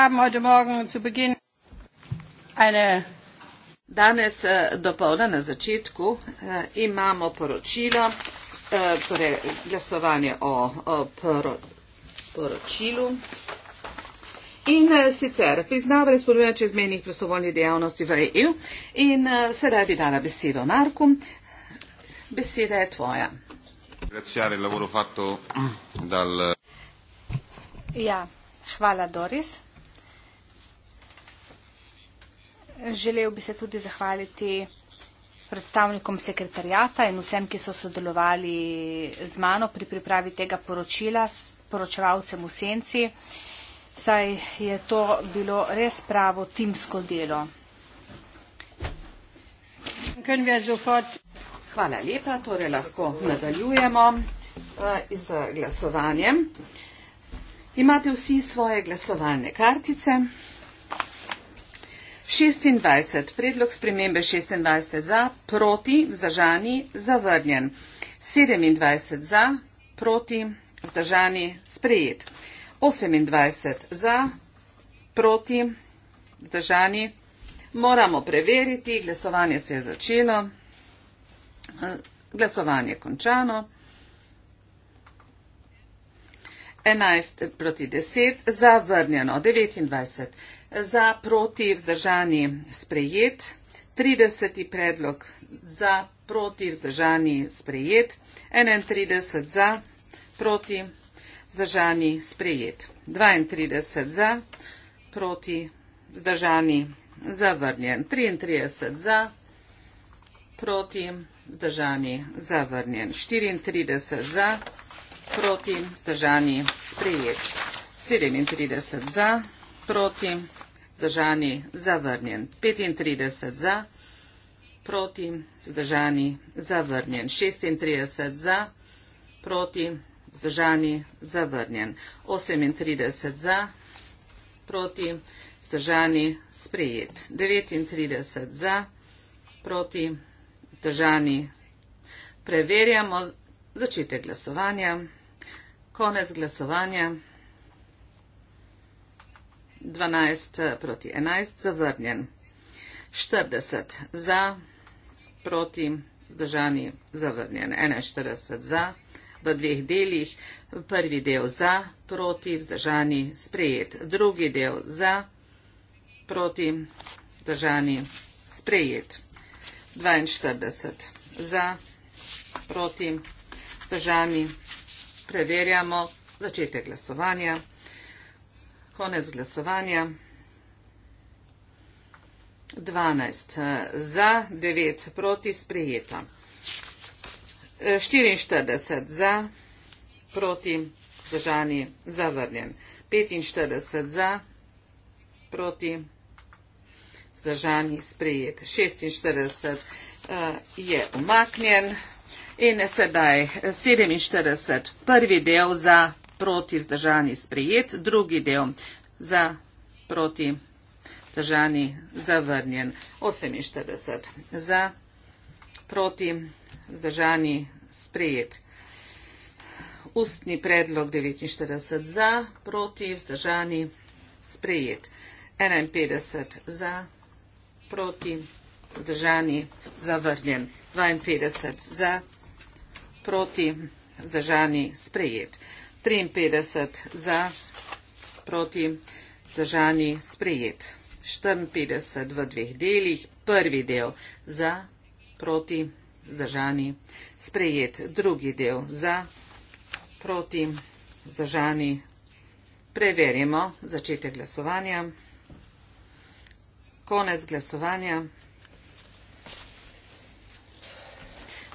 haben heute Morgen zu Beginn eine. Danes eh, dopolne na začetku eh, imamo poročilo, eh, torej glasovanje o, o poro, poročilu. In sicer priznavali smo tudi čezmenih prostovoljnih dejavnosti v EU in sedaj bi dala besedo Marku. Beseda je tvoja. Ja, hvala Doris. Želel bi se tudi zahvaliti predstavnikom sekretarjata in vsem, ki so sodelovali z mano pri pripravi tega poročila s poročevalcem v senci, saj je to bilo res pravo timsko delo. Hvala lepa, torej lahko nadaljujemo z glasovanjem. Imate vsi svoje glasovalne kartice. 26. Predlog spremembe 26 za, proti, vzdržani, zavrnjen. 27 za, proti, vzdržani, sprejet. 28 za, proti, vzdržani. Moramo preveriti, glasovanje se je začelo, glasovanje je končano. 11 proti 10, zavrnjeno 29, za proti vzdržani sprejet, 30 predlog za proti vzdržani sprejet, 31 za proti vzdržani sprejet, 32 za proti vzdržani zavrnjen, 33 za proti vzdržani zavrnjen, 34 za proti vzdržani zavrnjen, proti, vzdržani, sprejet. 37 za, proti, vzdržani, zavrnjen. 35 za, proti, vzdržani, zavrnjen. 36 za, proti, vzdržani, zavrnjen. 38 za, proti, vzdržani, sprejet. 39 za, proti, vzdržani, preverjamo začetek glasovanja konec glasovanja. 12 eh, proti 11, zavrnjen. 40 za, proti, zdržani, zavrnjen. 41 za, v dveh delih. Prvi del za, proti, vzdržani, sprejet. Drugi del za, proti, vzdržani, sprejet. 42 za, proti, vzdržani, sprejet preverjamo začetek glasovanja, konec glasovanja. 12 eh, za, 9 proti, sprejeta. 44 eh, za, proti, držani, zavrnjen. 45 za, proti, zdržani, sprejet. 46 uh, eh, je umaknjen. In sedaj 47. Prvi del za proti vzdržani sprejet, drugi del za proti vzdržani zavrnjen. 48. Za proti vzdržani sprejet. Ustni predlog 49. Za proti vzdržani sprejet. 51. Za proti vzdržani zavrnjen. 52. Za proti vzdržani sprejet proti, zdržani sprejet. 53 za, proti, zdržani sprejet. 54 v dveh delih, prvi del za, proti, zdržani sprejet. Drugi del za, proti, zdržani preverimo začetek glasovanja, konec glasovanja.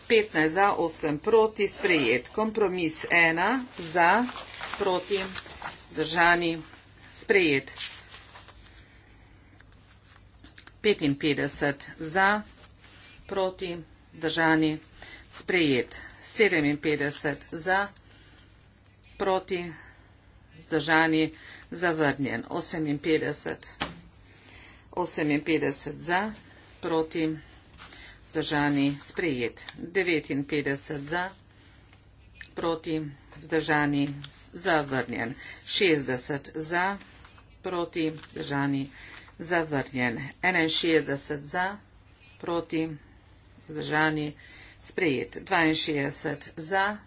15 za, 8 proti, sprejet. Kompromis 1 za, proti, zdržani, sprejet. 55 za, proti, zdržani, sprejet. 57 za, proti, zdržani, zavrnjen. 58, 58 za, proti, zdržani vzdržani sprejet. 59 za, proti vzdržani zavrnjen. 60 za, proti vzdržani zavrnjen. 61 za, proti vzdržani sprejet. 62 za,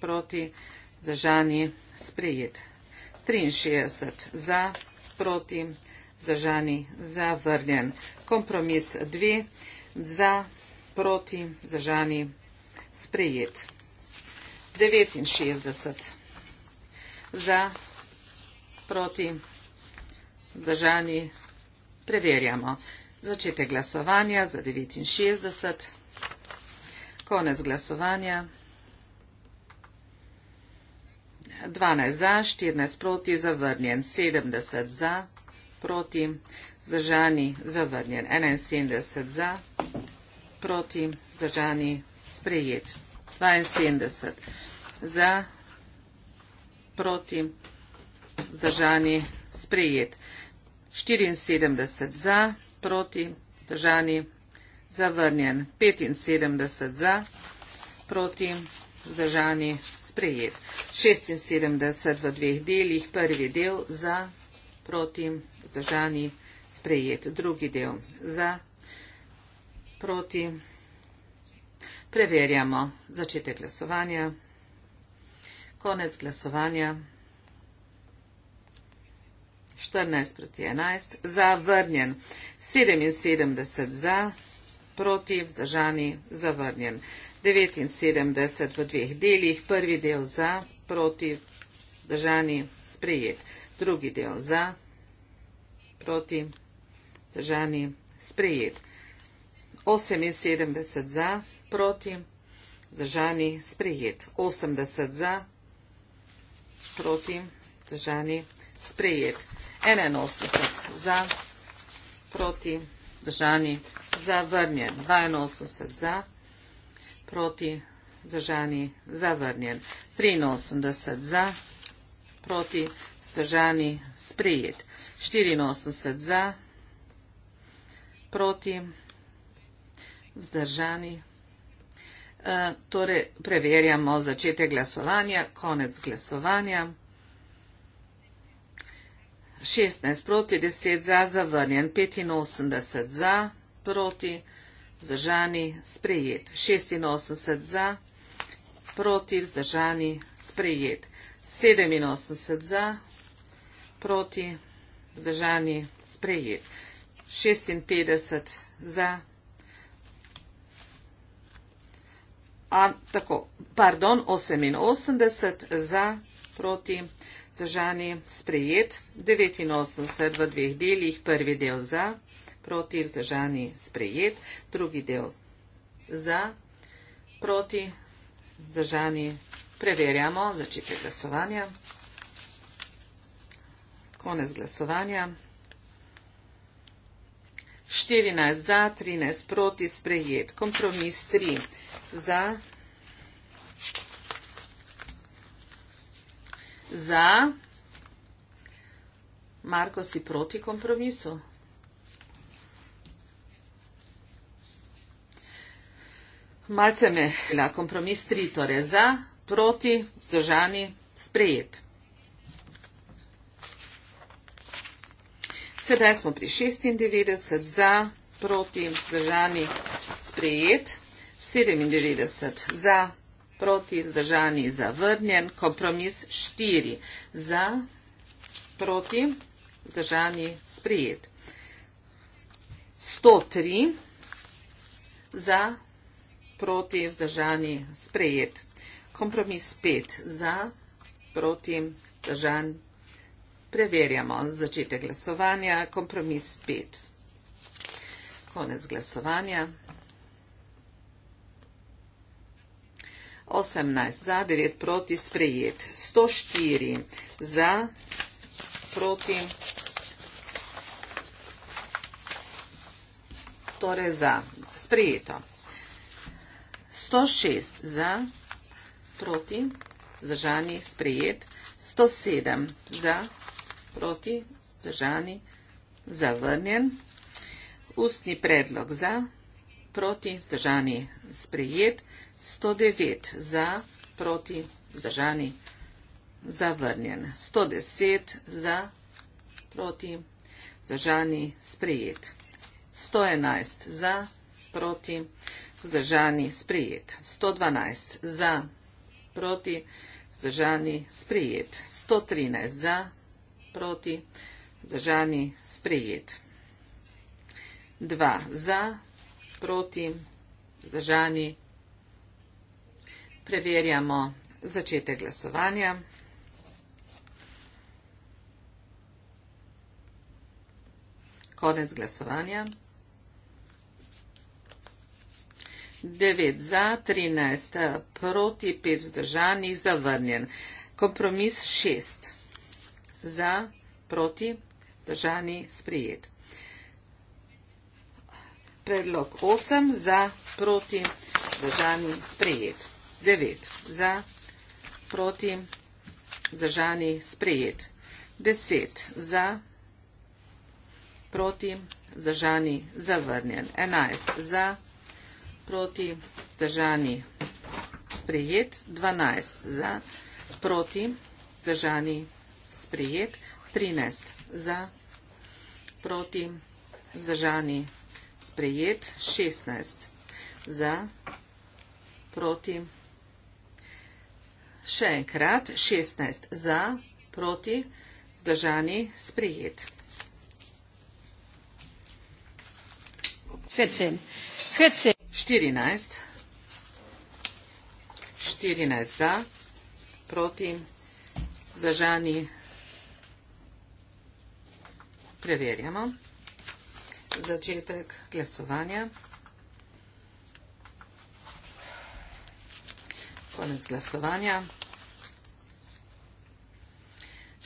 proti vzdržani sprejet. 63 za, proti vzdržani zavrnjen. Kompromis 2 za vzdržani proti, vzdržani, sprejet. 69 za, proti, vzdržani, preverjamo. Začete glasovanja za 69, konec glasovanja. 12 za, 14 proti, zavrnjen, 70 za, proti, zažani, zavrnjen, 71 za, proti proti držani sprejet. 72 za proti držani sprejet. 74 za proti držani zavrnjen. 75 za proti držani sprejet. 76 v dveh delih, prvi del za proti držani sprejet. Drugi del za proti držani sprejet proti. Preverjamo začetek glasovanja, konec glasovanja. 14 proti 11, zavrnjen. 77 za, proti, vzdržani, zavrnjen. 79 v dveh delih, prvi del za, proti, vzdržani, sprejet. Drugi del za, proti, vzdržani, sprejet. 78 za, proti, zdržani, sprejet. 80 za, proti, zdržani, sprejet. 81 za, proti, zdržani, zavrnjen. 82 za, proti, zdržani, zavrnjen. 83 za, proti, zdržani, sprejet. 84 za, proti, zdržani, sprejet vzdržani. E, torej, preverjamo začetek glasovanja, konec glasovanja. 16 proti, 10 za, zavrnjen, 85 za, proti, vzdržani, sprejet. 86 za, proti, vzdržani, sprejet. 87 za, proti, vzdržani, sprejet. 56 za, A, tako, pardon, 88 za proti vzdržani sprejet, 89 v dveh delih, prvi del za proti vzdržani sprejet, drugi del za proti vzdržani preverjamo, začite glasovanja, konec glasovanja, 14 za, 13 proti sprejet, kompromis 3, za, za, Marko si proti kompromisu. Malce me je kompromis tri, torej za, proti, vzdržani, sprejet. Sedaj smo pri 96, za, proti, vzdržani, sprejet. 97 za, proti, vzdržani, zavrnjen, kompromis 4 za, proti, vzdržani, sprijet. 103 za, proti, vzdržani, sprejet. Kompromis 5 za, proti, vzdržani, preverjamo začetek glasovanja. Kompromis 5. Konec glasovanja. 18 za, 9 proti, sprejet. 104 za, proti, torej za, sprejeto. 106 za, proti, zdržani, sprejet. 107 za, proti, zdržani, zavrnjen. Ustni predlog za, proti, zdržani, sprejet. 108 za, proti, zdržani, sprejet. 109 za, proti, vzdržani, zavrnjen. 110 za, proti, vzdržani, sprejet. 111 za, proti, vzdržani, sprejet. 112 za, proti, vzdržani, sprejet. 113 za, proti, vzdržani, sprejet. 2 za, proti, vzdržani, sprejet. Preverjamo začetek glasovanja. Konec glasovanja. 9 za, 13 eh, proti, 5 vzdržanih, zavrnjen. Kompromis 6. Za, proti, vzdržani, sprijet. Predlog 8. Za, proti, vzdržani, sprijet. 9 za proti držani sprejet. 10 za proti držani zavrnjen. 11 za proti držani sprejet. 12 za proti držani sprejet. 13 za proti držani sprejet. 16 za proti držani sprejet. Še enkrat, 16 za, proti, zdržani, sprejet. 14. 14 za, proti, zdržani, preverjamo. Začetek glasovanja. Konec glasovanja.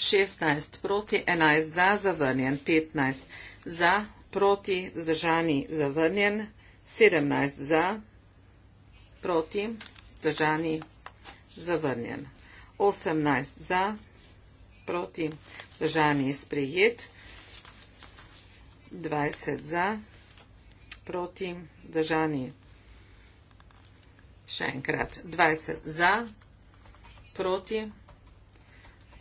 16 proti 11 za zavrnjen, 15 za proti zdržani zavrnjen, 17 za proti zdržani zavrnjen, 18 za proti zdržani sprejet, 20 za proti zdržani še enkrat 20 za proti zdržani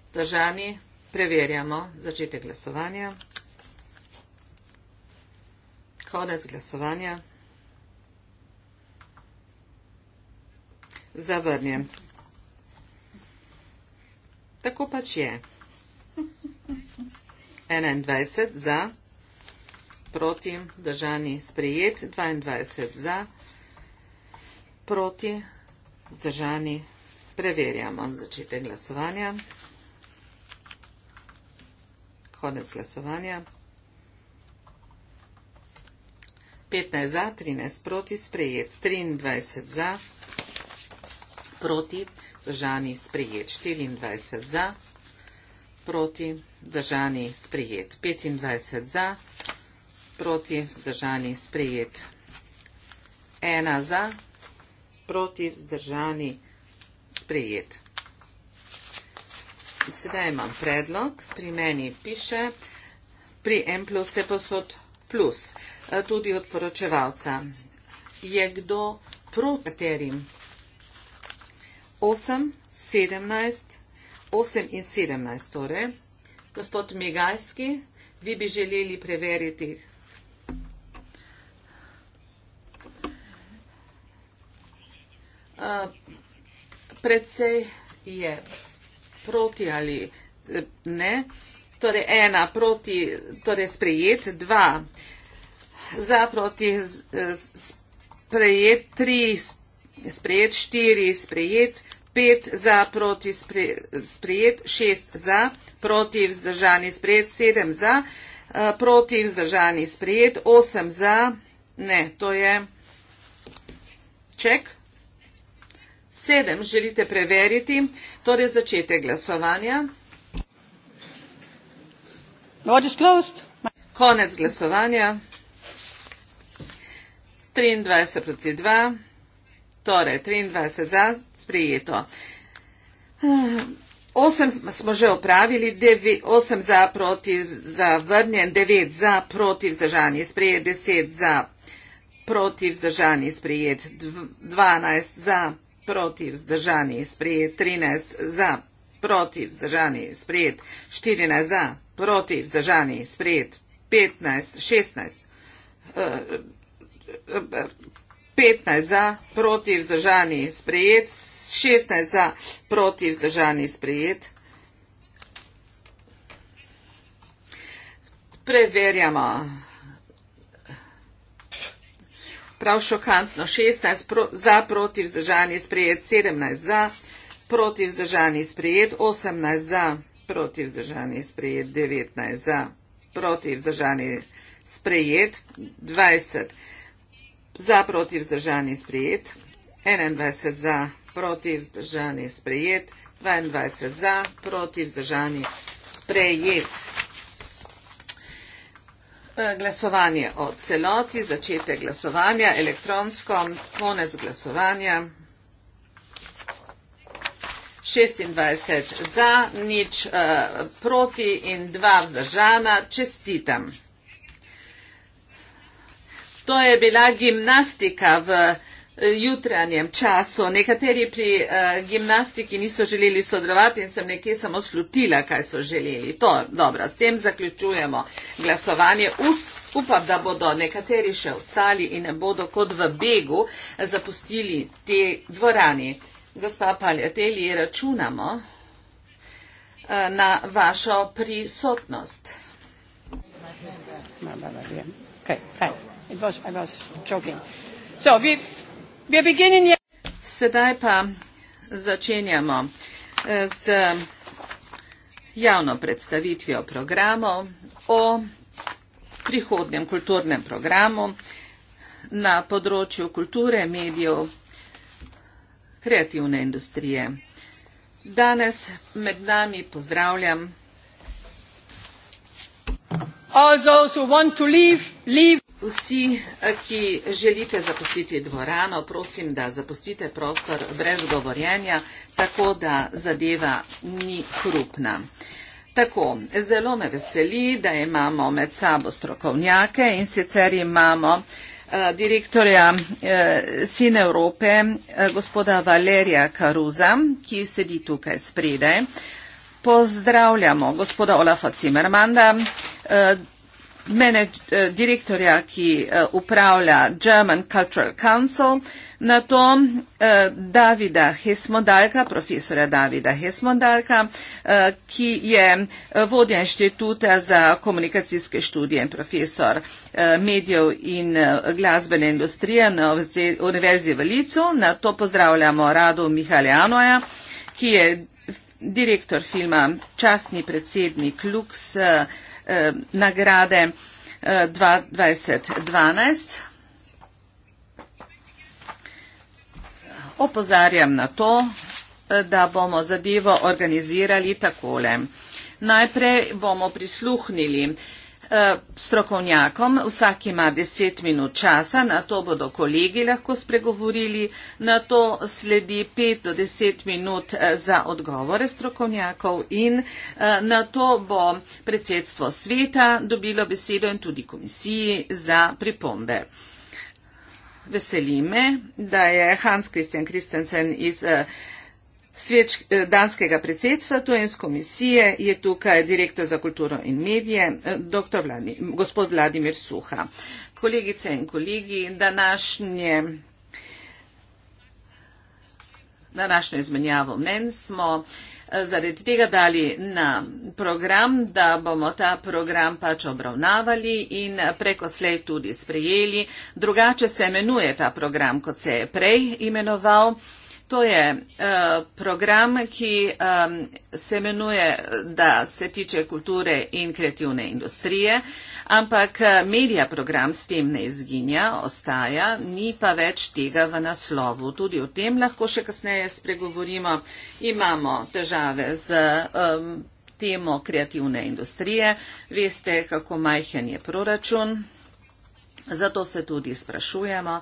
Vzdržani, preverjamo začetek glasovanja. Konec glasovanja. Zavrnjem. Tako pač je. 21 za, proti, vzdržani, sprejet. 22 za, proti, vzdržani, preverjamo začetek glasovanja. Zdržani, preverjamo začetek glasovanja konec glasovanja. 15 za, 13 proti, sprejet 23 za, proti, držani sprejet 24 za, proti, držani sprejet 25 za, proti, držani sprejet 1 za, proti, držani sprejet 25 za sedaj imam predlog, pri meni piše, pri M plus je posod plus, e, tudi od poročevalca. Je kdo proti katerim? 8, 17, 8 in 17 torej. Gospod Migajski, vi bi želeli preveriti e, predsej je proti ali eh, ne. Torej ena proti, torej sprejet, dva za proti, sprejet, tri sprejet, štiri sprejet, pet za proti sprejet, šest za proti vzdržani sprejet, sedem za eh, proti vzdržani sprejet, osem za, ne, to je ček. Sedem želite preveriti, torej začete glasovanja. Konec glasovanja. 23 proti 2, torej 23 za sprijeto. 8 smo že opravili, 8 za proti zavrnjen, 9 za proti vzdržanji sprijet, 10 za proti vzdržanji sprijet, 12 za proti protiv, zdržani, sprejet, 13 za, protiv, zdržani, sprejet, 14 za, protiv, zdržani, sprejet, 15, 16, 15 za, protiv, zdržani, sprejet, 16 za, protiv, zdržani, sprejet. Preverjamo prav šokantno 16 pro, za, proti vzdržanje sprejet, 17 za, proti vzdržanje sprejet, 18 za, proti vzdržanje sprejet, 19 za, proti vzdržanje sprejet, 20 za, proti vzdržanje sprejet, 21 za, proti vzdržanje sprejet, 22 za, proti vzdržanje sprejet. Eh, glasovanje o celoti, začetek glasovanja elektronsko, konec glasovanja. 26 za, nič uh, proti in dva vzdržana. Čestitam. To je bila gimnastika v jutranjem času. Nekateri pri uh, gimnastiki niso želeli sodelovati in sem nekje samo slutila, kaj so želeli. To, dobro, s tem zaključujemo glasovanje. Us, upam, da bodo nekateri še ostali in ne bodo kot v begu zapustili te dvorani. Gospa Paljateli, računamo uh, na vašo prisotnost. Okay, fine. It was, I was joking. So we've Sedaj pa začenjamo eh, z javno predstavitvijo programov o prihodnem kulturnem programu na področju kulture, medijev, kreativne industrije. Danes med nami pozdravljam. All those who want to leave, leave. Vsi, eh, ki želite zapustiti dvorano, prosim, da zapustite prostor brez govorjenja, tako da zadeva ni hrupna. Tako, zelo me veseli, da imamo med sabo strokovnjake in sicer imamo eh, direktorja eh, Sine Evrope, eh, gospoda Valerija Karuza, ki sedi tukaj spredaj. Pozdravljamo gospoda Olafa Cimermanda. Eh, menedž, eh, direktorja, ki eh, upravlja German Cultural Council, na to eh, Davida Hesmodalka, profesora Davida Hesmodalka, eh, ki je eh, vodja inštituta za komunikacijske študije in profesor eh, medijev in eh, glasbene industrije na Univerzi v Licu. Na to pozdravljamo Rado Mihale Anoja, ki je direktor filma Častni predsednik Lux. Eh, eh, nagrade eh, 2012. Opozarjam na to, eh, da bomo zadevo organizirali takole. Najprej bomo prisluhnili eh, Eh, strokovnjakom, vsak ima deset minut časa, na to bodo kolegi lahko spregovorili, na to sledi pet do deset minut eh, za odgovore strokovnjakov in eh, na to bo predsedstvo sveta dobilo besedo in tudi komisiji za pripombe. Veseli me, da je Hans Christian Christensen iz Sveč eh, danskega predsedstva Tujens komisije je tukaj direktor za kulturo in medije, eh, Vladi, gospod Vladimir Suha. Kolegice in kolegi, današnje, današnjo izmenjavo men smo eh, zaradi tega dali na program, da bomo ta program pač obravnavali in preko slej tudi sprejeli. Drugače se imenuje ta program, kot se je prej imenoval. To je uh, program, ki um, se imenuje, da se tiče kulture in kreativne industrije, ampak eh, medija program s tem ne izginja, ostaja, ni pa več tega v naslovu. Tudi o tem lahko še kasneje spregovorimo. Imamo težave z. Um, temo kreativne industrije. Veste, kako majhen je proračun. Zato se tudi sprašujemo,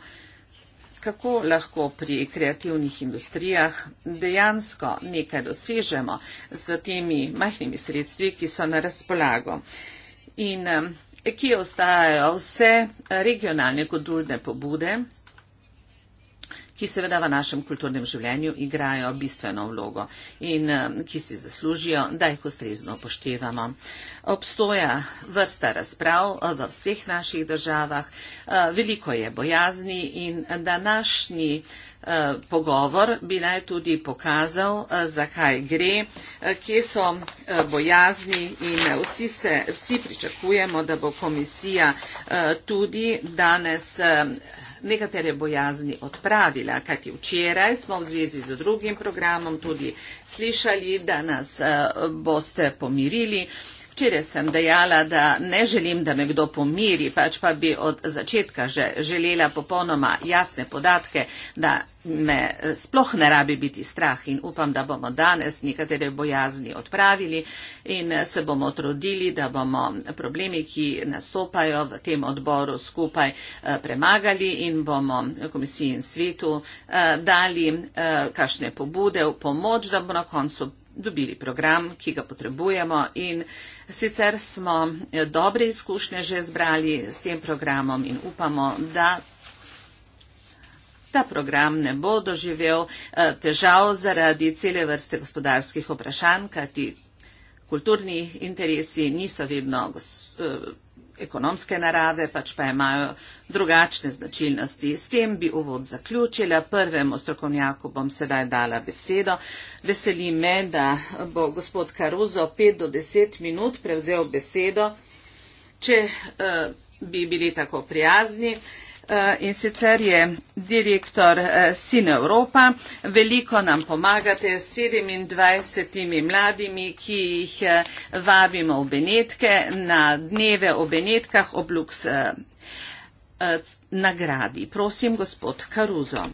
kako lahko pri kreativnih industrijah dejansko nekaj dosežemo z temi majhnimi sredstvi, ki so na razpolago. In eh, kje ostajajo vse regionalne kulturne pobude? ki seveda v našem kulturnem življenju igrajo bistveno vlogo in eh, ki si zaslužijo, da jih ustrezno upoštevamo. Obstoja vrsta razprav eh, v vseh naših državah, eh, veliko je bojazni in današnji pogovor bi naj tudi pokazal, zakaj gre, kje so bojazni in vsi, se, vsi pričakujemo, da bo komisija tudi danes nekatere bojazni odpravila, kajti včeraj smo v zvezi z drugim programom tudi slišali, da nas eh, boste pomirili. Včeraj sem dejala, da ne želim, da me kdo pomiri, pač pa bi od začetka že želela popolnoma jasne podatke, da me eh, sploh ne rabi biti strah in upam, da bomo danes nekatere bojazni odpravili in eh, se bomo trudili, da bomo problemi, ki nastopajo v tem odboru skupaj eh, premagali in bomo komisiji in svetu dali kašne pobude v pomoč, da bo na koncu dobili program, ki ga potrebujemo in sicer smo eh, dobre izkušnje že zbrali s tem programom in upamo, da ta program ne bo doživel eh, težav zaradi cele vrste gospodarskih vprašanj, kajti kulturni interesi niso vedno gospodarski eh, ekonomske narave, pač pa imajo drugačne značilnosti. S tem bi uvod zaključila. Prvemu strokovnjaku bom sedaj dala besedo. Veseli me, da bo gospod Karuzo 5 do 10 minut prevzel besedo, če uh, bi bili tako prijazni. Uh, Eh, in sicer je direktor eh, Sine Evropa. Veliko nam pomagate s 27 mladimi, ki jih eh, vabimo v Benetke na dneve o Benetkah ob Lux nagradi. Prosim, gospod Karuzo.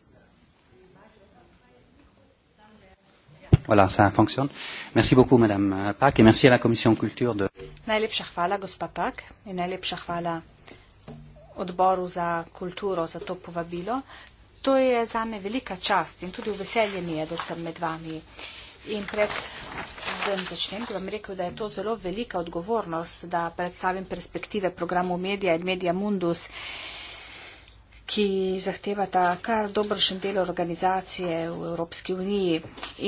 Voilà, ça fonctionne. Merci beaucoup, Madame euh, Pack, et merci à la Commission culture de. Najlepša hvala, gospa Pack, et najlepša hvala odboru za kulturo za to povabilo. To je zame velika čast in tudi veselje mi je, da sem med vami. In pred tem začnem, bi vam rekel, da je to zelo velika odgovornost, da predstavim perspektive programov Media in Media Mundus. Uh, ki zahtevata kar dobrošen del organizacije v Evropski uniji.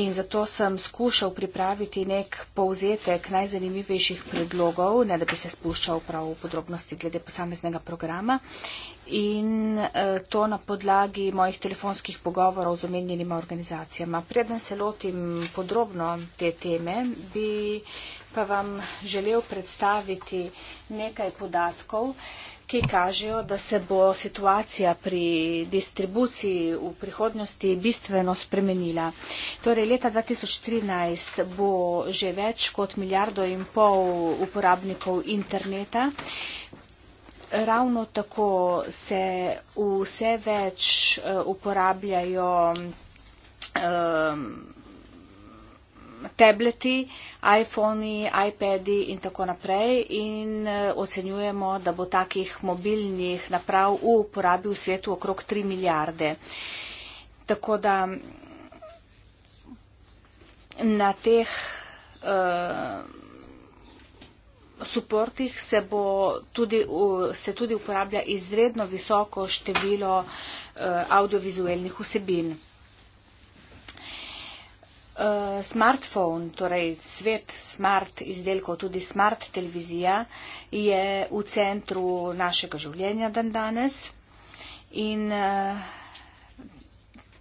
In zato sem skušal pripraviti nek povzetek najzanimivejših predlogov, ne da bi se spuščal prav v podrobnosti glede posameznega programa. In eh, to na podlagi mojih telefonskih pogovorov z omenjenima organizacijama. Preden se lotim podrobno te teme, bi pa vam želel predstaviti nekaj podatkov, ki kažejo, da se bo situacija pri distribuciji v prihodnosti bistveno spremenila. Torej, leta 2013 bo že več kot milijardo in pol uporabnikov interneta. Ravno tako se vse več eh, uporabljajo um, tableti, iPhoni, iPadi in tako naprej in eh, ocenjujemo, da bo takih mobilnih naprav v uporabi v svetu okrog 3 milijarde. Tako da na teh uh, suportih se, bo tudi, uh, se tudi uporablja izredno visoko število uh, eh, audiovizualnih vsebin. Eh, smartphone, torej svet smart izdelkov, tudi smart televizija, je v centru našega življenja dan danes. In eh,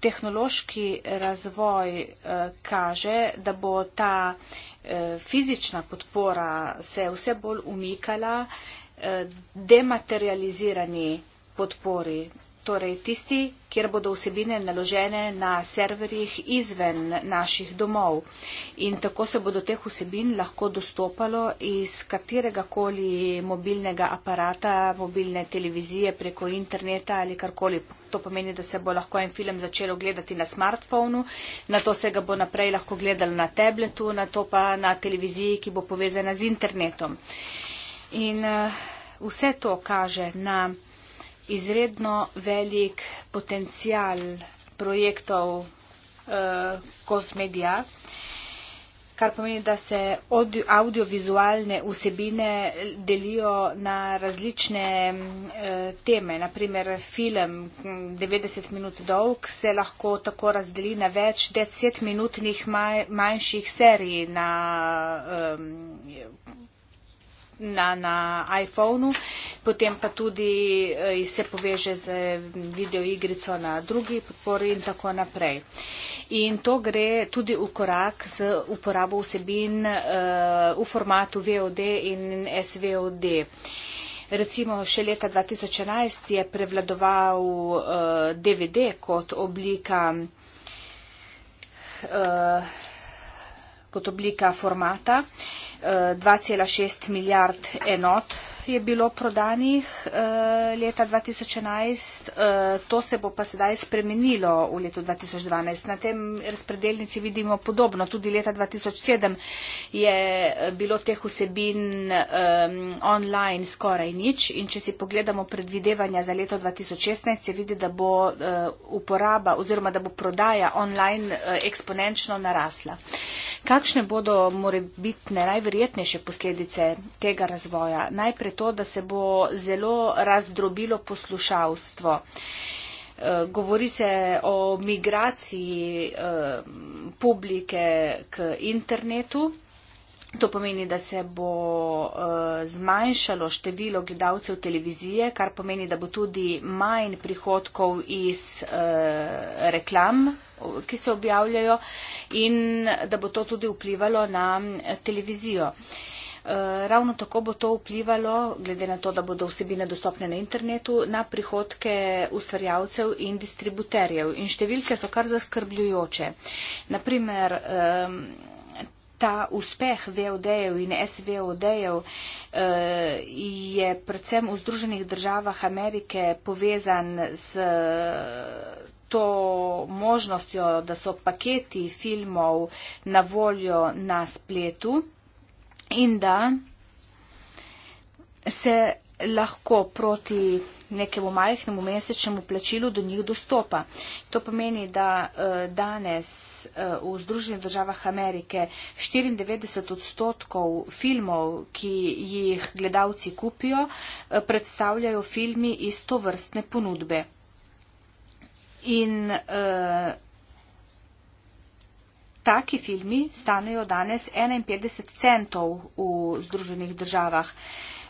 tehnološki razvoj eh, kaže, da bo ta fizična podpora se vse bolj umikala, dematerializirani podpori torej tisti, kjer bodo vsebine naložene na serverjih izven naših domov. In tako se bodo teh vsebin lahko dostopalo iz katerega koli mobilnega aparata, mobilne televizije preko interneta ali karkoli. To pomeni, da se bo lahko en film začelo gledati na smartfonu, na to se ga bo naprej lahko gledalo na tabletu, na to pa na televiziji, ki bo povezana z internetom. In uh, vse to kaže na izredno velik potencial projektov eh, kosmedija, kar pomeni, da se audiovizualne vsebine delijo na različne mm, eh, teme. Naprimer, film 90 mm, minut dolg se lahko tako razdeli na več 10 minutnih manjših serij na na, na iPhonu, potem pa tudi eh, se poveže z videoigrico na drugi podpori in tako naprej. In to gre tudi v korak z uporabo vsebin uh, v formatu VOD in SVOD. Recimo še leta 2011 je prevladoval uh, eh, DVD kot oblika, uh, kot oblika formata. Uh, 2,6 eh, milijard enot je bilo prodanih eh, leta 2011, eh, to se bo pa sedaj spremenilo v letu 2012. Na tem razpredelnici vidimo podobno. Tudi leta 2007 je bilo teh vsebin eh, online skoraj nič in če si pogledamo predvidevanja za leto 2016, se vidi, da bo uporaba oziroma da bo prodaja online eksponenčno narasla. Kakšne bodo morebitne najverjetnejše posledice tega razvoja? Najprej to, da se bo zelo razdrobilo poslušalstvo. Eh, govori se o migraciji eh, publike k internetu. To pomeni, da se bo eh, zmanjšalo število gledalcev televizije, kar pomeni, da bo tudi manj prihodkov iz reklam, ki se objavljajo in da bo to tudi vplivalo na televizijo. Eh, ravno tako bo to vplivalo, glede na to, da bodo vsebine dostopne na internetu, na prihodke ustvarjavcev in distributerjev. In številke so kar zaskrbljujoče. Naprimer, um, ta uspeh VOD-jev in SVOD-jev uh, eh, je predvsem v Združenih državah Amerike povezan z. To možnostjo, da so paketi filmov na voljo na spletu in da se lahko proti nekemu majhnemu mesečnemu plačilu do njih dostopa. To pomeni, da eh, danes eh, v Združenih državah Amerike 94 odstotkov filmov, ki jih gledalci kupijo, eh, predstavljajo filmi iz to vrstne ponudbe. In taki filmi stanejo danes 51 centov v Združenih državah,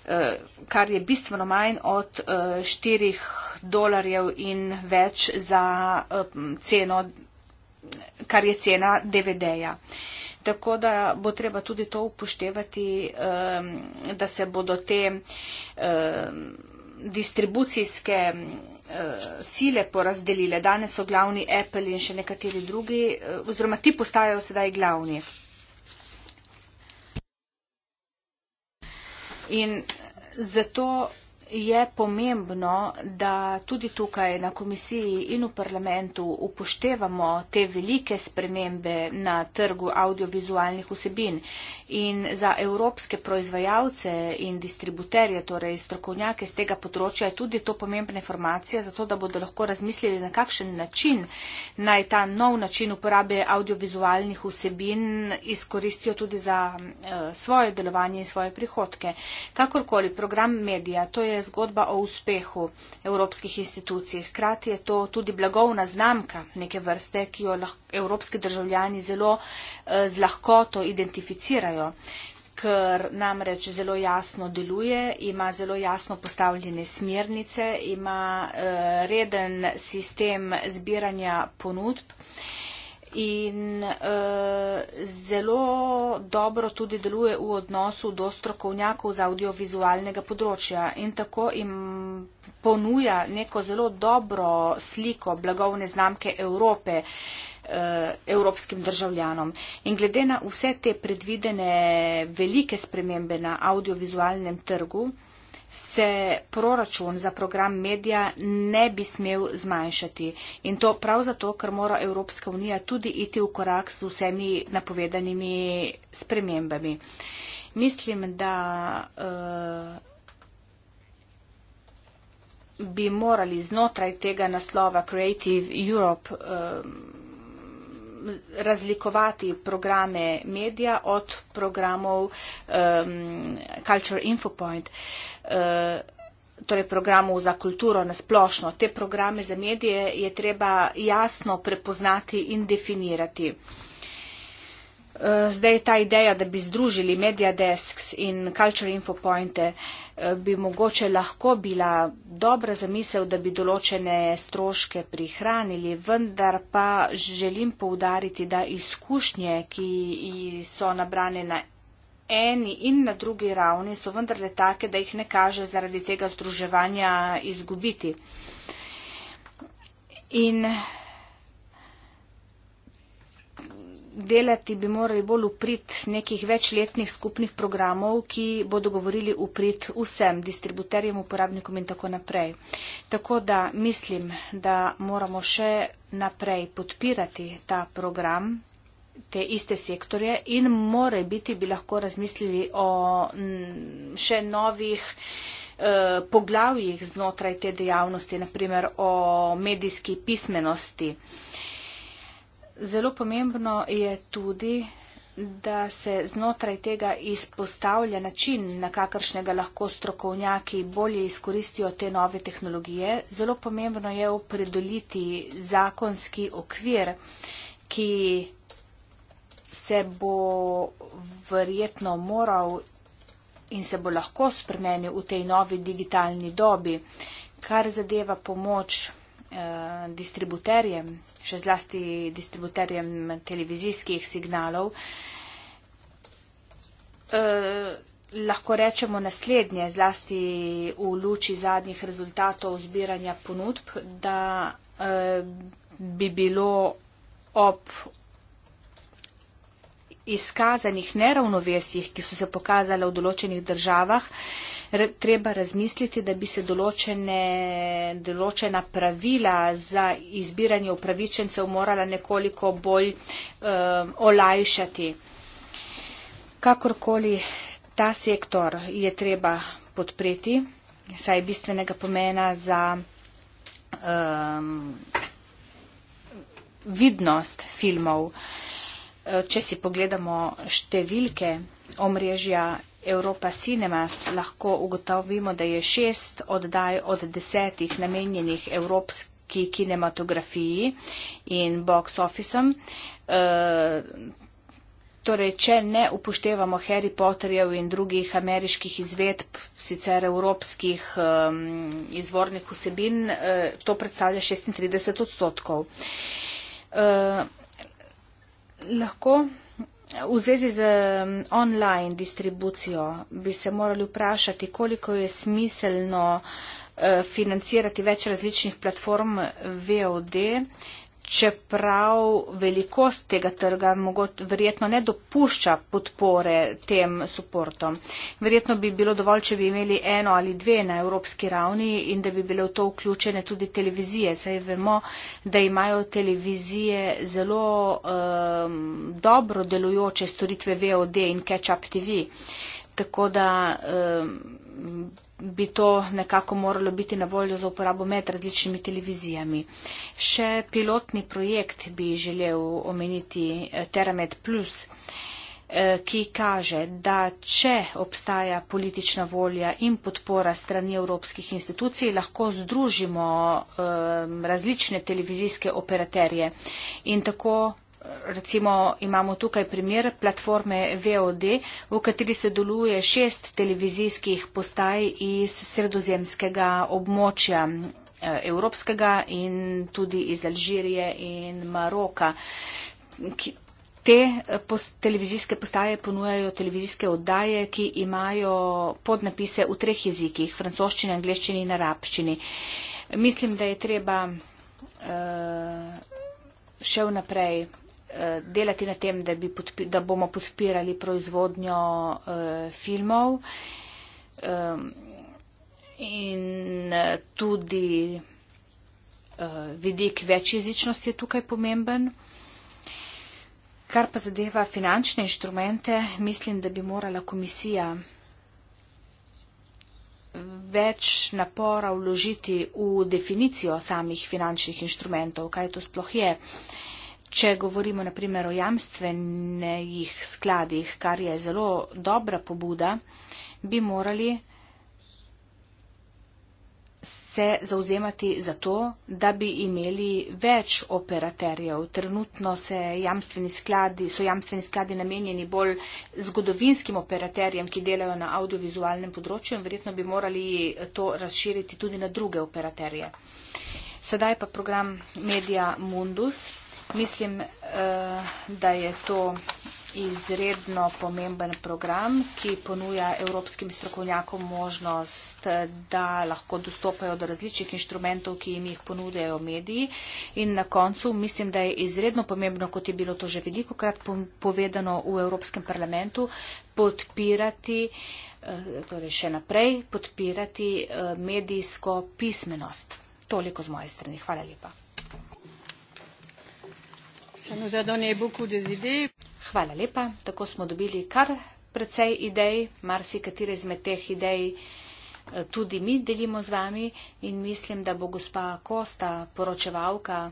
eh, kar je bistveno manj od 4 eh, dolarjev in več za eh, ceno, kar je cena DVD-ja. Tako da bo treba tudi to upoštevati, da se bodo te distribucijske eh, sile porazdelile. Danes so glavni Apple in še nekateri drugi, eh, oziroma ti postajajo sedaj glavni. In zato je pomembno, da tudi tukaj na komisiji in v parlamentu upoštevamo te velike spremembe na trgu audiovizualnih vsebin. In za evropske proizvajalce in distributerje, torej strokovnjake z tega področja, je tudi to pomembna informacija, zato da bodo lahko razmislili, na kakšen način naj ta nov način uporabe audiovizualnih vsebin izkoristijo tudi za uh, svoje delovanje in svoje prihodke. Kakorkoli, program medija, to je zgodba o uspehu evropskih institucij. Hkrati je to tudi blagovna znamka neke vrste, ki jo evropski državljani zelo eh, z lahkoto identificirajo ker namreč zelo jasno deluje, ima zelo jasno postavljene smernice, ima eh, reden sistem zbiranja ponudb in uh, zelo dobro tudi deluje v odnosu do strokovnjakov z audiovizualnega področja in tako jim ponuja neko zelo dobro sliko blagovne znamke Evrope eh, evropskim državljanom. In glede na vse te predvidene velike spremembe na audiovizualnem trgu, se proračun za program medija ne bi smel zmanjšati. In to prav zato, ker mora Evropska unija tudi iti v korak z vsemi napovedanimi spremembami. Mislim, da uh, bi morali znotraj tega naslova Creative Europe uh, razlikovati programe medija od programov um, Culture Infopoint. Uh, Eh, torej programov za kulturo na splošno. Te programe za medije je treba jasno prepoznati in definirati. Eh, zdaj ta ideja, da bi združili Media Desks in Culture Info Pointe, eh, bi mogoče lahko bila dobra zamisel, da bi določene stroške prihranili, vendar pa želim poudariti, da izkušnje, ki so nabrane na eni in na drugi ravni so vendarle take, da jih ne kaže zaradi tega združevanja izgubiti. In delati bi morali bolj uprit nekih večletnih skupnih programov, ki bodo govorili uprit vsem, distributerjem, uporabnikom in tako naprej. Tako da mislim, da moramo še naprej podpirati ta program te iste sektorje in more biti bi lahko razmislili o še novih eh, poglavjih znotraj te dejavnosti, naprimer o medijski pismenosti. Zelo pomembno je tudi, da se znotraj tega izpostavlja način, na kakršnega lahko strokovnjaki bolje izkoristijo te nove tehnologije. Zelo pomembno je opredeliti zakonski okvir, ki se bo verjetno moral in se bo lahko spremenil v tej novi digitalni dobi, kar zadeva pomoč eh, distributerjem, še zlasti distributerjem televizijskih signalov. Eh, lahko rečemo naslednje, zlasti v luči zadnjih rezultatov zbiranja ponudb, da eh, bi bilo ob izkazanih neravnovesjih, ki so se pokazale v določenih državah, treba razmisliti, da bi se določene, določena pravila za izbiranje upravičencev morala nekoliko bolj um, olajšati. Kakorkoli ta sektor je treba podpreti, saj je bistvenega pomena za um, vidnost filmov. Eh, če si pogledamo številke omrežja Evropa Cinemas, lahko ugotovimo, da je šest oddaj od desetih namenjenih evropskih kinematografiji in box officeom. E, torej, če ne upoštevamo Harry Potterjev in drugih ameriških izvedb, sicer evropskih e, izvornih vsebin, e, to predstavlja 36 odstotkov. E, lahko v zvezi z online distribucijo bi se morali vprašati, koliko je smiselno eh, financirati več različnih platform VOD, čeprav velikost tega trga mogoč, verjetno ne dopušča podpore tem suportom. Verjetno bi bilo dovolj, če bi imeli eno ali dve na evropski ravni in da bi bile v to vključene tudi televizije. Saj vemo, da imajo televizije zelo um, dobro delujoče storitve VOD in Catch-up TV. Tako da um, bi to nekako moralo biti na voljo za uporabo med različnimi televizijami. Še pilotni projekt bi želel omeniti eh, Teramed Plus, eh, ki kaže, da če obstaja politična volja in podpora strani evropskih institucij, lahko združimo eh, različne televizijske operaterje in tako recimo imamo tukaj primer platforme VOD, v kateri se deluje šest televizijskih postaj iz sredozemskega območja eh, evropskega in tudi iz Alžirije in Maroka. Te eh, televizijske postaje ponujajo televizijske oddaje, ki imajo podnapise v treh jezikih, francoščini, angliščini in arabščini. Mislim, da je treba uh, še vnaprej delati na tem, da, bi podpi, da bomo podpirali proizvodnjo uh, filmov um, in tudi uh, vidik večjezičnosti je tukaj pomemben. Kar pa zadeva finančne inštrumente, mislim, da bi morala komisija več napora vložiti v definicijo samih finančnih inštrumentov, kaj to sploh je. Uh, Če govorimo naprimer o jamstvenih skladih, kar je zelo dobra pobuda, bi morali se zauzemati za to, da bi imeli več operaterjev. Trenutno jamstveni skladi, so jamstveni skladi namenjeni bolj zgodovinskim operaterjem, ki delajo na audiovizualnem področju in verjetno bi morali to razširiti tudi na druge operaterje. Sedaj pa program Media Mundus. Mislim, eh, da je to izredno pomemben program, ki ponuja evropskim strokovnjakom možnost, da lahko dostopajo do različnih inštrumentov, ki jim jih ponudejo mediji. In na koncu mislim, da je izredno pomembno, kot je bilo to že veliko krat povedano v Evropskem parlamentu, podpirati, eh, torej še naprej, podpirati eh, medijsko pismenost. Toliko z moje strani. Hvala lepa. Hvala lepa. Tako smo dobili kar precej idej, marsikatere izmed teh idej eh, tudi mi delimo z vami in mislim, da bo gospa Kosta, poročevalka,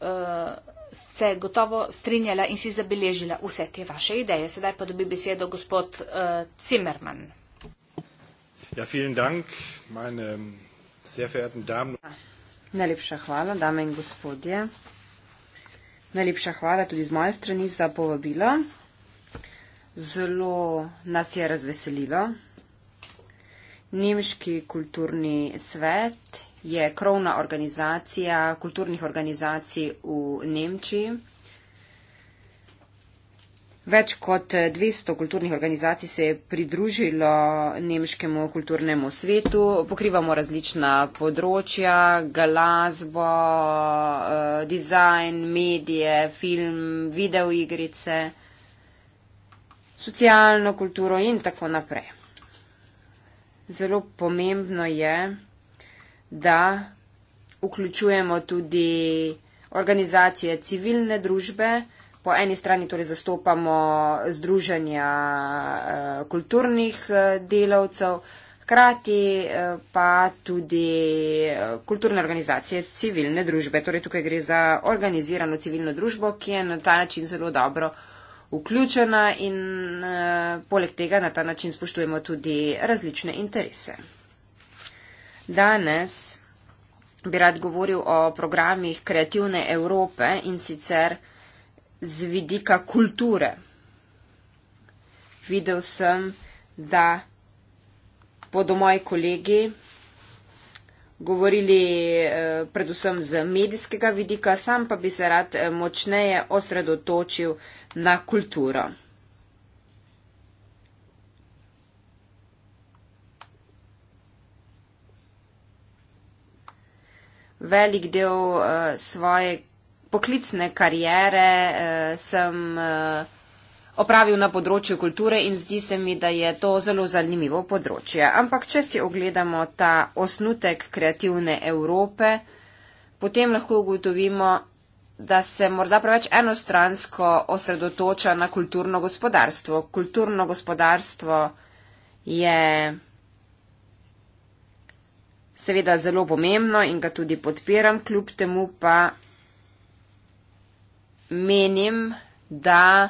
eh, se gotovo strinjala in si zabeležila vse te vaše ideje. Sedaj pa dobi besedo gospod eh, Zimmerman. Ja, vielen Dank, meine ähm, sehr verehrten Damen. Ja. Najlepša hvala, dame in gospodje. Najlepša hvala tudi z moje strani za povabilo. Zelo nas je razveselilo. Nemški kulturni svet je krovna organizacija kulturnih organizacij v Nemčiji. Več kot 200 kulturnih organizacij se je pridružilo nemškemu kulturnemu svetu. Pokrivamo različna področja, glasbo, eh, dizajn, medije, film, videoigrice, socialno kulturo in tako naprej. Zelo pomembno je, da vključujemo tudi organizacije civilne družbe, po eni strani torej zastopamo združenja eh, kulturnih eh, delavcev, hkrati eh, pa tudi kulturne organizacije civilne družbe. Torej tukaj gre za organizirano civilno družbo, ki je na ta način zelo dobro vključena in poleg tega na ta način spoštujemo tudi različne interese. Danes bi rad govoril o programih kreativne Evrope in sicer z vidika kulture. Videl sem, da bodo moji kolegi govorili eh, predvsem z medijskega vidika, sam pa bi se rad eh, močneje osredotočil na kulturo. Velik del uh, svoje poklicne karijere eh, sem eh, opravil na področju kulture in zdi se mi, da je to zelo zanimivo področje. Ampak, če si ogledamo ta osnutek kreativne Evrope, potem lahko ugotovimo, da se morda preveč enostransko osredotoča na kulturno gospodarstvo. Kulturno gospodarstvo je seveda zelo pomembno in ga tudi podpiram, kljub temu pa menim, da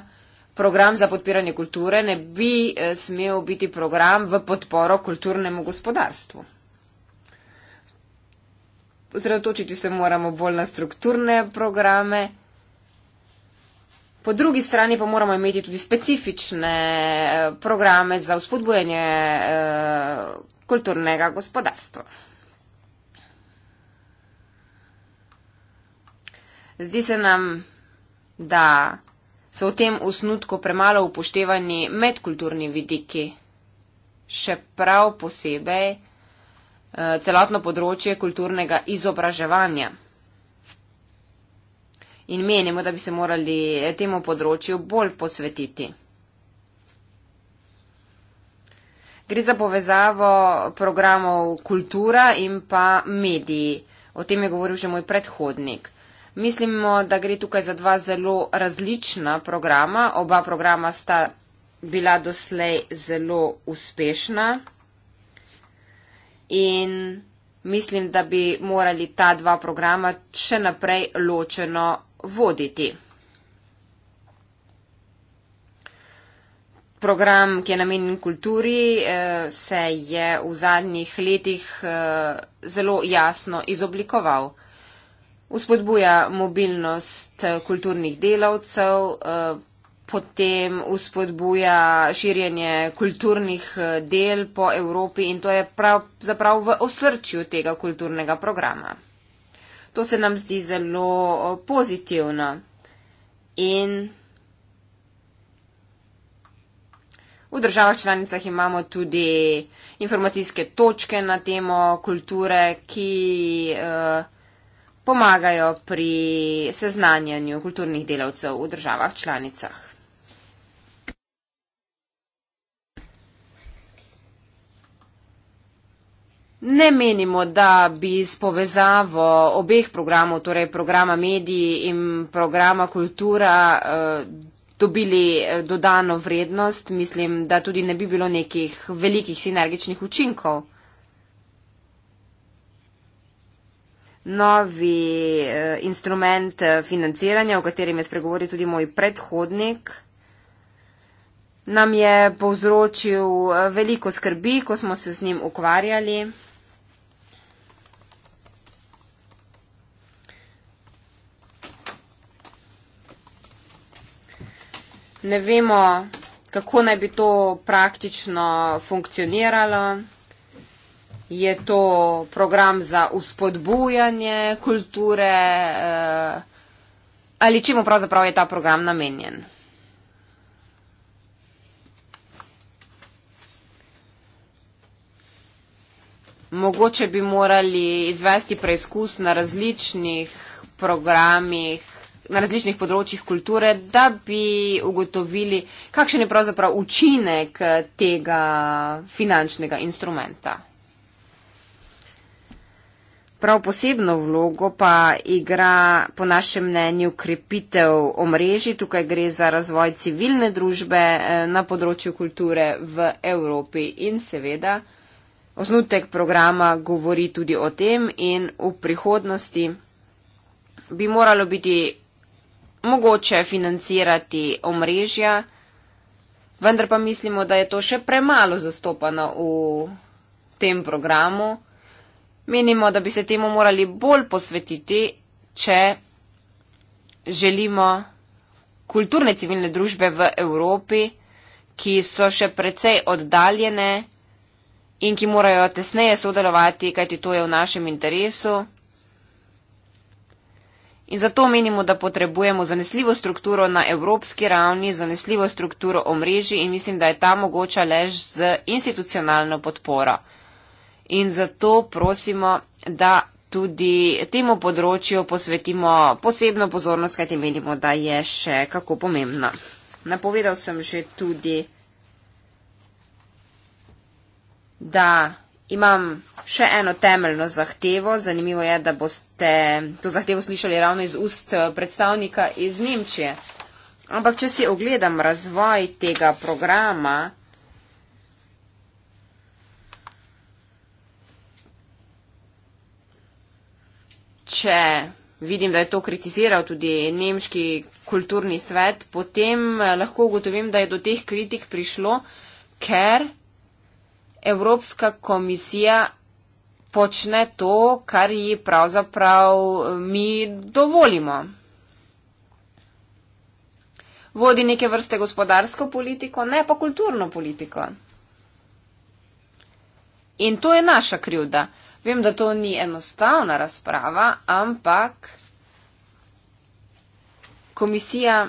program za podpiranje kulture ne bi eh, smel biti program v podporo kulturnemu gospodarstvu. Zredotočiti se moramo bolj na strukturne programe. Po drugi strani pa moramo imeti tudi specifične eh, programe za vzpodbujanje eh, kulturnega gospodarstva. Zdi se nam da so v tem osnutku premalo upoštevani medkulturni vidiki. Še prav posebej eh, celotno področje kulturnega izobraževanja. In menimo, da bi se morali eh, temu področju bolj posvetiti. Gre za povezavo programov kultura in pa mediji. O tem je govoril že moj predhodnik. Mislimo, da gre tukaj za dva zelo različna programa. Oba programa sta bila doslej zelo uspešna in mislim, da bi morali ta dva programa še naprej ločeno voditi. Program, ki je namenjen kulturi, eh, se je v zadnjih letih eh, zelo jasno izoblikoval. Vzpodbuja mobilnost eh, kulturnih delavcev, eh, potem vzpodbuja širjenje kulturnih eh, del po Evropi in to je pravzaprav v osrčju tega kulturnega programa. To se nam zdi zelo pozitivno in v državah članicah imamo tudi informacijske točke na temo kulture, ki. Uh, pomagajo pri seznanjanju kulturnih delavcev v državah članicah. Ne menimo, da bi s povezavo obeh programov, torej programa mediji in programa kultura, eh, dobili eh, dodano vrednost. Mislim, da tudi ne bi bilo nekih velikih sinergičnih učinkov. novi uh, instrument eh, financiranja, o katerem je spregovoril tudi moj predhodnik, nam je povzročil eh, veliko skrbi, ko smo se z njim ukvarjali. Ne vemo, kako naj bi to praktično funkcioniralo je to program za uspodbujanje kulture uh, ali čemu pravzaprav je ta program namenjen. Mogoče bi morali izvesti preizkus na različnih programih, na različnih področjih kulture, da bi ugotovili, kakšen je pravzaprav učinek eh, tega finančnega instrumenta. Prav posebno vlogo pa igra po našem mnenju krepitev omrežji. Tukaj gre za razvoj civilne družbe eh, na področju kulture v Evropi in seveda osnutek programa govori tudi o tem in v prihodnosti bi moralo biti mogoče financirati omrežja, vendar pa mislimo, da je to še premalo zastopano v tem programu. Menimo, da bi se temu morali bolj posvetiti, če želimo kulturne civilne družbe v Evropi, ki so še precej oddaljene in ki morajo tesneje sodelovati, kajti to je v našem interesu. In zato menimo, da potrebujemo zanesljivo strukturo na evropski ravni, zanesljivo strukturo omrežji in mislim, da je ta mogoča lež z institucionalno podporo in zato prosimo, da tudi temu področju posvetimo posebno pozornost, kajti menimo, da je še kako pomembno. Napovedal sem že tudi, da imam še eno temeljno zahtevo. Zanimivo je, da boste to zahtevo slišali ravno iz ust predstavnika iz Nemčije. Ampak, če si ogledam razvoj tega programa, če vidim, da je to kritiziral tudi nemški kulturni svet, potem eh, lahko ugotovim, da je do teh kritik prišlo, ker Evropska komisija počne to, kar ji pravzaprav eh, mi dovolimo. Vodi neke vrste gospodarsko politiko, ne pa kulturno politiko. In to je naša krivda. Vem, da to ni enostavna razprava, ampak komisija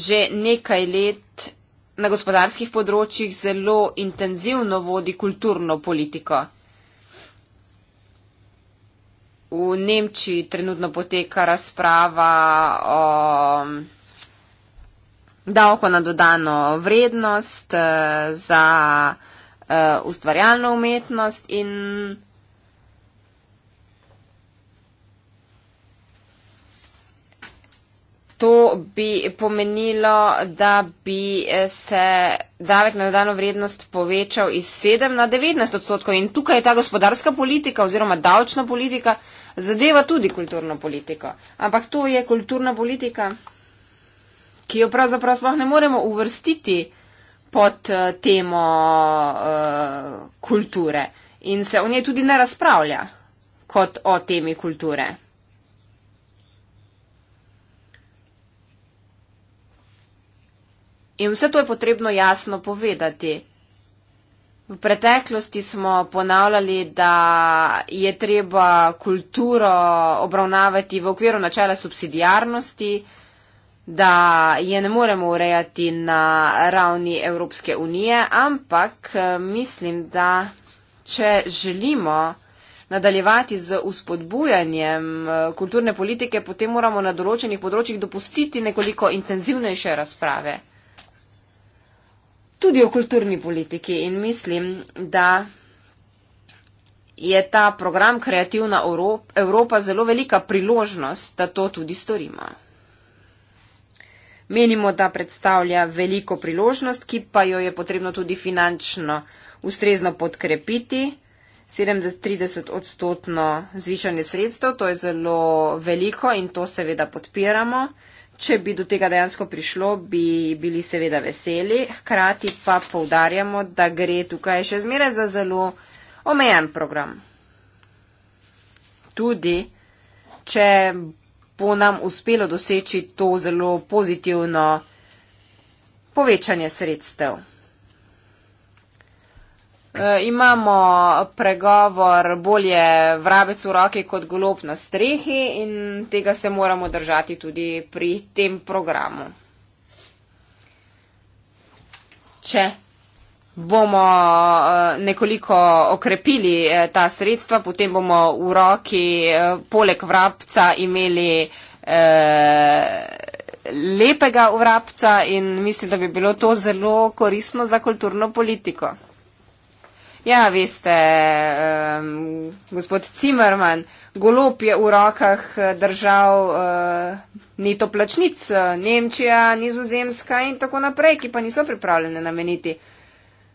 že nekaj let na gospodarskih področjih zelo intenzivno vodi kulturno politiko. V Nemčiji trenutno poteka razprava o davko na dodano vrednost eh, za uh, ustvarjalno umetnost in to bi pomenilo, da bi eh, se davek na dodano vrednost povečal iz 7 na 19 odstotkov in tukaj je ta gospodarska politika oziroma davčna politika zadeva tudi kulturno politiko. Ampak to je kulturna politika, ki jo pravzaprav sploh ne moremo uvrstiti pod eh, temo uh, kulture in se o njej tudi ne razpravlja kot o temi kulture. In vse to je potrebno jasno povedati. V preteklosti smo ponavljali, da je treba kulturo obravnavati v okviru načela subsidijarnosti, uh, da je ne moremo urejati na ravni Evropske unije, ampak eh, mislim, da če želimo nadaljevati z uspodbujanjem eh, kulturne politike, potem moramo na določenih področjih dopustiti nekoliko intenzivnejše razprave. Tudi o kulturni politiki in mislim, da je ta program Kreativna Evropa zelo velika priložnost, da to tudi storimo. Menimo, da predstavlja veliko priložnost, ki pa jo je potrebno tudi finančno ustrezno podkrepiti. 37 odstotno zvišanje sredstev, to je zelo veliko in to seveda podpiramo. Če bi do tega dejansko prišlo, bi bili seveda veseli. Hkrati pa povdarjamo, da gre tukaj še zmeraj za zelo omejen program. Tudi, če bo nam uspelo doseči to zelo pozitivno povečanje sredstev. E, imamo pregovor bolje vrabec v roki kot golob na strehi in tega se moramo držati tudi pri tem programu. Če bomo eh, nekoliko okrepili eh, ta sredstva, potem bomo v roki eh, poleg vrapca imeli lepega vrapca in mislim, da bi bilo to zelo koristno za kulturno politiko. Ja, veste, um, gospod Cimerman, golop je v rokah držav uh, neto plačnic, Nemčija, Nizozemska in tako naprej, ki pa niso pripravljene nameniti uh,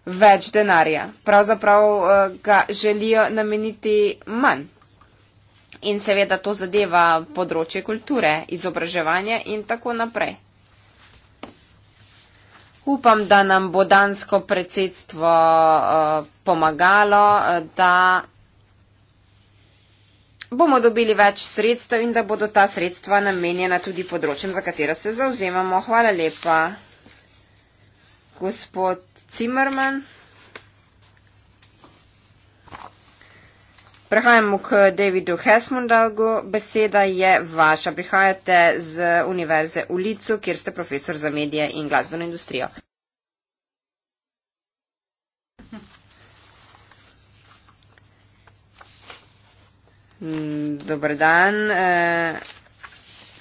več denarja. Pravzaprav eh, ga želijo nameniti manj. In seveda to zadeva področje kulture, izobraževanja in tako naprej. Upam, da nam bo dansko predsedstvo eh, pomagalo, eh, da bomo dobili več sredstev in da bodo ta sredstva namenjena tudi področjem, za katera se zauzemamo. Hvala lepa, gospod Cimerman. Prehajamo k Davidu Hesmundalgu. Beseda je vaša. Prihajate z Univerze v Licu, kjer ste profesor za medije in glasbeno industrijo. Mm, Dobar dan. E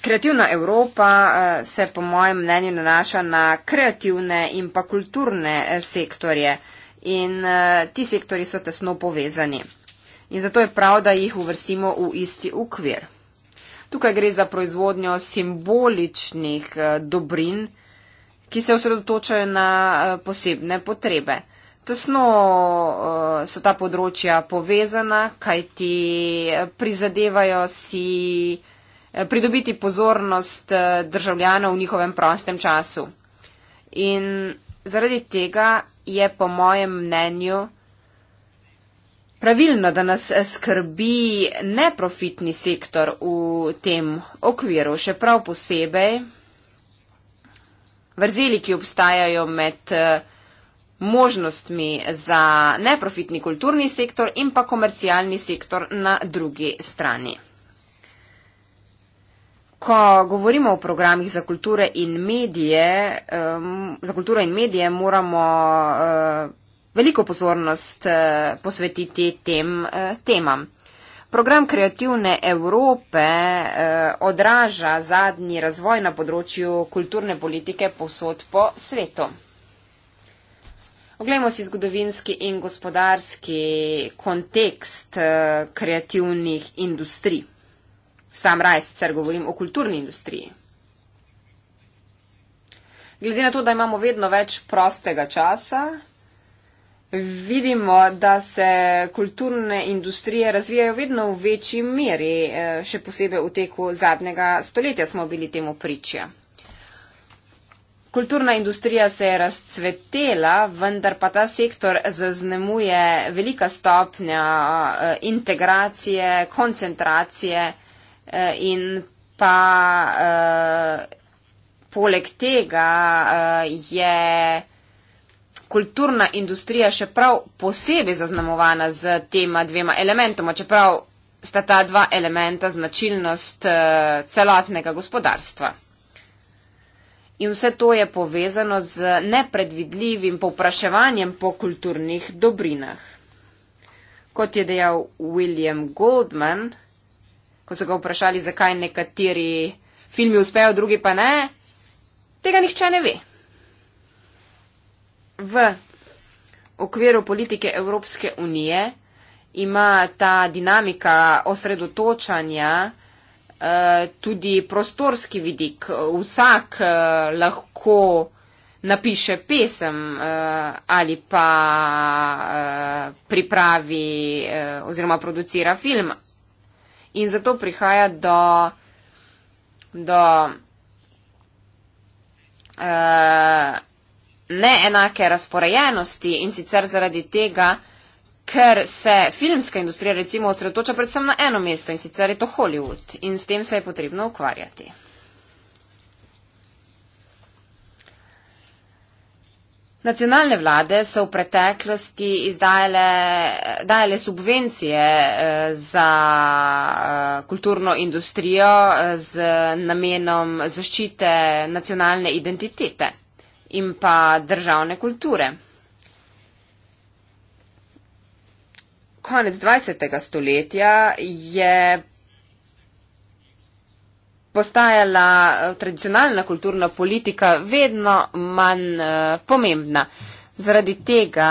Kreativna Evropa eh, se po mojem mnenju nanaša na kreativne in pa kulturne eh, sektorje in eh, ti sektori so tesno povezani. In zato je prav, da jih uvrstimo v isti ukvir. Tukaj gre za proizvodnjo simboličnih dobrin, ki se osredotočajo na posebne potrebe. Tesno so ta področja povezana, kajti prizadevajo si Eh, pridobiti pozornost eh, državljanov v njihovem prostem času. In zaradi tega je po mojem mnenju pravilno, da nas eh, skrbi neprofitni sektor v tem okviru, še prav posebej vrzeli, ki obstajajo med možnostmi za neprofitni kulturni sektor in pa komercialni sektor na drugi strani. Ko govorimo o programih za kulture in medije, za kulture in medije moramo eh, veliko pozornost eh, posvetiti tem eh, temam. Program Kreativne Evrope odraža zadnji razvoj na področju kulturne politike posod po svetu. Oglejmo si zgodovinski in gospodarski kontekst kreativnih industrij. Sam raj sicer govorim o kulturni industriji. Glede na to, da imamo vedno več prostega časa, vidimo, da se kulturne industrije razvijajo vedno v večji meri, eh, še posebej v teku zadnjega stoletja smo bili temu priče. Kulturna industrija se je razcvetela, vendar pa ta sektor zaznemuje velika stopnja eh, integracije, koncentracije. Eh, in pa uh, poleg tega uh, je kulturna industrija še prav posebej zaznamovana z tema dvema elementoma, čeprav sta ta dva elementa značilnost uh, celotnega gospodarstva. In vse to je povezano z nepredvidljivim povpraševanjem po kulturnih dobrinah. Kot je dejal William Goldman, ko so ga vprašali, zakaj nekateri filmi uspejo, drugi pa ne, tega nihče ne ve. V okviru politike Evropske unije ima ta dinamika osredotočanja eh, tudi prostorski vidik. Vsak eh, lahko napiše pesem eh, ali pa pripravi oziroma producira film In zato prihaja do, do uh, neenake razporejenosti in sicer zaradi tega, ker se filmska industrija recimo osredotoča predvsem na eno mesto in sicer je to Hollywood in s tem se je potrebno ukvarjati. Nacionalne vlade so v preteklosti izdajale, dajale subvencije eh, za eh, kulturno industrijo eh, z namenom zaščite nacionalne identitete in pa državne kulture. Konec 20. stoletja je postajala eh, tradicionalna kulturna politika vedno manj eh, pomembna. Zaradi tega,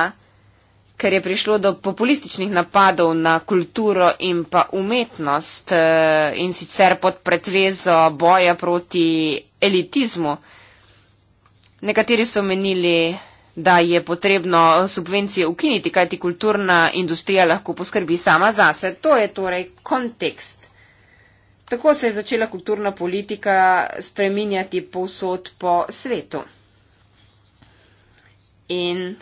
ker je prišlo do populističnih napadov na kulturo in pa umetnost eh, in sicer pod pretvezo boja proti elitizmu. Nekateri so menili, da je potrebno subvencije ukiniti, kajti kulturna industrija lahko poskrbi sama zase. To je torej kontekst. Tako se je začela kulturna politika spreminjati povsod po svetu. In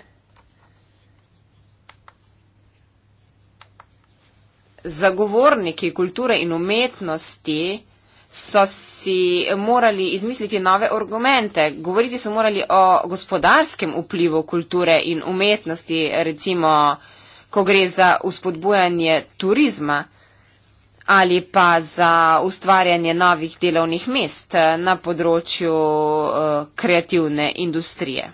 zagovorniki kulture in umetnosti so si morali izmisliti nove argumente. Govoriti so morali o gospodarskem vplivu kulture in umetnosti, recimo, ko gre za uspodbujanje turizma ali pa za ustvarjanje novih delovnih mest eh, na področju eh, kreativne industrije.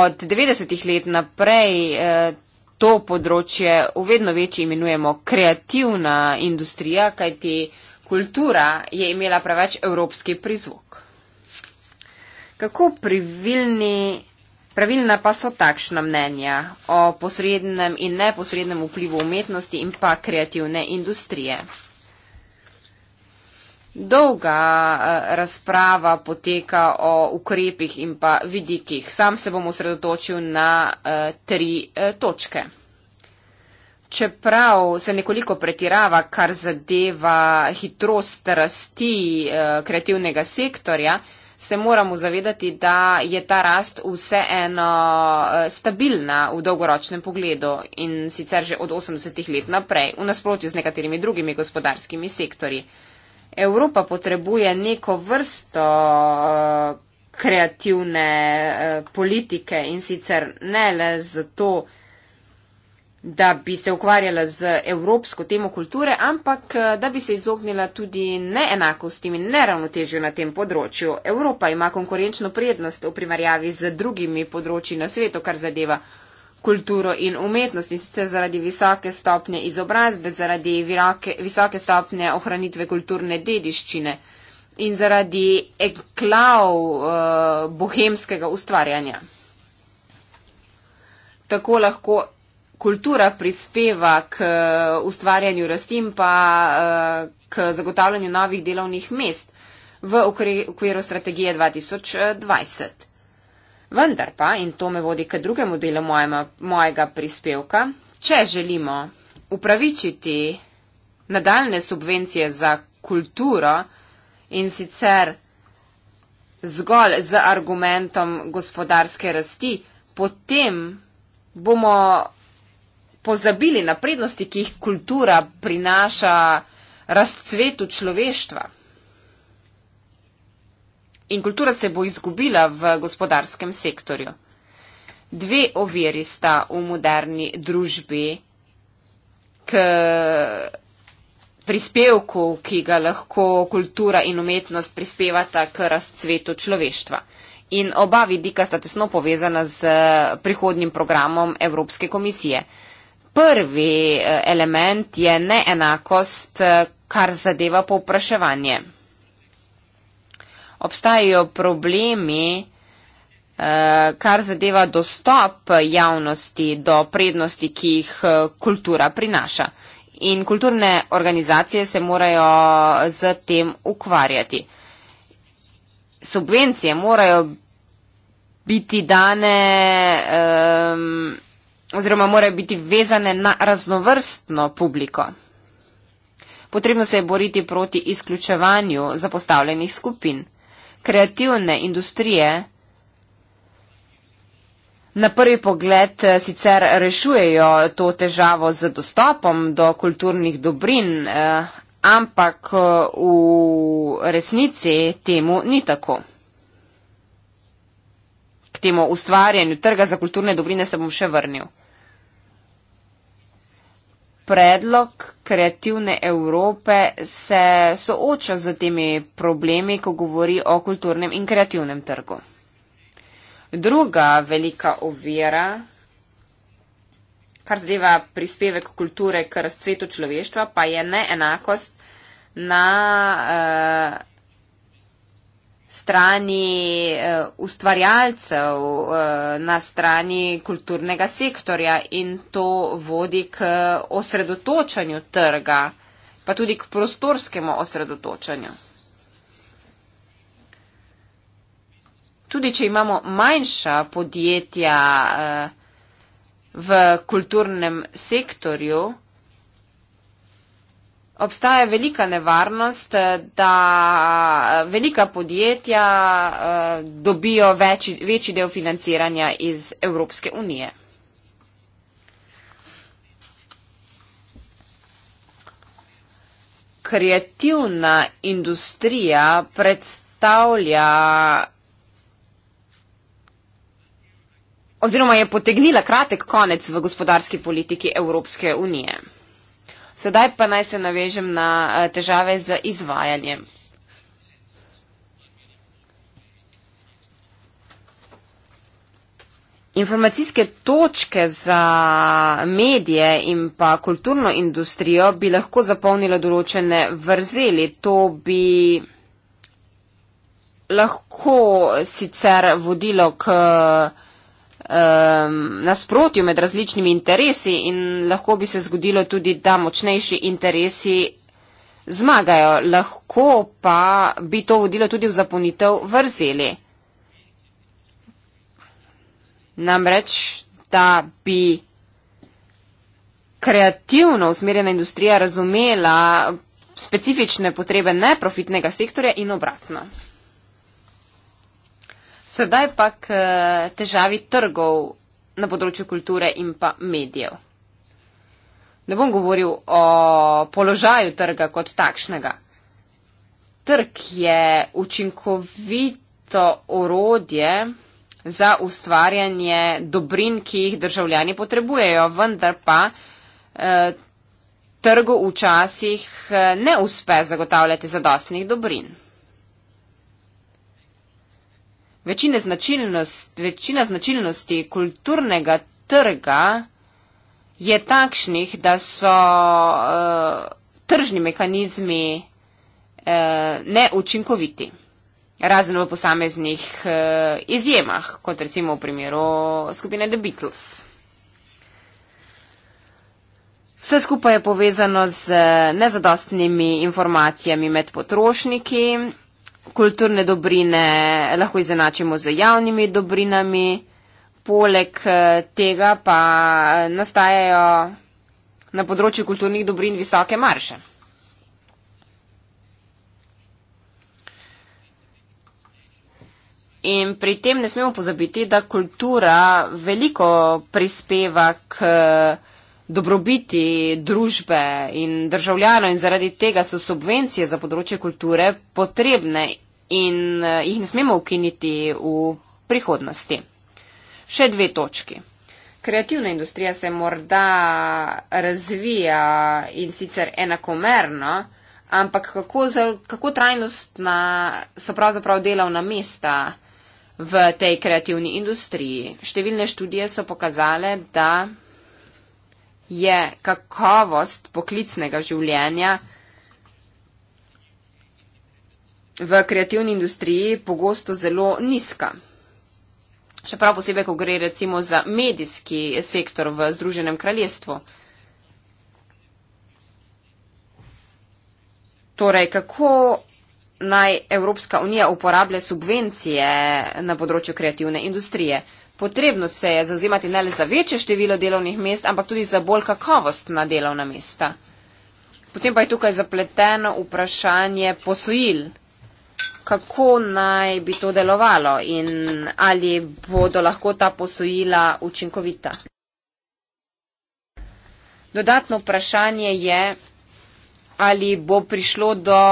Od 90-ih let naprej eh, to področje v vedno večji imenujemo kreativna industrija, kajti kultura je imela preveč evropski prizvok. Kako privilni Pravilna pa so takšna mnenja o posrednem in neposrednem vplivu umetnosti in pa kreativne industrije. Dolga eh, razprava poteka o ukrepih in pa vidikih. Sam se bom osredotočil na eh, tri eh, točke. Čeprav se nekoliko pretirava, kar zadeva hitrost rasti kreativnega sektorja, se moramo zavedati, da je ta rast vseeno eh, stabilna v dolgoročnem pogledu in sicer že od 80-ih let naprej, v nasprotju z nekaterimi drugimi gospodarskimi sektori. Evropa potrebuje neko vrsto eh, kreativne eh, politike in sicer ne le zato, da bi se ukvarjala z evropsko temo kulture, ampak eh, da bi se izognila tudi neenakostim in neravnotežju na tem področju. Evropa ima konkurenčno prednost v primerjavi z drugimi področji na svetu, kar zadeva kulturo in umetnost in sicer zaradi visoke stopnje izobrazbe, zaradi virake, visoke stopnje ohranitve kulturne dediščine in zaradi eklav uh, bohemskega ustvarjanja. Tako lahko kultura prispeva k eh, ustvarjanju rasti in pa eh, k zagotavljanju novih delovnih mest v okviru strategije 2020. Vendar pa, in to me vodi k drugemu delu mojema, mojega prispevka, če želimo upravičiti nadaljne subvencije za kulturo in sicer zgolj z argumentom gospodarske rasti, potem bomo pozabili na prednosti, ki jih kultura prinaša razcvetu človeštva. In kultura se bo izgubila v gospodarskem sektorju. Dve oviri sta v moderni družbi k prispevku, ki ga lahko kultura in umetnost prispevata k razcvetu človeštva. In oba vidika sta tesno povezana z prihodnim programom Evropske komisije prvi eh, element je neenakost, eh, kar zadeva povpraševanje. Obstajajo problemi, eh, kar zadeva dostop javnosti do prednosti, ki jih kultura prinaša. In kulturne organizacije se morajo z tem ukvarjati. Subvencije morajo biti dane. Um, oziroma morajo biti vezane na raznovrstno publiko. Potrebno se je boriti proti izključevanju zapostavljenih skupin. Kreativne industrije na prvi pogled eh, sicer rešujejo to težavo z dostopom do kulturnih dobrin, eh, ampak eh, v resnici temu ni tako temu ustvarjanju trga za kulturne dobrine se bom še vrnil. Predlog kreativne Evrope se sooča z temi problemi, ko govori o kulturnem in kreativnem trgu. Druga velika ovira, kar zadeva prispevek kulture k razcvetu človeštva, pa je neenakost na. Uh, strani uh, ustvarjalcev, uh, na strani kulturnega sektorja in to vodi k osredotočanju trga, pa tudi k prostorskemu osredotočanju. Tudi, če imamo manjša podjetja uh, v kulturnem sektorju, Obstaja velika nevarnost, eh, da eh, velika podjetja eh, dobijo večji, večji del financiranja iz Evropske unije. Kreativna industrija predstavlja oziroma je potegnila kratek konec v gospodarski politiki Evropske unije. Sedaj pa naj se navežem na eh, težave z izvajanjem. Informacijske točke za medije in pa kulturno industrijo bi lahko zapolnilo določene vrzeli. To bi lahko sicer vodilo k Um, nasprotju med različnimi interesi in lahko bi se zgodilo tudi, da močnejši interesi zmagajo. Lahko pa bi to vodilo tudi v zaponitev vrzeli. Namreč, da bi kreativno usmerjena industrija razumela specifične potrebe neprofitnega sektorja in obratno. Sedaj pa k eh, težavi trgov na področju kulture in pa medijev. Ne bom govoril o položaju trga kot takšnega. Trg je učinkovito orodje za ustvarjanje dobrin, ki jih državljani potrebujejo, vendar pa eh, trgu včasih eh, ne uspe zagotavljati zadostnih dobrin večine značilnost, večina značilnosti kulturnega trga je takšnih, da so uh, tržni mehanizmi uh, neučinkoviti, razen v posameznih uh, izjemah, kot recimo v primeru skupine The Beatles. Vse skupaj je povezano z nezadostnimi informacijami med potrošniki kulturne dobrine lahko izenačimo z javnimi dobrinami, poleg eh, tega pa nastajajo na področju kulturnih dobrin visoke marše. In pri tem ne smemo pozabiti, da kultura veliko prispeva k uh, dobrobiti družbe in državljanov in zaradi tega so subvencije za področje kulture potrebne in eh, jih ne smemo ukiniti v prihodnosti. Še dve točki. Kreativna industrija se morda razvija in sicer enakomerno, ampak kako, kako trajnostna so pravzaprav delovna mesta v tej kreativni industriji. Številne študije so pokazale, da je kakovost poklicnega življenja v kreativni industriji pogosto zelo nizka. Še prav posebej, ko gre recimo za medijski sektor v Združenem kraljestvu. Torej, kako naj Evropska unija uporablja subvencije na področju kreativne industrije? Potrebno se je zauzemati ne le za večje število delovnih mest, ampak tudi za bolj kakovostna delovna mesta. Potem pa je tukaj zapleteno vprašanje posojil. Kako naj bi to delovalo in ali bodo lahko ta posojila učinkovita? Dodatno vprašanje je, ali bo prišlo do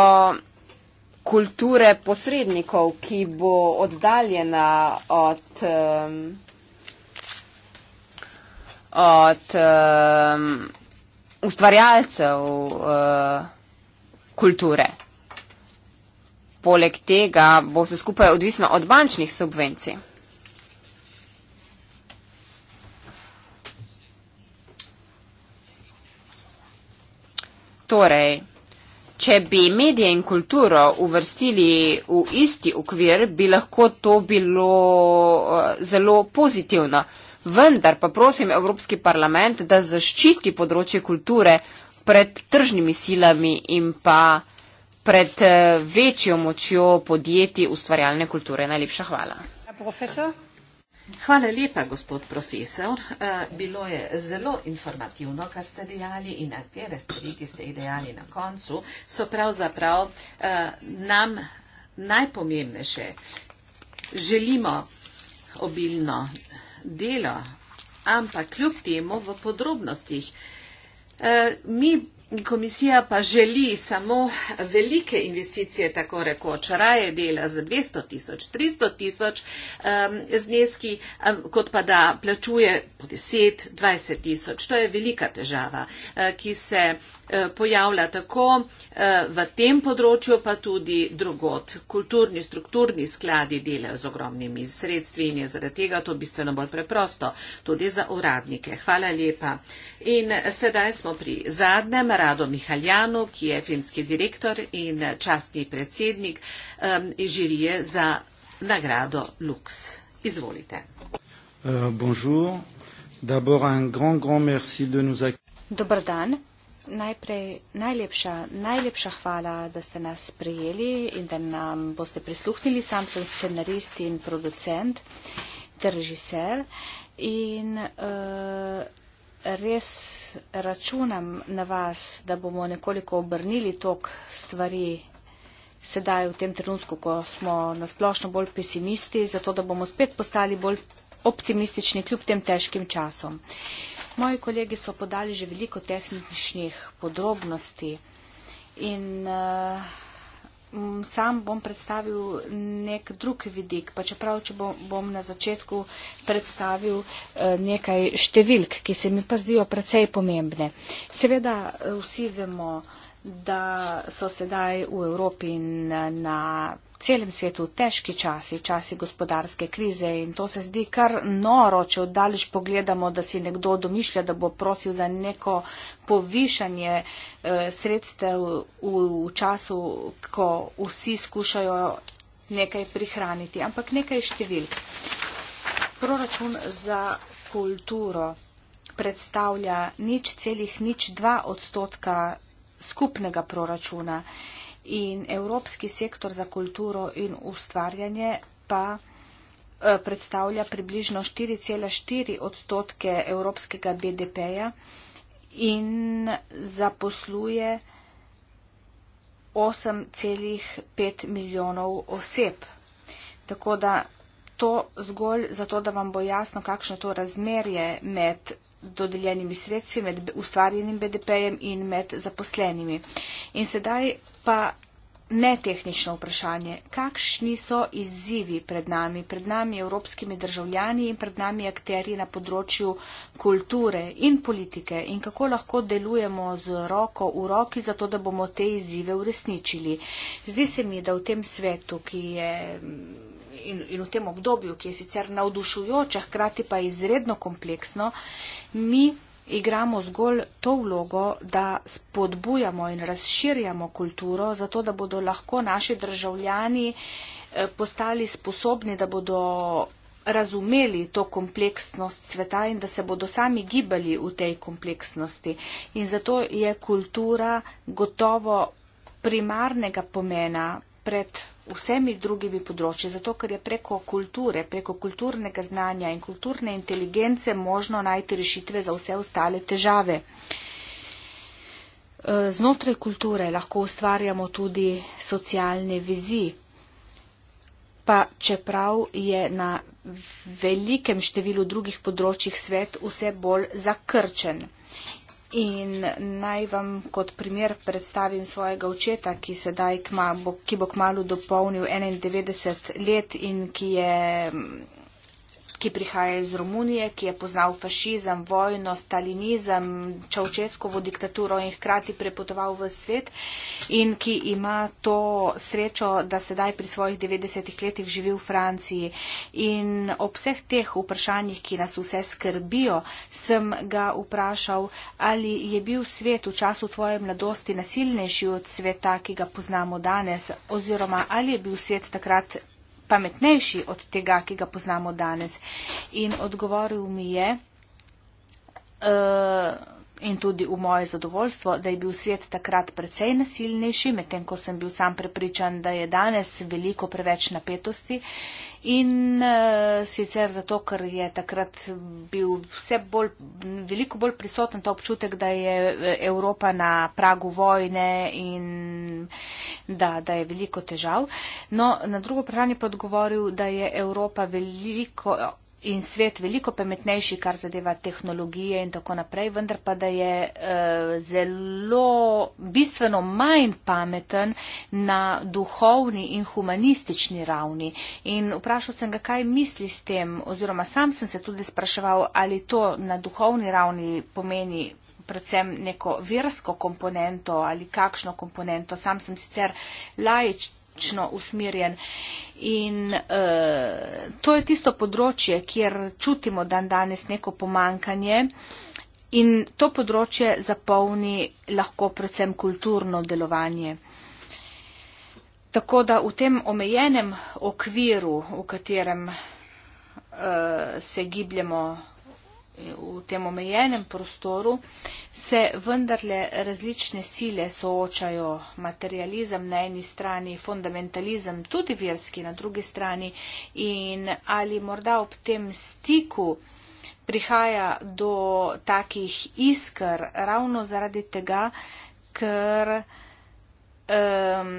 kulture posrednikov, ki bo oddaljena od, um, od um, ustvarjalcev uh, kulture. Poleg tega bo se skupaj odvisno od bančnih subvencij. Torej, Če bi medije in kulturo uvrstili v isti okvir, bi lahko to bilo eh, zelo pozitivno. Vendar pa prosim Evropski parlament, da zaščiti področje kulture pred tržnimi silami in pa pred eh, večjo močjo podjetij ustvarjalne kulture. Najlepša hvala. Profesor? Hvala lepa, gospod profesor. Eh, bilo je zelo informativno, kar ste dejali in nekatere stvari, ki ste jih dejali na koncu, so pravzaprav eh, nam najpomembnejše. Želimo obilno delo, ampak kljub temu v podrobnostih. Eh, mi Komisija pa želi samo velike investicije, tako rekoč, raje dela za 200 tisoč, 300 tisoč um, zneski, um, kot pa da plačuje po 10, 20 tisoč. To je velika težava, uh, ki se uh, Eh, pojavlja tako eh, v tem področju, pa tudi drugot. Kulturni, strukturni skladi delajo z ogromnimi sredstvi in je zaradi tega to bistveno bolj preprosto, tudi za uradnike. Hvala lepa. In eh, sedaj smo pri zadnjem, Rado Mihaljanu, ki je filmski direktor in častni predsednik žirije za nagrado Lux. Izvolite. Uh, Dobar dan. Najprej najlepša, najlepša hvala, da ste nas prijeli in da nam boste prisluhnili. Sam sem scenarist in producent ter režiser in uh, res računam na vas, da bomo nekoliko obrnili tok stvari sedaj v tem trenutku, ko smo nasplošno bolj pesimisti, zato da bomo spet postali bolj optimistični kljub tem težkim časom. Uh, Moji kolegi so podali že veliko tehničnih podrobnosti in uh, sam bom predstavil nek drug vidik, pa čeprav, če bom, bom na začetku predstavil uh, nekaj številk, ki se mi pa zdijo precej pomembne. Seveda uh, vsi vemo, uh, da so sedaj v Evropi in na celem svetu težki časi, časi gospodarske krize in to se zdi kar noro, če oddališ pogledamo, da si nekdo domišlja, da bo prosil za neko povišanje eh, sredstev v, v času, ko vsi skušajo nekaj prihraniti, ampak nekaj številk. Proračun za kulturo predstavlja nič celih, nič dva odstotka skupnega proračuna in Evropski sektor za kulturo in ustvarjanje pa eh, predstavlja približno 4,4 odstotke evropskega BDP-ja in zaposluje 8,5 milijonov oseb. Tako da to zgolj zato, da vam bo jasno, kakšno to razmerje med dodeljenimi sredstvi, med ustvarjenim BDP-jem in med zaposlenimi. In sedaj pa netehnično vprašanje. Kakšni so izzivi pred nami, pred nami evropskimi državljani in pred nami akteri na področju kulture in politike in kako lahko delujemo z roko v roki, zato da bomo te izzive uresničili? Zdi se mi, da v tem svetu, ki je in, in v tem obdobju, ki je sicer navdušujoče, hkrati pa izredno kompleksno, mi igramo zgolj to vlogo, da spodbujamo in razširjamo kulturo, zato da bodo lahko naši državljani eh, postali sposobni, da bodo razumeli to kompleksnost sveta in da se bodo sami gibali v tej kompleksnosti. In zato je kultura gotovo primarnega pomena pred vsemi drugimi področji, zato ker je preko kulture, preko kulturnega znanja in kulturne inteligence možno najti rešitve za vse ostale težave. E, znotraj kulture lahko ustvarjamo tudi socialne vizi, pa čeprav je na velikem številu drugih področjih svet vse bolj zakrčen. In naj vam kot primer predstavim svojega očeta, ki, sedaj, ki bo kmalo dopolnil 91 let in ki je ki prihaja iz Romunije, ki je poznal fašizem, vojno, stalinizem, Čaučeskovo diktaturo in hkrati prepotoval v svet in ki ima to srečo, da sedaj pri svojih 90 letih živi v Franciji. In ob vseh teh vprašanjih, ki nas vse skrbijo, sem ga vprašal, ali je bil svet v času tvoje mladosti nasilnejši od sveta, ki ga poznamo danes, oziroma ali je bil svet takrat pametnejši od tega, ki ga poznamo danes. In odgovoril mi je, uh, in tudi v moje zadovoljstvo, da je bil svet takrat precej nasilnejši, medtem ko sem bil sam prepričan, da je danes veliko preveč napetosti. In uh, sicer zato, ker je takrat bil vse bolj, veliko bolj prisoten ta občutek, da je eh, Evropa na pragu vojne in da, da je veliko težav. No, na drugo vprašanje pa odgovoril, da je Evropa veliko in svet veliko pametnejši, kar zadeva tehnologije in tako naprej, vendar pa da je uh, zelo bistveno manj pameten na duhovni in humanistični ravni. In vprašal sem ga, kaj misli s tem, oziroma sam sem se tudi spraševal, ali to na duhovni ravni pomeni predvsem neko versko komponento ali kakšno komponento. Sam sem sicer lajč resnično usmerjen. In e, to je tisto področje, kjer čutimo dan danes neko pomankanje. In to področje zapolni lahko predvsem kulturno delovanje. Tako da v tem omejenem okviru, v katerem uh, se gibljemo v tem omejenem prostoru, se vendarle različne sile soočajo. Materializem na eni strani, fundamentalizem tudi verski na drugi strani in ali morda ob tem stiku prihaja do takih iskr ravno zaradi tega, ker um,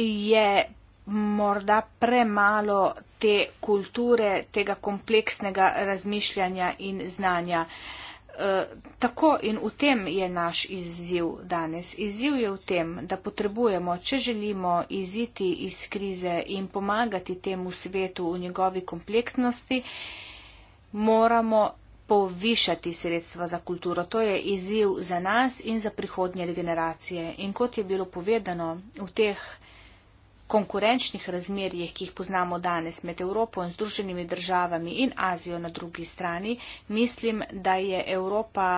je morda premalo te kulture, tega kompleksnega razmišljanja in znanja. E, tako in v tem je naš izziv danes. Izziv je v tem, da potrebujemo, če želimo iziti iz krize in pomagati temu svetu v njegovi kompleksnosti, moramo povišati sredstva za kulturo. To je izziv za nas in za prihodnje generacije. In kot je bilo povedano v teh konkurenčnih razmerjih, ki jih poznamo danes med Evropo in Združenimi državami in Azijo na drugi strani, mislim, da je Evropa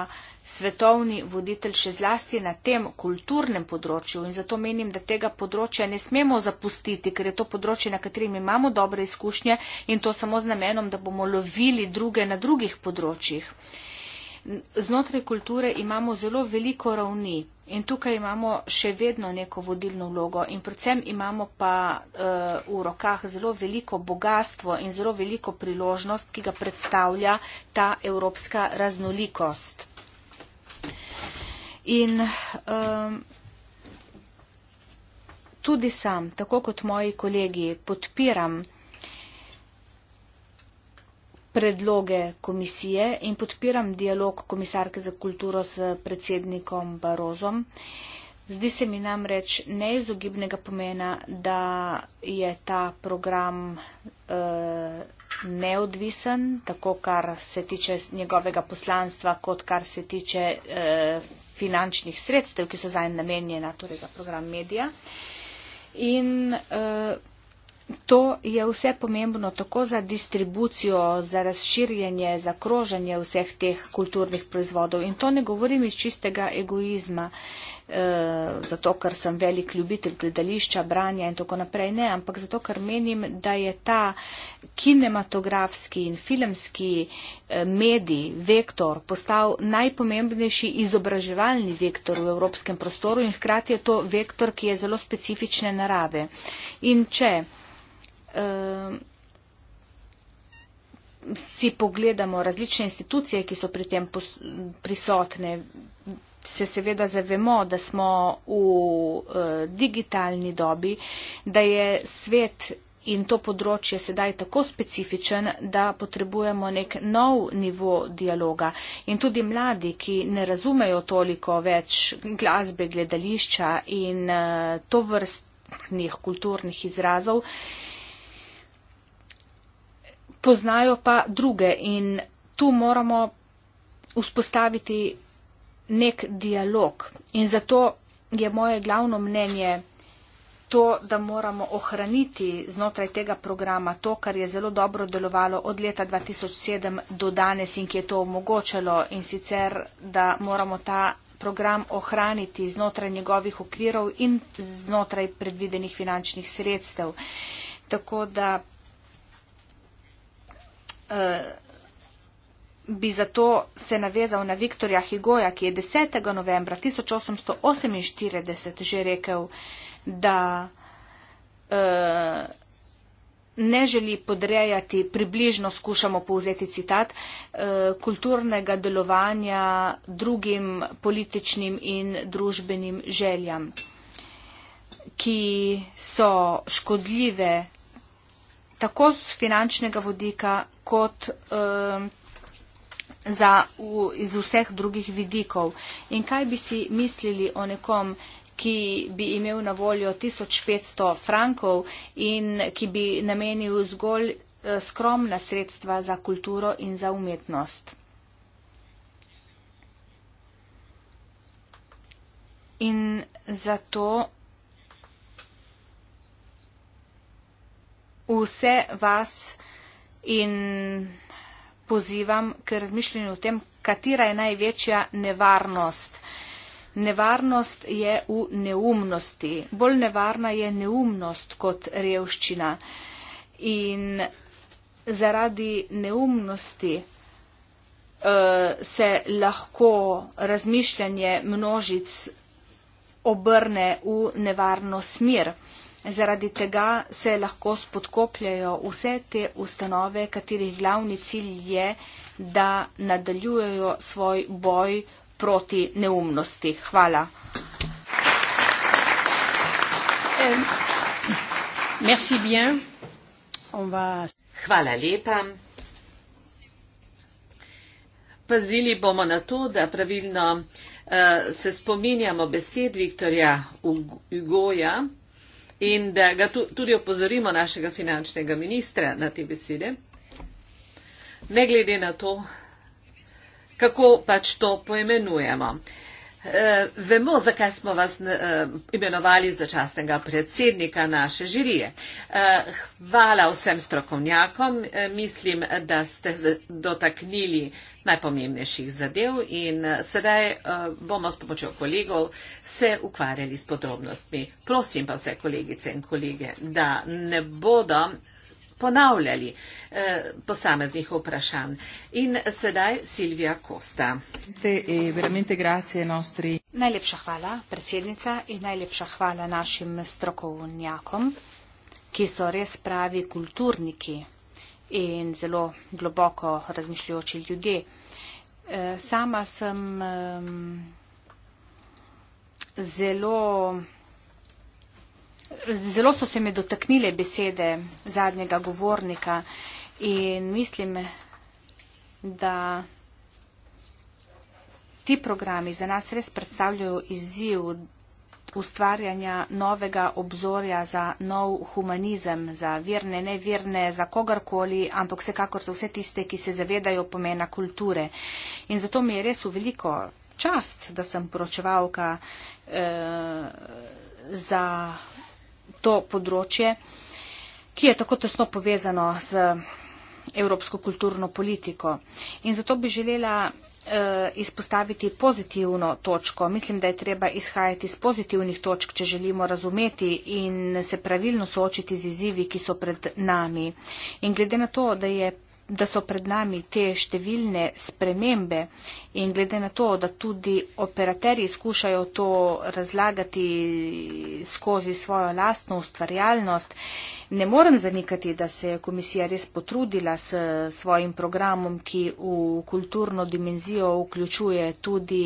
svetovni voditelj še zlasti na tem kulturnem področju in zato menim, da tega področja ne smemo zapustiti, ker je to področje, na katerem imamo dobre izkušnje in to samo z namenom, da bomo lovili druge na drugih področjih znotraj kulture imamo zelo veliko ravni in tukaj imamo še vedno neko vodilno vlogo in predvsem imamo pa uh, v rokah zelo veliko bogatstvo in zelo veliko priložnost, ki ga predstavlja ta evropska raznolikost. In um, tudi sam, tako kot moji kolegi, podpiram predloge komisije in podpiram dialog komisarke za kulturo s predsednikom Barozom. Zdi se mi namreč neizogibnega pomena, da je ta program e, neodvisen, tako kar se tiče njegovega poslanstva, kot kar se tiče e, finančnih sredstev, ki so zanj namenjena, torej za program medija. In e, To je vse pomembno tako za distribucijo, za razširjanje, za kroženje vseh teh kulturnih proizvodov. In to ne govorim iz čistega egoizma, eh, zato ker sem velik ljubitelj gledališča, branja in tako naprej. Ne, ampak zato ker menim, da je ta kinematografski in filmski eh, medij, vektor, postal najpomembnejši izobraževalni vektor v evropskem prostoru in hkrati je to vektor, ki je zelo specifične narave. In če uh, si pogledamo različne institucije, ki so pri tem prisotne, se seveda zavemo, da smo v uh, digitalni dobi, da je svet in to področje sedaj tako specifičen, da potrebujemo nek nov nivo dialoga. In tudi mladi, ki ne razumejo toliko več glasbe, gledališča in uh, eh, to vrstnih kulturnih izrazov, uh, poznajo pa druge in tu moramo vzpostaviti nek dialog. In zato je moje glavno mnenje to, da moramo ohraniti znotraj tega programa to, kar je zelo dobro delovalo od leta 2007 do danes in ki je to omogočalo in sicer, da moramo ta program ohraniti znotraj njegovih okvirov in znotraj predvidenih finančnih sredstev. Tako da Eh, bi zato se navezal na Viktorja Higoja, ki je 10. novembra 1848 že rekel, da uh, ne želi podrejati, približno skušamo povzeti citat, uh, kulturnega delovanja drugim političnim in družbenim željam, ki so škodljive tako z finančnega vodika, kot uh, za, v, iz vseh drugih vidikov. In kaj bi si mislili o nekom, ki bi imel na voljo 1500 frankov in ki bi namenil zgolj uh, skromna sredstva za kulturo in za umetnost? In zato vse vas in pozivam k razmišljanju o tem, katera je največja nevarnost. Nevarnost je v neumnosti. Bolj nevarna je neumnost kot revščina. In zaradi neumnosti eh, se lahko razmišljanje množic obrne v nevarno smer. Zaradi tega se lahko spodkopljajo vse te ustanove, katerih glavni cilj je, da nadaljujejo svoj boj proti neumnosti. Hvala. Hvala lepa. Pazili bomo na to, da pravilno uh, se spominjamo besed Viktorja Ugoja in da ga tu, tudi opozorimo našega finančnega ministra na te besede. Ne glede na to, kako pač to poimenujemo. Uh, Eh, vemo, zakaj smo vas eh, imenovali za častnega predsednika naše žirije. Eh, hvala vsem strokovnjakom. Mislim, da ste dotaknili najpomembnejših zadev in sedaj bomo s pomočjo kolegov se ukvarjali s podrobnostmi. Prosim pa vse kolegice in kolege, da ne bodo ponavljali eh, posameznih vprašanj. In sedaj Silvija Kosta. Eh, najlepša hvala, predsednica, in najlepša hvala našim strokovnjakom, ki so res pravi kulturniki in zelo globoko razmišljajoči ljudje. Eh, sama sem eh, zelo zelo so se mi dotaknile besede zadnjega govornika in mislim, da ti programi za nas res predstavljajo izziv ustvarjanja novega obzorja za nov humanizem, za verne, nevirne, za kogarkoli, ampak vsekakor za vse tiste, ki se zavedajo pomena kulture. In zato mi je res v veliko čast, da sem poročevalka eh, za to področje, ki je tako tesno povezano z evropsko kulturno politiko. In zato bi želela eh, izpostaviti pozitivno točko. Mislim, da je treba izhajati iz pozitivnih točk, če želimo razumeti in se pravilno soočiti z izzivi, ki so pred nami. In glede na to, da je da so pred nami te številne spremembe in glede na to, da tudi operaterji skušajo to razlagati skozi svojo lastno ustvarjalnost, ne morem zanikati, da se je komisija res potrudila s svojim programom, ki v kulturno dimenzijo vključuje tudi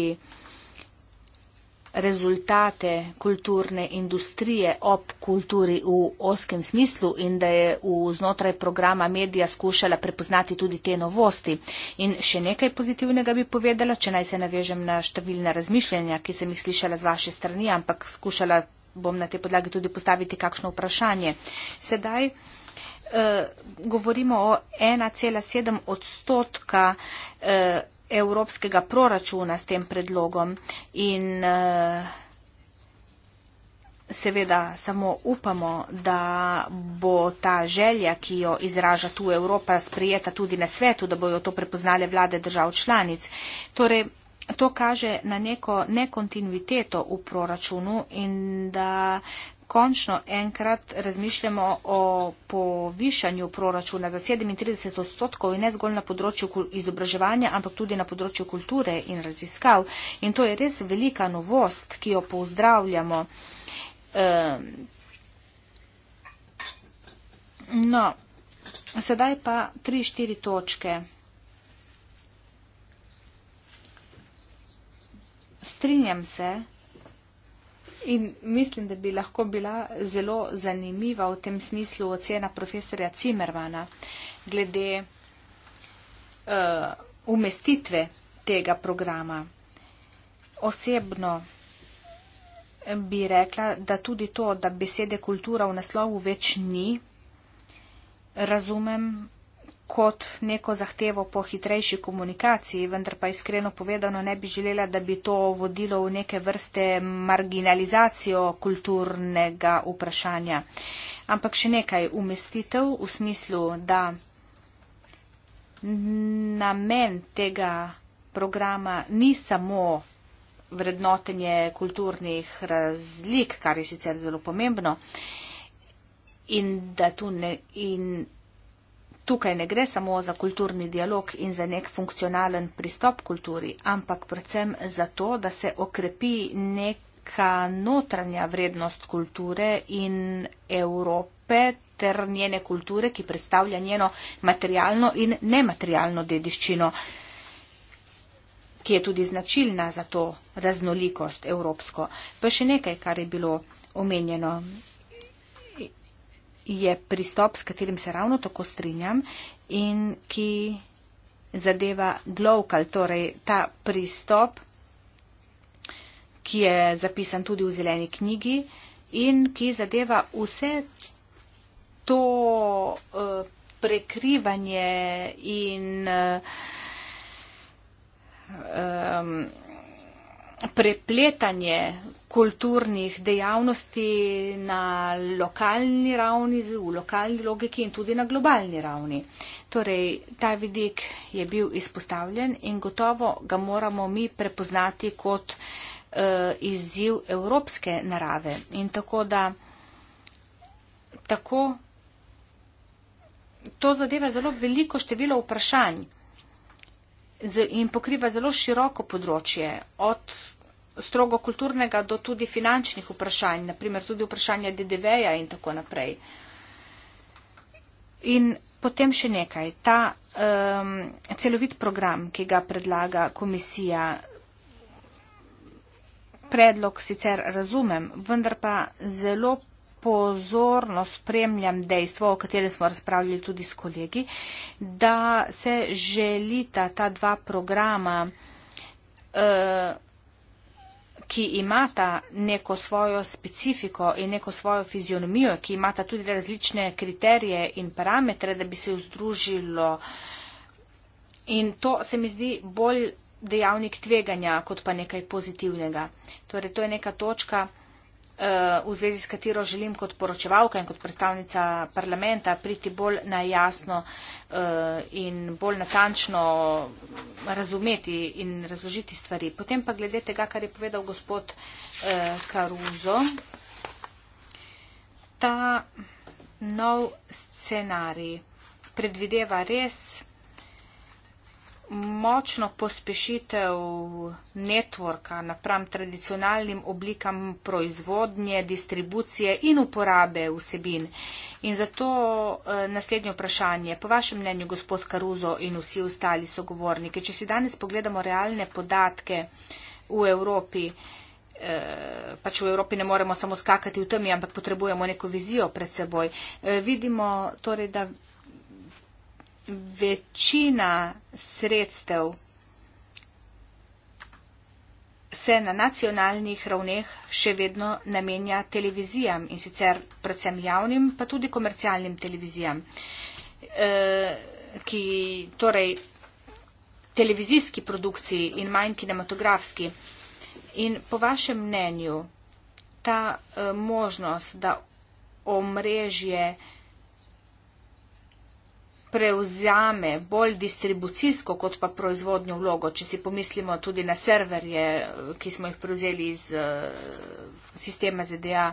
rezultate kulturne industrije ob kulturi v oskem smislu in da je v znotraj programa medija skušala prepoznati tudi te novosti. In še nekaj pozitivnega bi povedala, če naj se navežem na številna razmišljanja, ki sem jih slišala z vaše strani, ampak skušala bom na te podlagi tudi postaviti kakšno vprašanje. Sedaj eh, govorimo o 1,7 odstotka eh, evropskega proračuna s tem predlogom in eh, seveda samo upamo, da bo ta želja, ki jo izraža tu Evropa, sprijeta tudi na svetu, da bojo to prepoznale vlade držav članic. Torej, to kaže na neko nekontinuiteto v proračunu in da končno enkrat razmišljamo o povišanju proračuna za 37 odstotkov in ne zgolj na področju izobraževanja, ampak tudi na področju kulture in raziskav. In to je res velika novost, ki jo pozdravljamo. Ehm, no, sedaj pa tri, štiri točke. Strinjam se, In mislim, da bi lahko bila zelo zanimiva v tem smislu ocena profesorja Cimermana glede uh, umestitve tega programa. Osebno bi rekla, da tudi to, da besede kultura v naslovu več ni, razumem kot neko zahtevo po hitrejši komunikaciji, vendar pa iskreno povedano ne bi želela, da bi to vodilo v neke vrste marginalizacijo kulturnega vprašanja. Ampak še nekaj umestitev v smislu, da namen tega programa ni samo vrednotenje kulturnih razlik, kar je sicer zelo pomembno, in da tu ne tukaj ne gre samo za kulturni dialog in za nek funkcionalen pristop kulturi, ampak predvsem za to, da se okrepi neka notranja vrednost kulture in Evrope ter njene kulture, ki predstavlja njeno materialno in nematerialno dediščino, ki je tudi značilna za to raznolikost evropsko. Pa še nekaj, kar je bilo omenjeno je pristop, s katerim se ravno tako strinjam in ki zadeva glokal, torej ta pristop, ki je zapisan tudi v zeleni knjigi in ki zadeva vse to uh, prekrivanje in uh, um, prepletanje kulturnih dejavnosti na lokalni ravni, v lokalni logiki in tudi na globalni ravni. Torej, ta vidik je bil izpostavljen in gotovo ga moramo mi prepoznati kot eh, izziv evropske narave. In tako da tako to zadeva zelo veliko število vprašanj in pokriva zelo široko področje, od strogo kulturnega do tudi finančnih vprašanj, naprimer tudi vprašanja DDV-ja in tako naprej. In potem še nekaj, ta um, celovit program, ki ga predlaga komisija, predlog sicer razumem, vendar pa zelo pozorno spremljam dejstvo, o katerem smo razpravljali tudi s kolegi, da se želita ta dva programa, eh, ki imata neko svojo specifiko in neko svojo fizionomijo, ki imata tudi različne kriterije in parametre, da bi se vzdružilo. In to se mi zdi bolj dejavnik tveganja, kot pa nekaj pozitivnega. Torej, to je neka točka, Eh, v zvezi s katero želim kot poročevalka in kot predstavnica parlamenta priti bolj na jasno eh, in bolj natančno razumeti in razložiti stvari. Potem pa glede tega, kar je povedal gospod Karuzo, eh, ta nov scenarij predvideva res močno pospešitev networka napram tradicionalnim oblikam proizvodnje, distribucije in uporabe vsebin. In zato eh, naslednje vprašanje, po vašem mnenju, gospod Karuzo in vsi ostali sogovorniki, če si danes pogledamo realne podatke v Evropi, eh, pač v Evropi ne moremo samo skakati v temi, ampak potrebujemo neko vizijo pred seboj, eh, vidimo torej, da večina sredstev se na nacionalnih ravneh še vedno namenja televizijam in sicer predvsem javnim, pa tudi komercialnim televizijam, e, ki torej televizijski produkciji in manj kinematografski. In po vašem mnenju ta e, možnost, da omrežje prevzame bolj distribucijsko kot pa proizvodnjo vlogo, če si pomislimo tudi na serverje, ki smo jih prevzeli iz eh, sistema ZDA.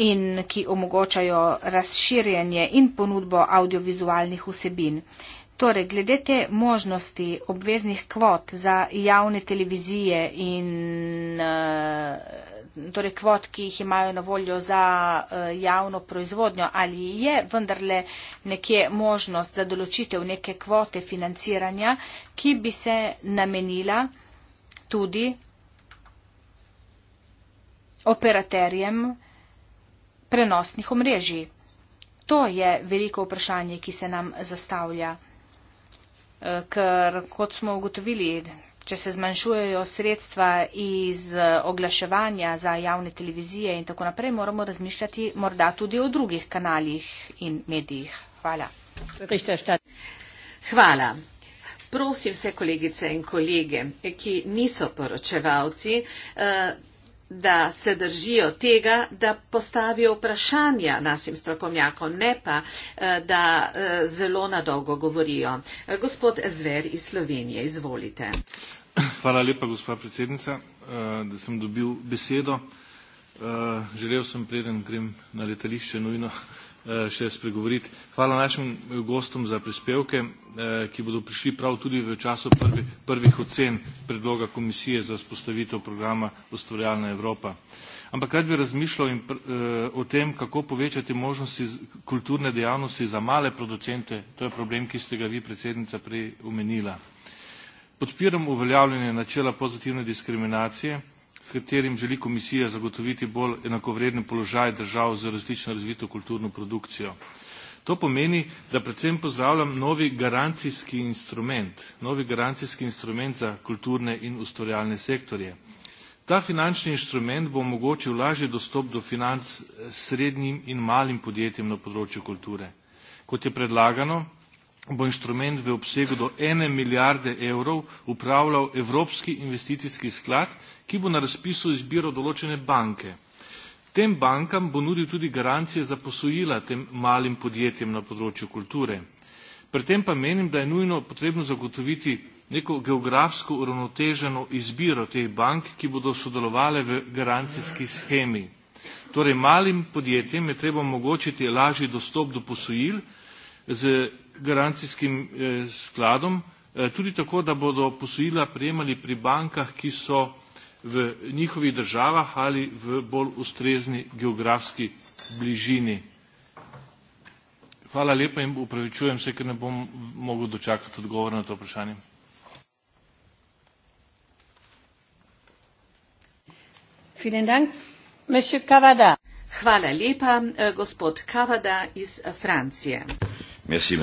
in ki omogočajo razširjanje in ponudbo audiovizualnih vsebin. Torej, glede te možnosti obveznih kvot za javne televizije in uh, torej kvot, ki jih imajo na voljo za eh, javno proizvodnjo, ali je vendarle nekje možnost za določitev neke kvote financiranja, ki bi se namenila tudi operaterjem prenosnih omrežij. To je veliko vprašanje, ki se nam zastavlja. Eh, ker, kot smo ugotovili, če se zmanjšujejo sredstva iz eh, oglaševanja za javne televizije in tako naprej, moramo razmišljati morda tudi o drugih kanalih in medijih. Hvala. Hvala. Prosim vse kolegice in kolege, ki niso poročevalci, eh, da se držijo tega, da postavijo vprašanja našim strokovnjakom, ne pa, eh, da eh, zelo nadolgo govorijo. Eh, gospod Zver iz Slovenije, izvolite. Hvala lepa, gospa predsednica, da sem dobil besedo. Želel sem, preden grem na letališče, nujno Eh, še spregovoriti. Hvala našim gostom za prispevke, eh, ki bodo prišli prav tudi v času prvi, prvih ocen predloga komisije za spostavitev programa Ustvarjalna Evropa. Ampak rad bi razmišljal in pr, eh, o tem, kako povečati možnosti kulturne dejavnosti za male producente, to je problem, ki ste ga vi, predsednica, prej omenila. Podpiram uveljavljanje načela pozitivne diskriminacije, s katerim želi komisija zagotoviti bolj enakovreden položaj držav z različno razvito kulturno produkcijo. To pomeni, da predvsem pozdravljam novi garancijski instrument, novi garancijski instrument za kulturne in ustvarjalne sektorje. Ta finančni instrument bo omogočil lažji dostop do financ srednjim in malim podjetjem na področju kulture. Kot je predlagano, bo instrument v obsegu do ene milijarde evrov upravljal Evropski investicijski sklad, ki bo na razpisu izbiral določene banke. Tem bankam bo nudil tudi garancije za posojila tem malim podjetjem na področju kulture. Pri tem pa menim, da je nujno potrebno zagotoviti neko geografsko uravnoteženo izbiro teh bank, ki bodo sodelovale v garancijski schemi. Torej, malim podjetjem je treba omogočiti lažji dostop do posojil z garancijskim eh, skladom, eh, tudi tako, da bodo posojila prejemali pri bankah, ki so v njihovih državah ali v bolj ustrezni geografski bližini. Hvala lepa in upravičujem se, ker ne bom mogel dočakati odgovora na to vprašanje. Hvala lepa, eh, gospod Kavada iz eh, Francije. Merci,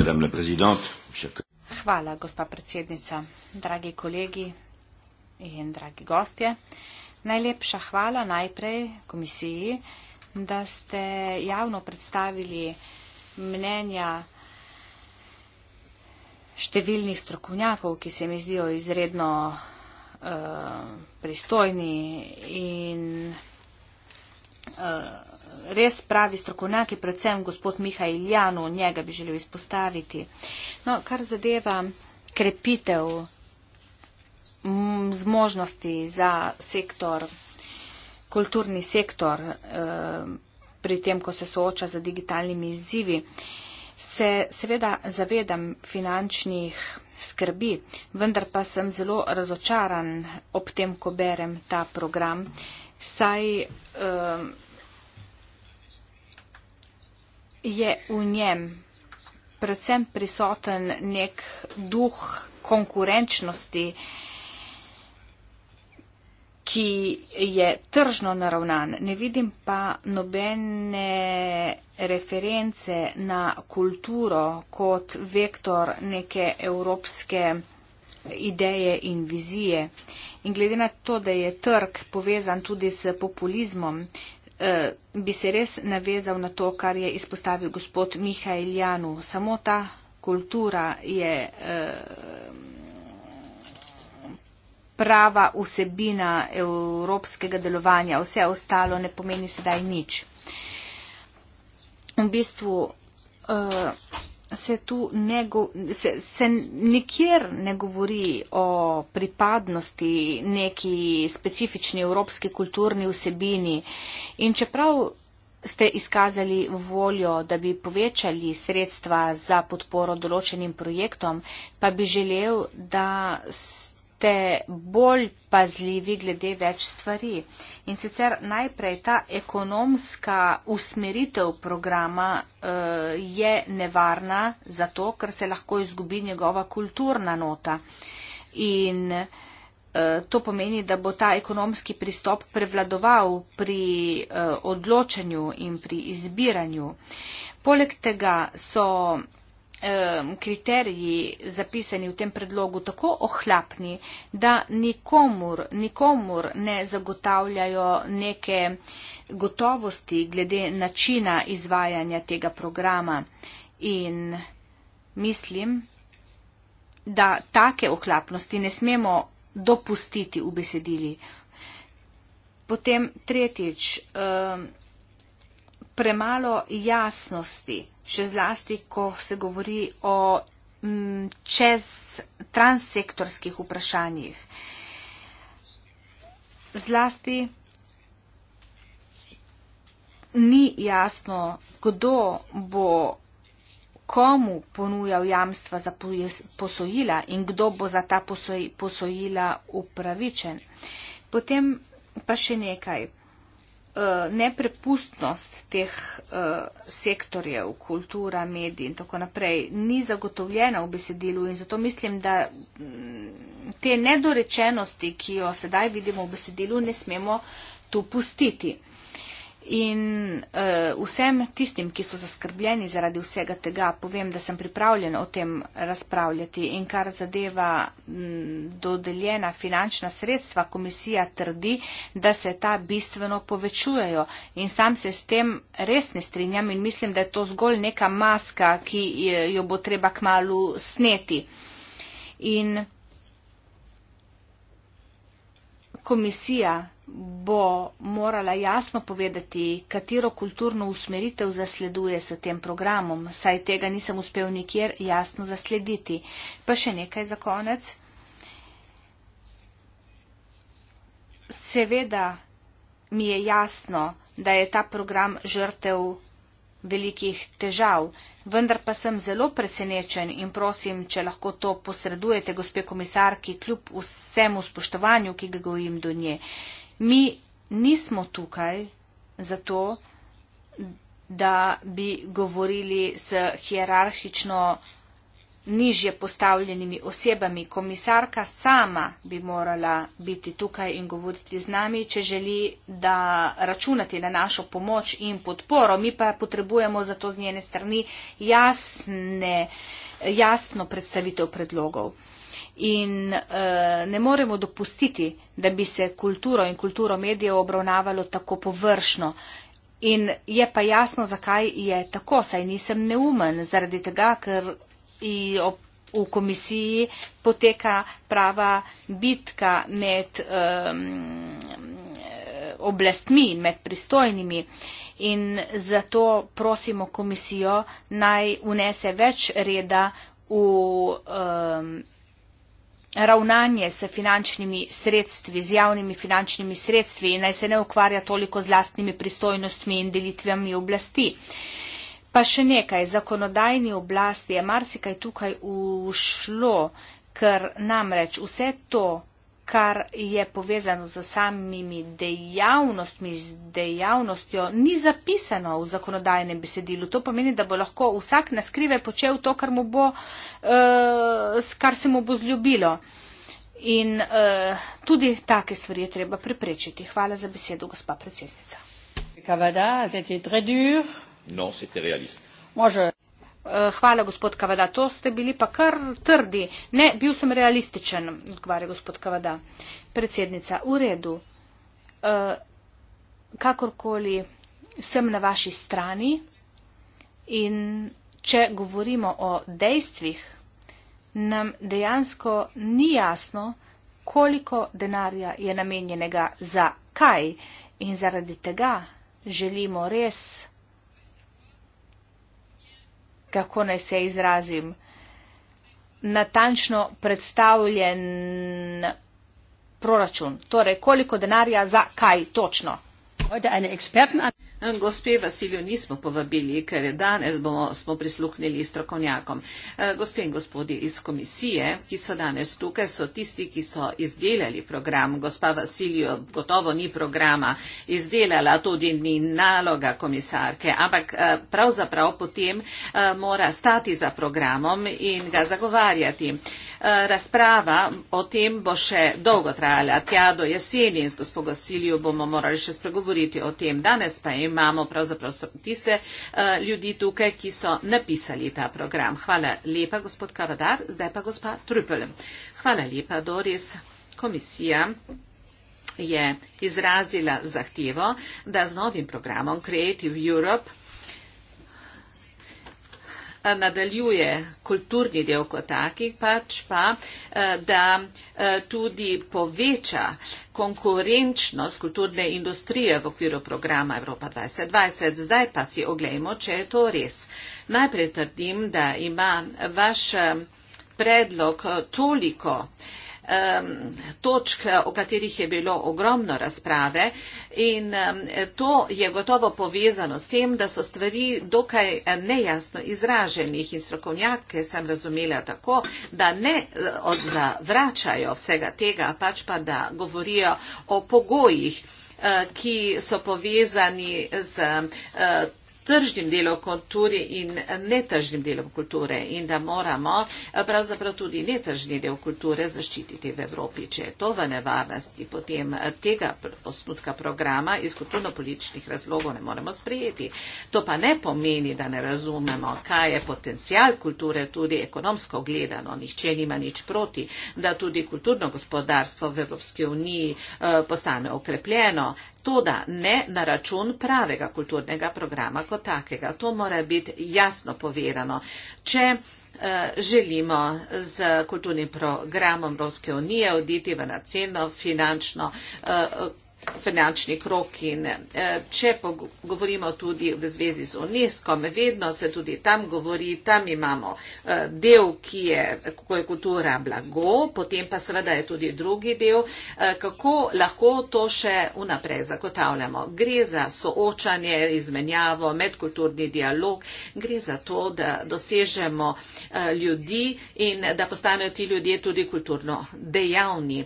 Hvala, gospa predsednica, dragi kolegi, in dragi gostje. Najlepša hvala najprej komisiji, da ste javno predstavili mnenja številnih strokovnjakov, ki se mi zdijo izredno uh, pristojni in uh, res pravi strokovnjaki, predvsem gospod Mihajl Janu, njega bi želel izpostaviti. No, kar zadeva krepitev zmožnosti za sektor, kulturni sektor eh, pri tem, ko se sooča z digitalnimi izzivi, se seveda zavedam finančnih skrbi, vendar pa sem zelo razočaran ob tem, ko berem ta program, saj eh, je v njem predvsem prisoten nek duh konkurenčnosti, ki je tržno naravnan. Ne vidim pa nobene reference na kulturo kot vektor neke evropske ideje in vizije. In glede na to, da je trg povezan tudi s populizmom, eh, bi se res navezal na to, kar je izpostavil gospod Mihajl Janu. Samo ta kultura je eh, prava vsebina evropskega delovanja, vse ostalo ne pomeni sedaj nič. V bistvu eh, se tu ne, se, se nikjer ne govori o pripadnosti neki specifični evropski kulturni vsebini in čeprav ste izkazali voljo, da bi povečali sredstva za podporo določenim projektom, pa bi želel, da ste ste bolj pazljivi glede več stvari. In sicer najprej ta ekonomska usmeritev programa uh, je nevarna zato, ker se lahko izgubi njegova kulturna nota. In eh, To pomeni, da bo ta ekonomski pristop prevladoval pri eh, odločanju in pri izbiranju. Poleg tega so um, kriteriji zapisani v tem predlogu tako ohlapni, da nikomur, nikomur ne zagotavljajo neke gotovosti glede načina izvajanja tega programa. In mislim, da take ohlapnosti ne smemo dopustiti v besedili. Potem tretjič. Um, premalo jasnosti, še zlasti, ko se govori o mm, čez transsektorskih vprašanjih. Zlasti ni jasno, kdo bo komu ponujal jamstva za posojila in kdo bo za ta posojila upravičen. Potem pa še nekaj. Eh, neprepustnost teh eh, sektorjev, kultura, mediji in tako naprej, ni zagotovljena v besedilu in zato mislim, da mm, te nedorečenosti, ki jo sedaj vidimo v besedilu, ne smemo tu pustiti. In uh, vsem tistim, ki so zaskrbljeni zaradi vsega tega, povem, da sem pripravljen o tem razpravljati. In kar zadeva m, dodeljena finančna sredstva, komisija trdi, da se ta bistveno povečujejo. In sam se s tem res ne strinjam in mislim, da je to zgolj neka maska, ki jo bo treba kmalo sneti. In komisija bo morala jasno povedati, katero kulturno usmeritev zasleduje s tem programom, saj tega nisem uspel nikjer jasno zaslediti. Pa še nekaj za konec. Seveda mi je jasno, da je ta program žrtev velikih težav, vendar pa sem zelo presenečen in prosim, če lahko to posredujete, gospe komisarki, kljub vsemu spoštovanju, ki ga gojim do nje. Mi nismo tukaj zato, da bi govorili s hierarhično nižje postavljenimi osebami. Komisarka sama bi morala biti tukaj in govoriti z nami, če želi, da računati na našo pomoč in podporo. Mi pa potrebujemo zato z njene strani jasne, jasno predstavitev predlogov in uh, ne moremo dopustiti, da bi se kulturo in kulturo medijev obravnavalo tako površno. In je pa jasno, zakaj je tako, saj nisem neumen, zaradi tega, ker ob, v komisiji poteka prava bitka med um, oblastmi, med pristojnimi. In zato prosimo komisijo naj unese več reda v um, ravnanje s finančnimi sredstvi, z javnimi finančnimi sredstvi in naj se ne ukvarja toliko z lastnimi pristojnostmi in delitvami oblasti. Pa še nekaj, zakonodajni oblasti je marsikaj tukaj ušlo, ker namreč vse to kar je povezano z samimi dejavnostmi, z dejavnostjo, ni zapisano v zakonodajnem besedilu. To pomeni, da bo lahko vsak na skrive počel to, kar, mu bo, uh, kar se mu bo zljubilo. In uh, tudi take stvari je treba preprečiti. Hvala za besedo, gospa predsednica. Kavada, Eh, hvala, gospod Kavada. To ste bili pa kar trdi. Ne, bil sem realističen, odgovarja gospod Kavada. Predsednica, v redu. Eh, kakorkoli sem na vaši strani in če govorimo o dejstvih, nam dejansko ni jasno, koliko denarja je namenjenega za kaj in zaradi tega želimo res kako naj se izrazim, natančno predstavljen proračun. Torej, koliko denarja za kaj točno. Gospe Vasilju nismo povabili, ker danes bomo, smo prisluhnili strokovnjakom. E, gospe in gospodje iz komisije, ki so danes tukaj, so tisti, ki so izdelali program. Gospa Vasilju gotovo ni programa izdelala, tudi ni naloga komisarke, ampak e, pravzaprav potem e, mora stati za programom in ga zagovarjati. Razprava o tem bo še dolgo trajala, tja do jeseni in z gospodo Vasilju bomo morali še spregovoriti o tem. Danes pa je imamo pravzaprav tiste uh, ljudi tukaj, ki so napisali ta program. Hvala lepa, gospod Kavadar, zdaj pa gospa Trupel. Hvala lepa, Doris. Komisija je izrazila zahtevo, da z novim programom Creative Europe nadaljuje kulturni del kot takih, pač pa, eh, da eh, tudi poveča konkurenčnost kulturne industrije v okviru programa Evropa 2020. Zdaj pa si oglejmo, če je to res. Najprej trdim, da ima vaš eh, predlog toliko uh, um, točk, eh, o katerih je bilo ogromno razprave in um, to je gotovo povezano s tem, da so stvari dokaj nejasno izraženih in strokovnjake sem razumela tako, da ne eh, odzavračajo vsega tega, pač pa da govorijo o pogojih eh, ki so povezani z tržnim delom kulture in netržnim delom kulture in da moramo eh, pravzaprav tudi netržni del kulture zaščititi v Evropi. Če je to v nevarnosti, potem eh, tega osnutka programa iz kulturno-političnih razlogov ne moremo sprejeti. To pa ne pomeni, da ne razumemo, kaj je potencial kulture tudi ekonomsko gledano. Nihče nima nič proti, da tudi kulturno gospodarstvo v Evropski uniji eh, postane okrepljeno. Toda ne na račun pravega kulturnega programa kot takega. To mora biti jasno povedano. Če eh, želimo z kulturnim programom Evropske unije oditi v naceno finančno eh, finančni krok in eh, če govorimo tudi v zvezi z UNESCO, vedno se tudi tam govori, tam imamo eh, del, ki je, kako je kultura blago, potem pa seveda je tudi drugi del, eh, kako lahko to še vnaprej zagotavljamo. Gre za soočanje, izmenjavo, medkulturni dialog, gre za to, da dosežemo ljudi in da postanejo ti ljudje tudi kulturno dejavni.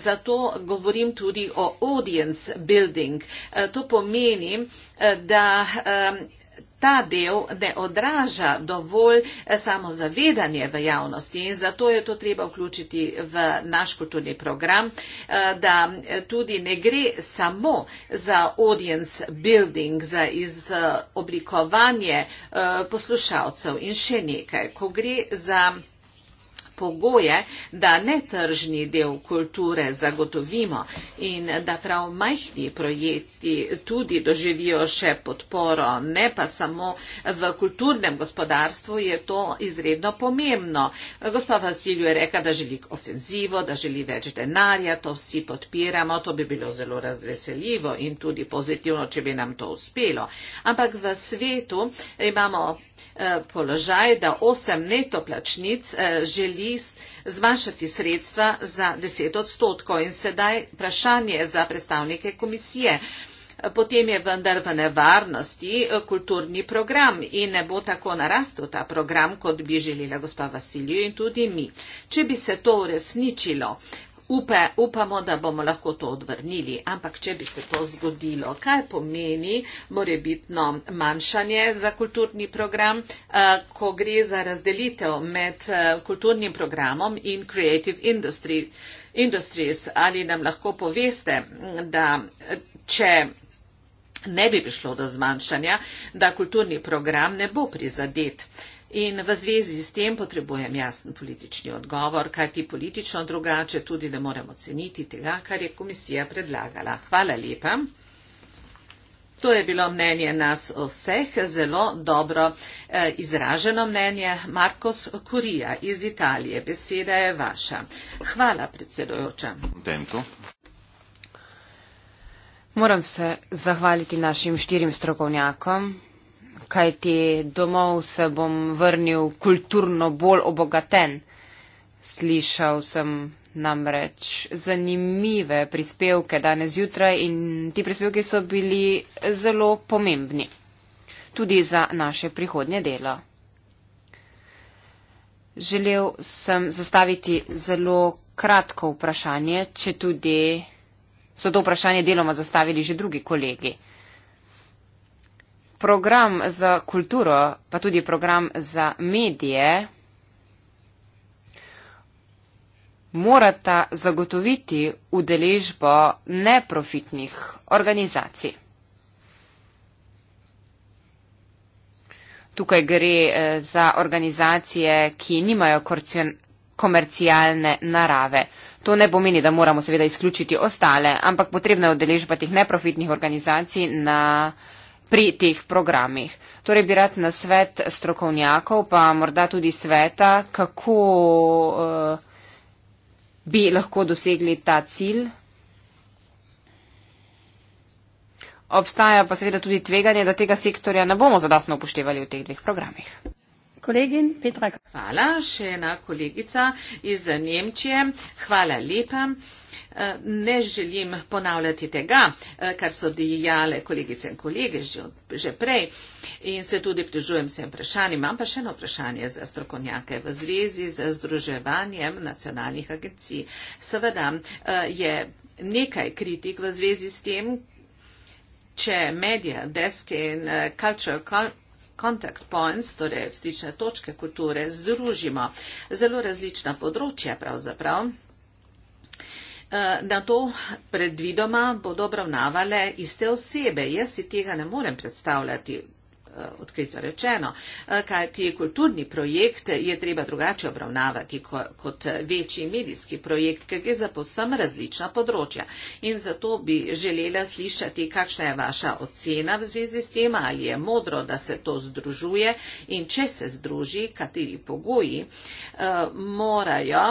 Zato govorim tudi o odi audience building. Eh, to pomeni, eh, da ta del ne odraža dovolj eh, samozavedanje v javnosti in zato je to treba vključiti v naš kulturni program, da tudi ne gre samo za audience building, za izoblikovanje poslušalcev in še nekaj. Ko gre za pogoje, da netržni del kulture zagotovimo in da prav majhni projekti tudi doživijo še podporo, ne pa samo v kulturnem gospodarstvu, je to izredno pomembno. Gospa Vasilju je reka, da želi ofenzivo, da želi več denarja, to vsi podpiramo, to bi bilo zelo razveseljivo in tudi pozitivno, če bi nam to uspelo. Ampak v svetu imamo Eh, položaj, da osem netoplačnic eh, želi zmanjšati sredstva za deset odstotkov in sedaj vprašanje za predstavnike komisije. Potem je vendar v nevarnosti eh, kulturni program in ne bo tako narastil ta program, kot bi želela gospa Vasilijo in tudi mi. Če bi se to uresničilo, upe, upamo, da bomo lahko to odvrnili. Ampak, če bi se to zgodilo, kaj pomeni morebitno manjšanje za kulturni program, eh, ko gre za razdelitev med eh, kulturnim programom in Creative industry, Industries? Ali nam lahko poveste, da eh, če ne bi prišlo do zmanjšanja, da kulturni program ne bo prizadet? In v zvezi s tem potrebujem jasen politični odgovor, kaj ti politično drugače tudi ne moremo ceniti tega, kar je komisija predlagala. Hvala lepa. To je bilo mnenje nas vseh, zelo dobro eh, izraženo mnenje. Markos Kurija iz Italije, beseda je vaša. Hvala, predsedojoča. Tento. Moram se zahvaliti našim štirim strokovnjakom kajti domov se bom vrnil kulturno bolj obogaten. Slišal sem namreč zanimive prispevke danes jutraj in ti prispevki so bili zelo pomembni, tudi za naše prihodnje delo. Želel sem zastaviti zelo kratko vprašanje, če tudi so to vprašanje deloma zastavili že drugi kolegi program za kulturo, pa tudi program za medije, morata zagotoviti udeležbo neprofitnih organizacij. Tukaj gre eh, za organizacije, ki nimajo komercialne narave. To ne pomeni, da moramo seveda izključiti ostale, ampak potrebno je udeležba teh neprofitnih organizacij na uh, pri teh programih. Torej bi rad na svet strokovnjakov, pa morda tudi sveta, kako uh, bi lahko dosegli ta cilj. Obstaja pa seveda tudi tveganje, da tega sektorja ne bomo zadasno upoštevali v teh dveh programih. Kolegin Petra. Hvala, še ena kolegica iz Nemčije. Hvala lepa. Eh, ne želim ponavljati tega, eh, kar so dijale kolegice in kolege že, že prej in se tudi prižujem vsem vprašanjem. Imam pa še eno vprašanje za strokovnjake v zvezi z združevanjem nacionalnih agencij. Seveda eh, je nekaj kritik v zvezi s tem, če medija, deske in culture contact points, torej stične točke kulture, združimo zelo različna področja pravzaprav, da eh, to predvidoma bodo obravnavale iste osebe. Jaz si tega ne morem predstavljati. Eh, odkrito rečeno, eh, kaj ti kulturni projekt je treba drugače obravnavati kot večji medijski projekt, ker gre za povsem različna področja. In zato bi želela slišati, kakšna je vaša ocena v zvezi s tem, ali je modro, da se to združuje in če se združi, kateri pogoji eh, morajo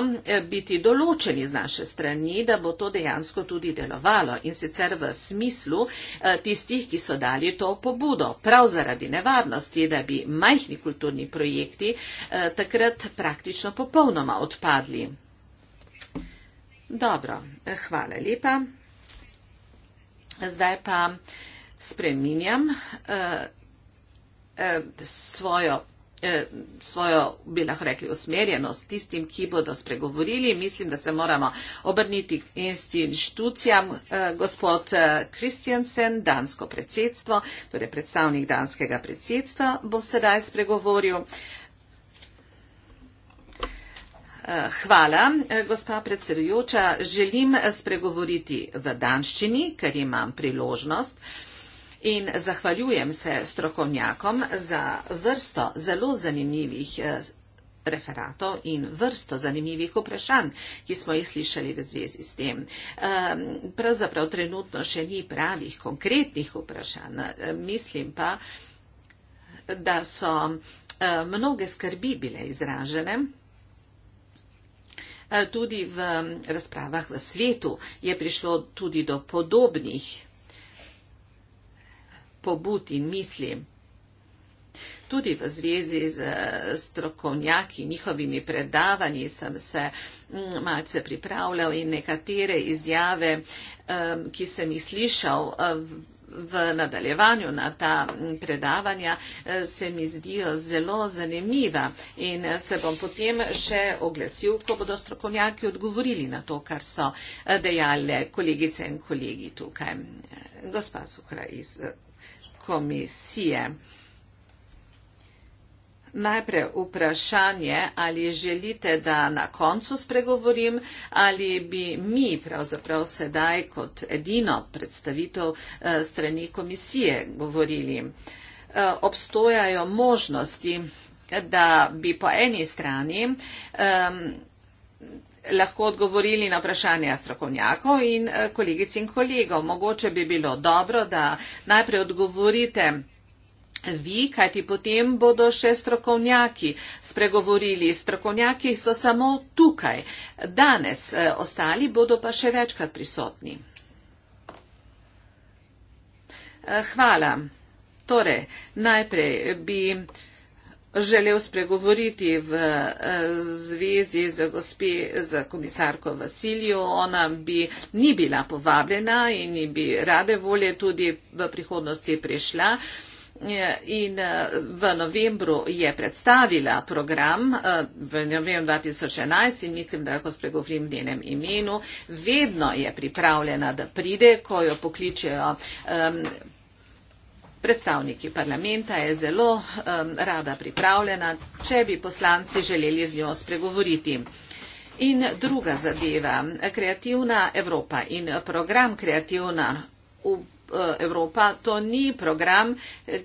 biti določeni z naše strani, da bo to dejansko tudi delovalo in sicer v smislu tistih, ki so dali to pobudo. Prav zaradi nekaj nevarnost je, da bi majhni kulturni projekti eh, takrat praktično popolnoma odpadli. Dobro, eh, hvala lepa. Zdaj pa spreminjam eh, svojo Eh, svojo, bi lahko rekli, usmerjenost tistim, ki bodo spregovorili. Mislim, da se moramo obrniti k institucijam. Eh, gospod eh, Kristjansen, dansko predsedstvo, torej predstavnik danskega predsedstva, bo sedaj spregovoril. Hvala, gospa predsedujoča. Želim spregovoriti v danščini, ker imam priložnost in zahvaljujem se strokovnjakom za vrsto zelo zanimivih eh, referatov in vrsto zanimivih vprašanj, ki smo jih slišali v zvezi s tem. Ehm, pravzaprav trenutno še ni pravih konkretnih vprašanj, eh, mislim pa, da so eh, mnoge skrbi bile izražene. Tudi v mm, razpravah v svetu je prišlo tudi do podobnih pobud in misli. Tudi v zvezi z eh, strokovnjaki, njihovimi predavanji sem se mm, malce pripravljal in nekatere izjave, ki sem jih slišal eh, v nadaljevanju na ta mm, predavanja, eh, se mi zdijo zelo zanimiva in se bom potem še oglasil, ko bodo strokovnjaki odgovorili na to, kar so dejale kolegice in kolegi tukaj. Gospa Suhra iz komisije. Najprej vprašanje, ali želite, da na koncu spregovorim, ali bi mi pravzaprav sedaj kot edino predstavitev eh, strani komisije govorili. Eh, obstojajo možnosti, da bi po eni strani um, lahko odgovorili na vprašanja strokovnjakov in eh, kolegic in kolegov. Mogoče bi bilo dobro, da najprej odgovorite vi, kajti potem bodo še strokovnjaki spregovorili. Strokovnjaki so samo tukaj, danes eh, ostali bodo pa še večkrat prisotni. Eh, hvala. Torej, najprej bi želel spregovoriti v eh, zvezi z, gospe, z komisarko Vasilijo. Ona bi ni bila povabljena in bi rade volje tudi v prihodnosti prišla. Eh, in eh, v novembru je predstavila program, v novembru 2011 in mislim, da lahko spregovorim v njenem imenu, vedno je pripravljena, da pride, ko jo pokličejo. Um, predstavniki parlamenta je zelo um, rada pripravljena, če bi poslanci želeli z njo spregovoriti. In druga zadeva, kreativna Evropa in program kreativna uh, Evropa, to ni program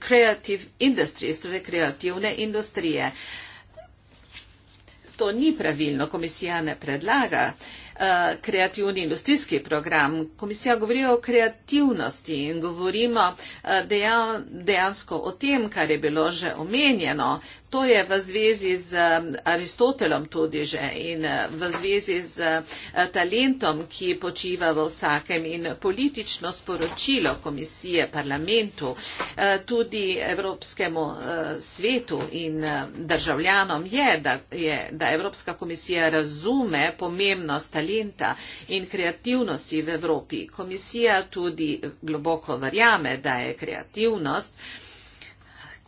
Creative Industries, torej kreativne industrije. To ni pravilno, komisija ne predlaga uh, Eh, kreativni industrijski program. Komisija govori o kreativnosti in govorimo eh, dejansko o tem, kar je bilo že omenjeno. To je v zvezi z um, Aristotelom tudi že in uh, v zvezi z uh, talentom, ki počiva v vsakem in politično sporočilo komisije, parlamentu, uh, tudi Evropskemu svetu in državljanom je, da, je, da Evropska komisija razume pomembnost talenta in kreativnosti v Evropi. Komisija tudi globoko verjame, da je kreativnost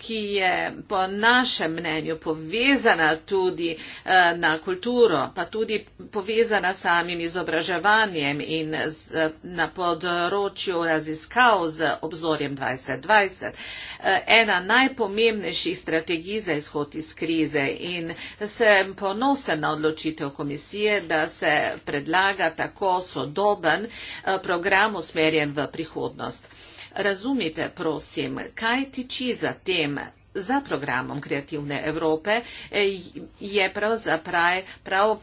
ki je po našem mnenju povezana tudi eh, na kulturo, pa tudi povezana s samim izobraževanjem in z, na področju raziskav z obzorjem 2020. Eh, ena najpomembnejših strategij za izhod iz krize in sem ponosen na odločitev komisije, da se predlaga tako sodoben eh, program usmerjen v prihodnost. Razumite, prosim, kaj tiči za tem, za programom Kreativne Evrope, eh, je pravzaprav prav, uh,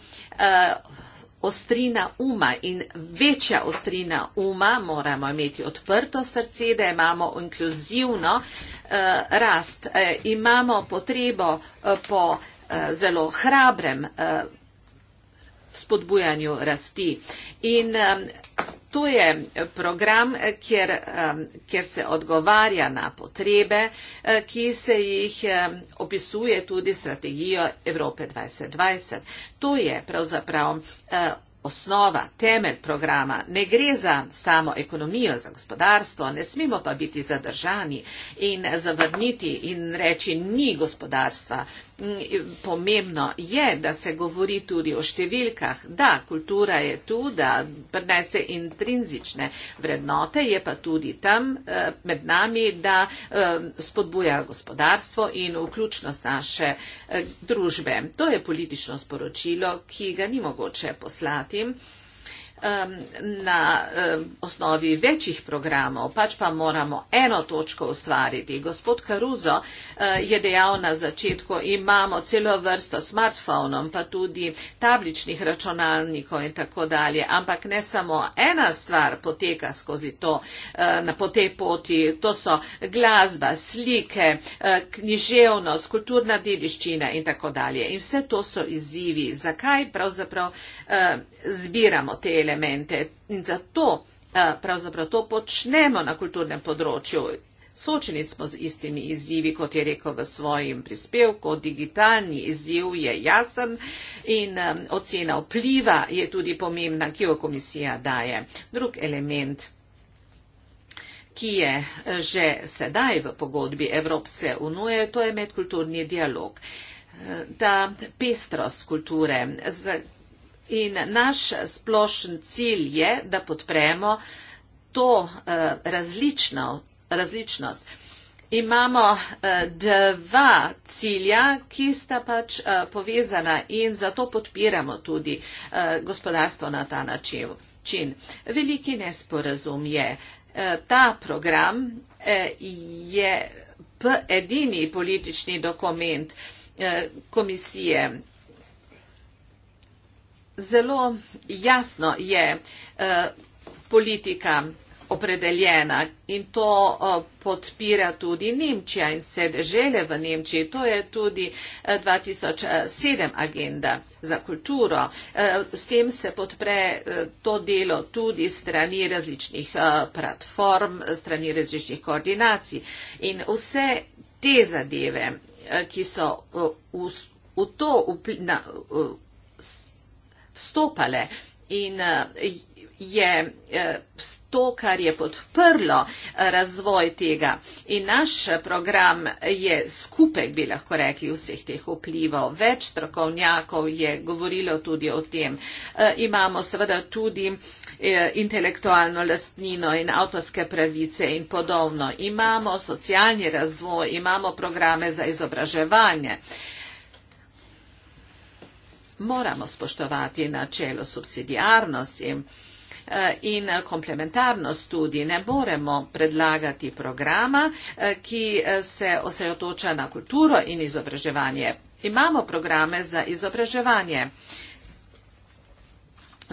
ostrina uma in večja ostrina uma, moramo imeti odprto srce, da imamo inkluzivno uh, rast, uh, imamo potrebo uh, po uh, zelo hrabrem. Uh, spodbujanju rasti. In um, Tu je program, kjer, kjer se odgovarja na potrebe, eh, ki se jih opisuje tudi strategijo Evrope 2020. Tu je pravzaprav eh, osnova, temelj programa. Ne gre za samo ekonomijo, za gospodarstvo, ne smemo pa biti zadržani in zavrniti in reči ni gospodarstva pomembno je, da se govori tudi o številkah. Da, kultura je tu, da prenese intrinzične vrednote, je pa tudi tam eh, med nami, da eh, spodbuja gospodarstvo in vključnost naše eh, družbe. To je politično sporočilo, ki ga ni mogoče poslati. Um, na um, osnovi večjih programov, pač pa moramo eno točko ustvariti. Gospod Karuzo uh, je dejal na začetku, imamo celo vrsto smartfonom, pa tudi tabličnih računalnikov in tako dalje, ampak ne samo ena stvar poteka skozi to, uh, po tej poti, to so glasba, slike, uh, književnost, kulturna dediščina in tako dalje. In vse to so izzivi, zakaj pravzaprav zbiramo tele elemente in zato eh, pravzaprav to počnemo na kulturnem področju. Sočeni smo z istimi izzivi, kot je rekel v svojem prispevku, digitalni izziv je jasen in eh, ocena vpliva je tudi pomembna, ki jo komisija daje. Drug element ki je eh, že sedaj v pogodbi Evropske unije, to je medkulturni dialog. Ta pestrost kulture, In naš splošen cilj je, da podpremo to eh, različno, različnost. Imamo eh, dva cilja, ki sta pač eh, povezana in zato podpiramo tudi gospodarstvo na ta način. Veliki nesporazum je, ta program je edini politični dokument komisije zelo jasno je eh, politika opredeljena in to eh, podpira tudi Nemčija in sedežele v Nemčiji. To je tudi 2007 eh, agenda za kulturo. S tem se podpre to delo tudi strani različnih platform, strani različnih koordinacij in vse te zadeve, ki so v to vplivali, vstopale in eh, je eh, to, kar je podprlo eh, razvoj tega. In naš program je skupek, bi lahko rekli, vseh teh vplivov. Več strokovnjakov je govorilo tudi o tem. Imamo seveda tudi intelektualno lastnino in avtorske pravice in podobno. Imamo socialni razvoj, imamo programe za izobraževanje moramo spoštovati načelo subsidijarnosti eh, in eh, komplementarnost tudi. Ne moremo predlagati programa, eh, ki se osredotoča na kulturo in izobraževanje. Imamo programe za izobraževanje.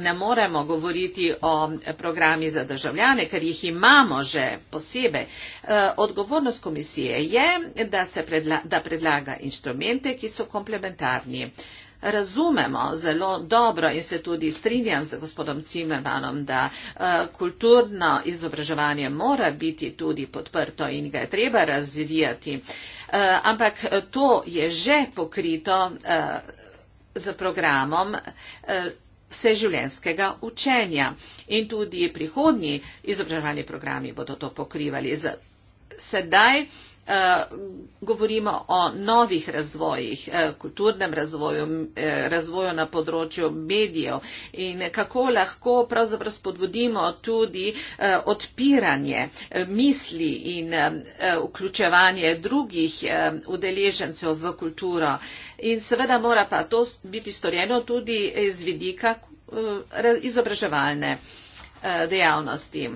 Ne moremo govoriti o programi za državljane, ker jih imamo že posebej. Odgovornost komisije je, da, predla da predlaga inštrumente, ki so komplementarni razumemo zelo dobro in se tudi strinjam z gospodom Cimermanom, da eh, kulturno izobraževanje mora biti tudi podprto in ga je treba razvijati. Eh, ampak to je že pokrito z eh, programom vseživljenskega učenja in tudi prihodnji izobraževalni programi bodo to pokrivali. Sedaj Eh, govorimo o novih razvojih, eh, kulturnem razvoju, eh, razvoju na področju medijev in kako lahko pravzaprav spodbudimo tudi odpiranje misli in vključevanje drugih udeležencev v kulturo. In seveda mora pa to biti storjeno tudi iz vidika izobraževalne dejavnosti.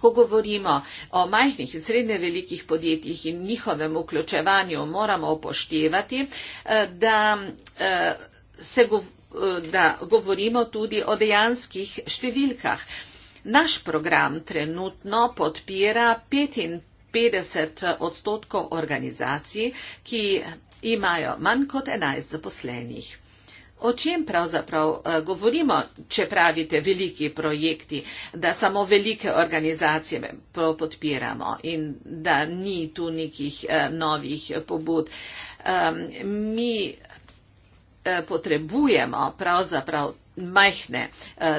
Ko govorimo o majhnih in srednje velikih podjetjih in njihovem vključevanju, moramo upoštevati, eh, da eh, se eh, da govorimo tudi o dejanskih številkah. Naš program trenutno podpira 55 odstotkov organizacij, ki imajo manj kot 11 zaposlenih. O čem pravzaprav eh, govorimo, če pravite veliki projekti, da samo velike organizacije podpiramo in da ni tu nekih eh, novih pobud. Mi eh, potrebujemo pravzaprav majhne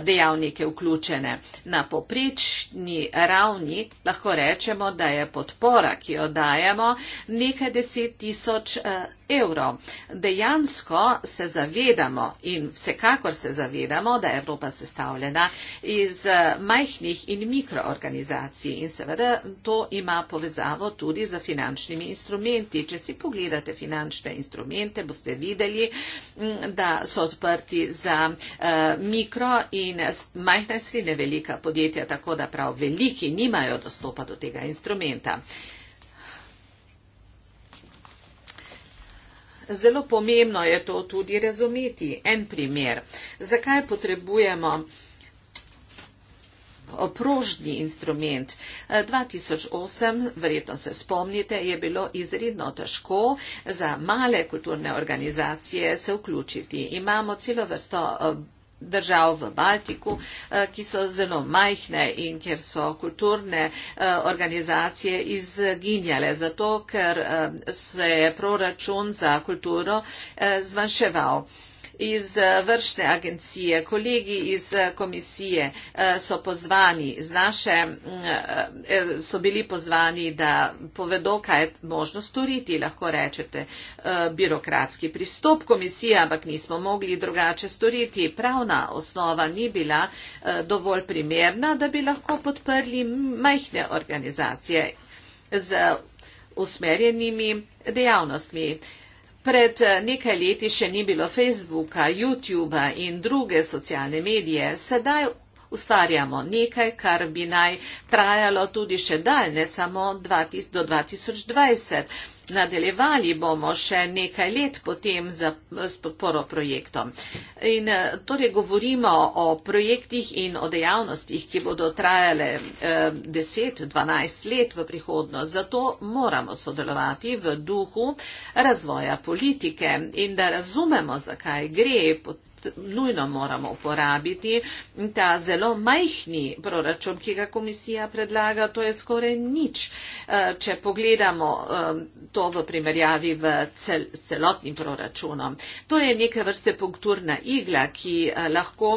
dejavnike vključene na poprični ravni, lahko rečemo, da je podpora, ki jo dajemo, nekaj deset tisoč evro. Dejansko se zavedamo in vsekakor se zavedamo, da je Evropa sestavljena iz eh, majhnih in mikroorganizacij in seveda to ima povezavo tudi z finančnimi instrumenti. Če si pogledate finančne instrumente, boste videli, mm, da so odprti za eh, mikro in majhna in srednja velika podjetja, tako da prav veliki nimajo dostopa do tega instrumenta. Zelo pomembno je to tudi razumeti. En primer, zakaj potrebujemo oprožni instrument. 2008, eh, verjetno se spomnite, je bilo izredno težko za male kulturne organizacije se vključiti. Imamo celo vrsto eh, držav v Baltiku, eh, ki so zelo majhne in kjer so kulturne eh, organizacije izginjale, zato ker eh, se je proračun za kulturo zmanjševal iz eh, vršne agencije, kolegi iz eh, komisije eh, so pozvani, z naše mm, so bili pozvani, da povedo, kaj je možno storiti, lahko rečete, birokratski pristop komisije, ampak nismo mogli drugače storiti. Pravna osnova ni bila dovolj primerna, da bi lahko podprli majhne organizacije z usmerjenimi dejavnostmi. Pred eh, nekaj leti še ni bilo Facebooka, YouTubea in druge socialne medije. Sedaj ustvarjamo nekaj, kar bi naj trajalo tudi še dalj, ne samo 2000, do 2020. Nadaljevali bomo še nekaj let potem za, s podporo projektom. In eh, torej govorimo o projektih in o dejavnostih, ki bodo trajale eh, 10-12 let v prihodnost. Zato moramo sodelovati v duhu razvoja politike in da razumemo, zakaj gre nujno moramo uporabiti. Ta zelo majhni proračun, ki ga komisija predlaga, to je skoraj nič. Eh, če pogledamo eh, to v primerjavi v cel, s celotnim proračunom, to je neke vrste punkturna igla, ki eh, lahko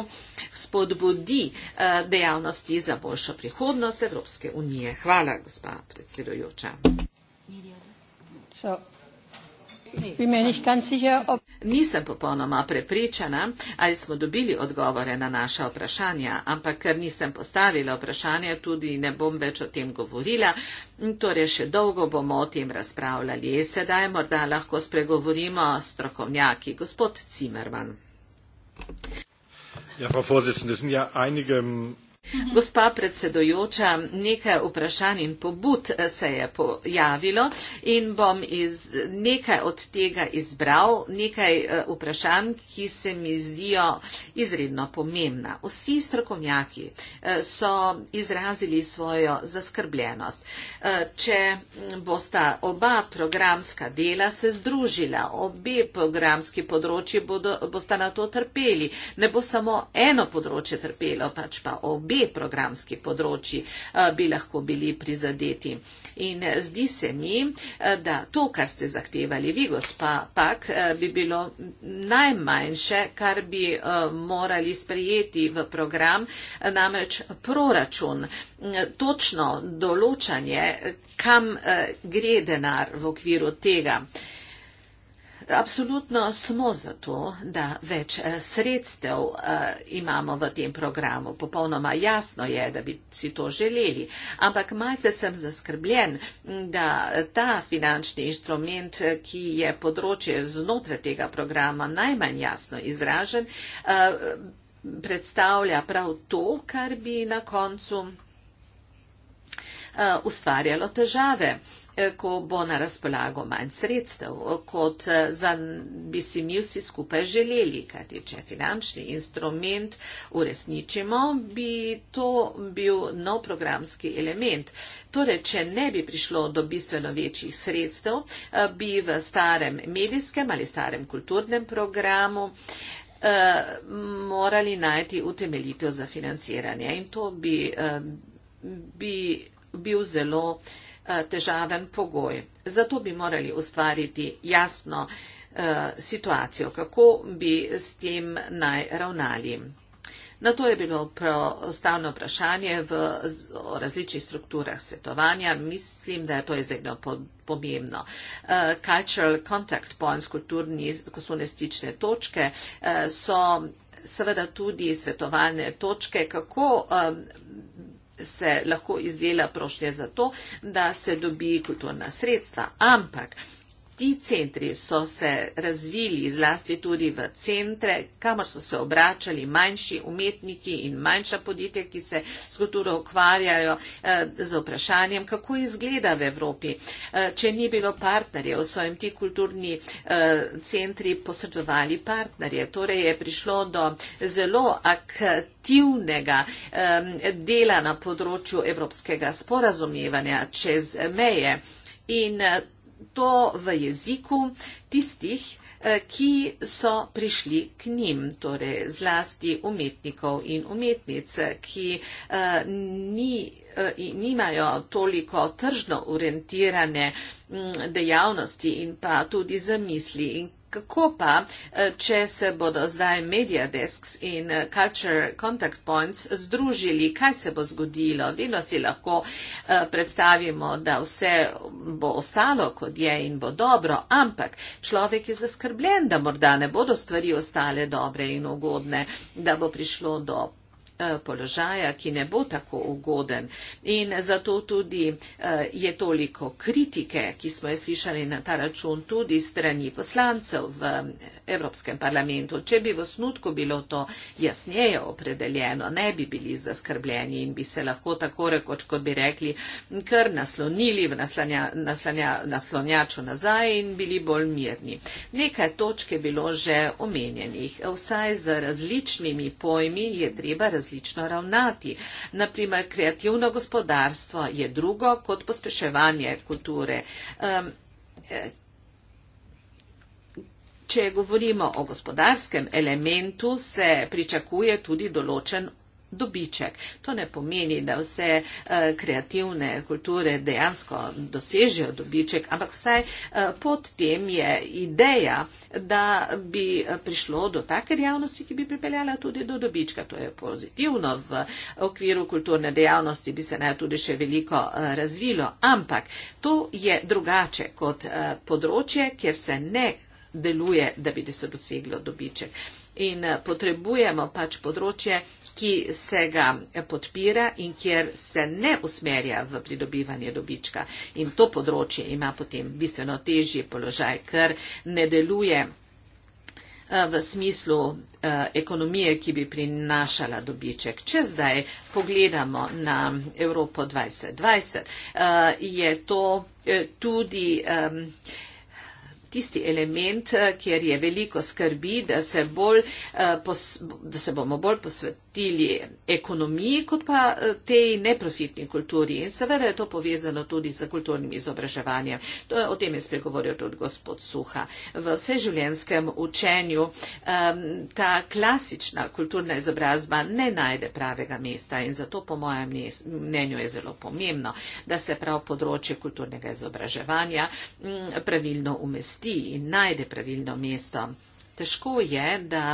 spodbudi dejavnosti za boljšo prihodnost Evropske unije. Hvala, gospa predsedujoča. So. Nisem popolnoma prepričana, ali smo dobili odgovore na naša vprašanja, ampak ker nisem postavila vprašanja, tudi ne bom več o tem govorila. Torej, še dolgo bomo o tem razpravljali. Sedaj morda lahko spregovorimo strokovnjaki. Gospod Cimerman. Ja, Gospa predsedojoča, nekaj vprašanj in pobud eh, se je pojavilo in bom iz, nekaj od tega izbral, nekaj eh, vprašanj, ki se mi zdijo izredno pomembna. Vsi strokovnjaki eh, so izrazili svojo zaskrbljenost. Če bosta oba programska dela se združila, obe programski področji bodo, bosta na to trpeli. Ne bo samo eno področje trpelo, pač pa obe obe programski področji eh, bi lahko bili prizadeti. In eh, zdi se mi, eh, da to, kar ste zahtevali vi, gospa, pak bi bilo najmanjše, kar bi morali sprejeti v program, namreč proračun, točno določanje, kam gre denar v okviru tega. Absolutno smo za to, da več eh, sredstev eh, imamo v tem programu. Popolnoma jasno je, da bi si to želeli. Ampak malce sem zaskrbljen, da ta finančni instrument, eh, ki je področje znotraj tega programa najmanj jasno izražen, predstavlja prav to, kar bi na koncu ustvarjalo težave. Eh, ko bo na razpolago manj sredstev, kot eh, bi si mi vsi skupaj želeli, kajti če finančni instrument uresničimo, bi to bil nov programski element. Torej, če ne bi prišlo do bistveno večjih sredstev, eh, bi v starem medijskem ali starem kulturnem programu morali najti utemeljitev za financiranje in to bi bil zelo Eh, težaven pogoj. Zato bi morali ustvariti jasno eh, situacijo, kako bi s tem naj ravnali. Na to je bilo ustavno vprašanje v različnih strukturah svetovanja. Mislim, da je to izredno pomembno. Eh, cultural contact points, kulturni kosunestične točke, so seveda tudi svetovalne točke, kako se lahko izdela prošlje za to, da se dobi kulturna sredstva. Ampak ti centri so se razvili zlasti tudi v centre, kamor so se obračali manjši umetniki in manjša podjetja, ki se s kulturo ukvarjajo eh, z vprašanjem, kako izgleda v Evropi. Eh, če ni bilo partnerjev, so jim ti kulturni eh, centri posredovali partnerje. Torej je prišlo do zelo aktivnega dela na področju evropskega sporazumevanja čez meje. In to v jeziku tistih, eh, ki so prišli k njim, torej zlasti umetnikov in umetnic, ki eh, ni, eh, nimajo toliko tržno orientirane mm, dejavnosti in pa tudi zamisli in Kako pa, eh, če se bodo zdaj Media Desks in eh, Culture Contact Points združili, kaj se bo zgodilo? Vedno si lahko eh, predstavimo, da vse bo ostalo, kot je in bo dobro, ampak človek je zaskrbljen, da morda ne bodo stvari ostale dobre in ugodne, da bo prišlo do Eh, položaja, ki ne bo tako ugoden. In zato tudi eh, je toliko kritike, ki smo jo slišali na ta račun tudi strani poslancev v eh, Evropskem parlamentu. Če bi v osnutku bilo to jasneje opredeljeno, ne bi bili zaskrbljeni in bi se lahko tako rekoč, kot bi rekli, kar naslonili v naslanja, naslanja, naslonjaču nazaj in bili bolj mirni. Nekaj točk je bilo že omenjenih. Vsaj z različnimi pojmi je treba različiti različno ravnati. Naprimer, kreativno gospodarstvo je drugo kot pospeševanje kulture. Um, Če govorimo o gospodarskem elementu, se pričakuje tudi določen dobiček. To ne pomeni, da vse eh, kreativne kulture dejansko dosežejo dobiček, ampak vsaj eh, pod tem je ideja, da bi eh, prišlo do take dejavnosti, ki bi pripeljala tudi do dobička. To je pozitivno. V okviru kulturne dejavnosti bi se naj tudi še veliko razvilo, ampak to je drugače kot področje, kjer se ne deluje, da bi se doseglo dobiček. In potrebujemo pač področje, ki se ga podpira in kjer se ne usmerja v pridobivanje dobička. In to področje ima potem bistveno težji položaj, ker ne deluje eh, v smislu eh, ekonomije, ki bi prinašala dobiček. Če zdaj pogledamo na Evropo 2020, eh, je to tudi tisti element, kjer je veliko skrbi, da se, bolj, da se bomo bolj posvetili posvetili ekonomiji kot pa eh, tej neprofitni kulturi. In seveda je to povezano tudi z kulturnim izobraževanjem. To, o tem je spregovoril tudi gospod Suha. V vseživljenjskem učenju um, ta klasična kulturna izobrazba ne najde pravega mesta in zato po mojem mnenju je zelo pomembno, da se prav področje kulturnega izobraževanja mm, pravilno umesti in najde pravilno mesto. Težko je, da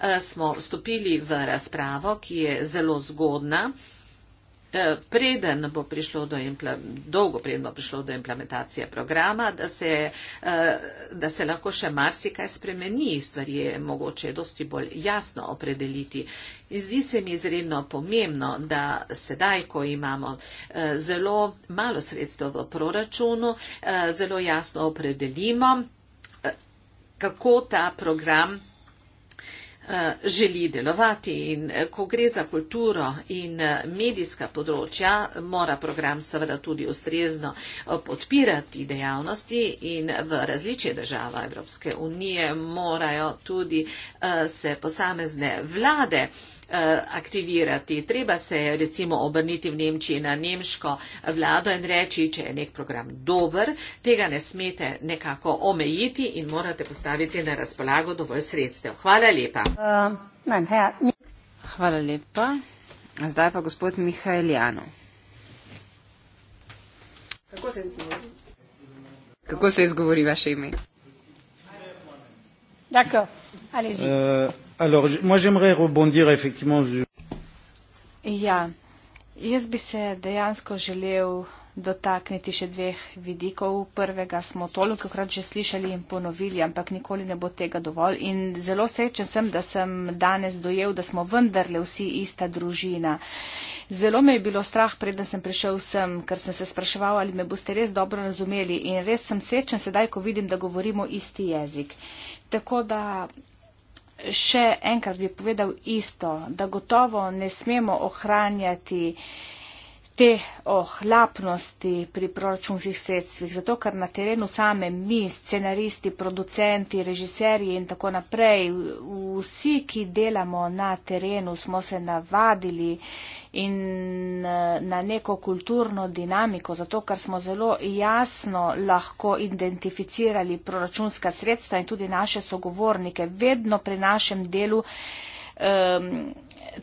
Eh, smo stopili v razpravo, ki je zelo zgodna. Eh, preden bo prišlo do, dolgo preden bo prišlo do implementacije programa, da se, eh, da se lahko še marsikaj spremeni, stvari je mogoče dosti bolj jasno opredeliti. In zdi se mi izredno pomembno, da sedaj, ko imamo zelo malo sredstev v proračunu, zelo jasno opredelimo, kako ta program Eh, želi delovati in eh, ko gre za kulturo in eh, medijska področja, mora program seveda tudi ustrezno podpirati dejavnosti in v različne država Evropske unije morajo tudi se posamezne vlade Eh, aktivirati. Treba se recimo obrniti v Nemčiji na nemško vlado in reči, če je nek program dober, tega ne smete nekako omejiti in morate postaviti na razpolago dovolj sredstev. Hvala lepa. Hvala lepa. Zdaj pa gospod Mihajljano. Kako se izgovori? Kako se izgovori vaše ime? Tako, ali že? Uh, Alors, moi j'aimerais rebondir effectivement sur. Ja, jaz bi se dejansko želel dotakniti še dveh vidikov. Prvega smo toliko krat že slišali in ponovili, ampak nikoli ne bo tega dovolj. In zelo srečen sem, da sem danes dojel, da smo vendarle vsi ista družina. Zelo me je bilo strah, preden sem prišel sem, ker sem se spraševal, ali me boste res dobro razumeli. In res sem srečen sedaj, ko vidim, da govorimo isti jezik. Tako da še enkrat bi povedal isto, da gotovo ne smemo ohranjati uh, te ohlapnosti pri proračunskih sredstvih, zato ker na terenu same mi, scenaristi, producenti, režiserji in tako naprej, vsi, ki delamo na terenu, smo se navadili in eh, na neko kulturno dinamiko, zato ker smo zelo jasno lahko identificirali proračunska sredstva in tudi naše sogovornike. Vedno pri našem delu um,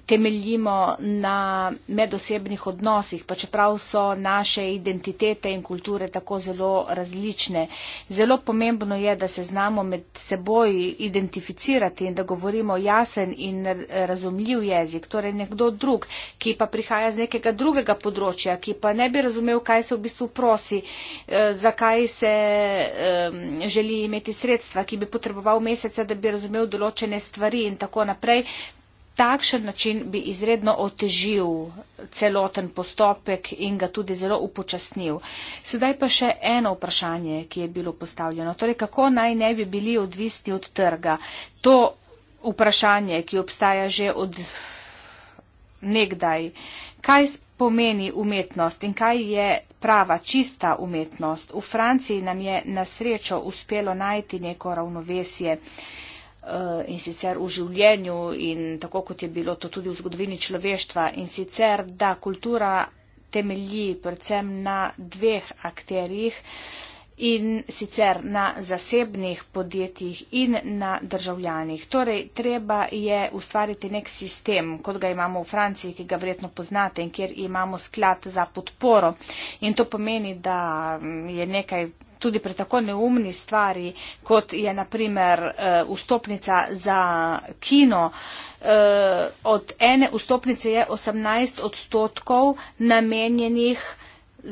temeljimo na medosebnih odnosih, pa čeprav so naše identitete in kulture tako zelo različne. Zelo pomembno je, da se znamo med seboj identificirati in da govorimo jasen in razumljiv jezik. Torej nekdo drug, ki pa prihaja z nekega drugega področja, ki pa ne bi razumel, kaj se v bistvu prosi, eh, zakaj se želi imeti sredstva, ki bi potreboval mesece, da bi razumel določene stvari in tako naprej takšen način bi izredno otežil celoten postopek in ga tudi zelo upočasnil. Sedaj pa še eno vprašanje, ki je bilo postavljeno. Torej, kako naj ne bi bili odvisni od trga? To vprašanje, ki obstaja že od nekdaj. Kaj pomeni umetnost in kaj je prava, čista umetnost? V Franciji nam je na srečo uspelo najti neko ravnovesje. Uh, Eh, in sicer v življenju in tako kot je bilo to tudi v zgodovini človeštva. In sicer, da kultura temelji predvsem na dveh akterjih in sicer na zasebnih podjetjih in na državljanih. Torej, treba je ustvariti nek sistem, kot ga imamo v Franciji, ki ga vredno poznate in kjer imamo sklad za podporo. In to pomeni, da mm, je nekaj tudi pri tako neumni stvari, kot je naprimer uh, eh, vstopnica za kino. Uh, od ene vstopnice je 18 odstotkov namenjenih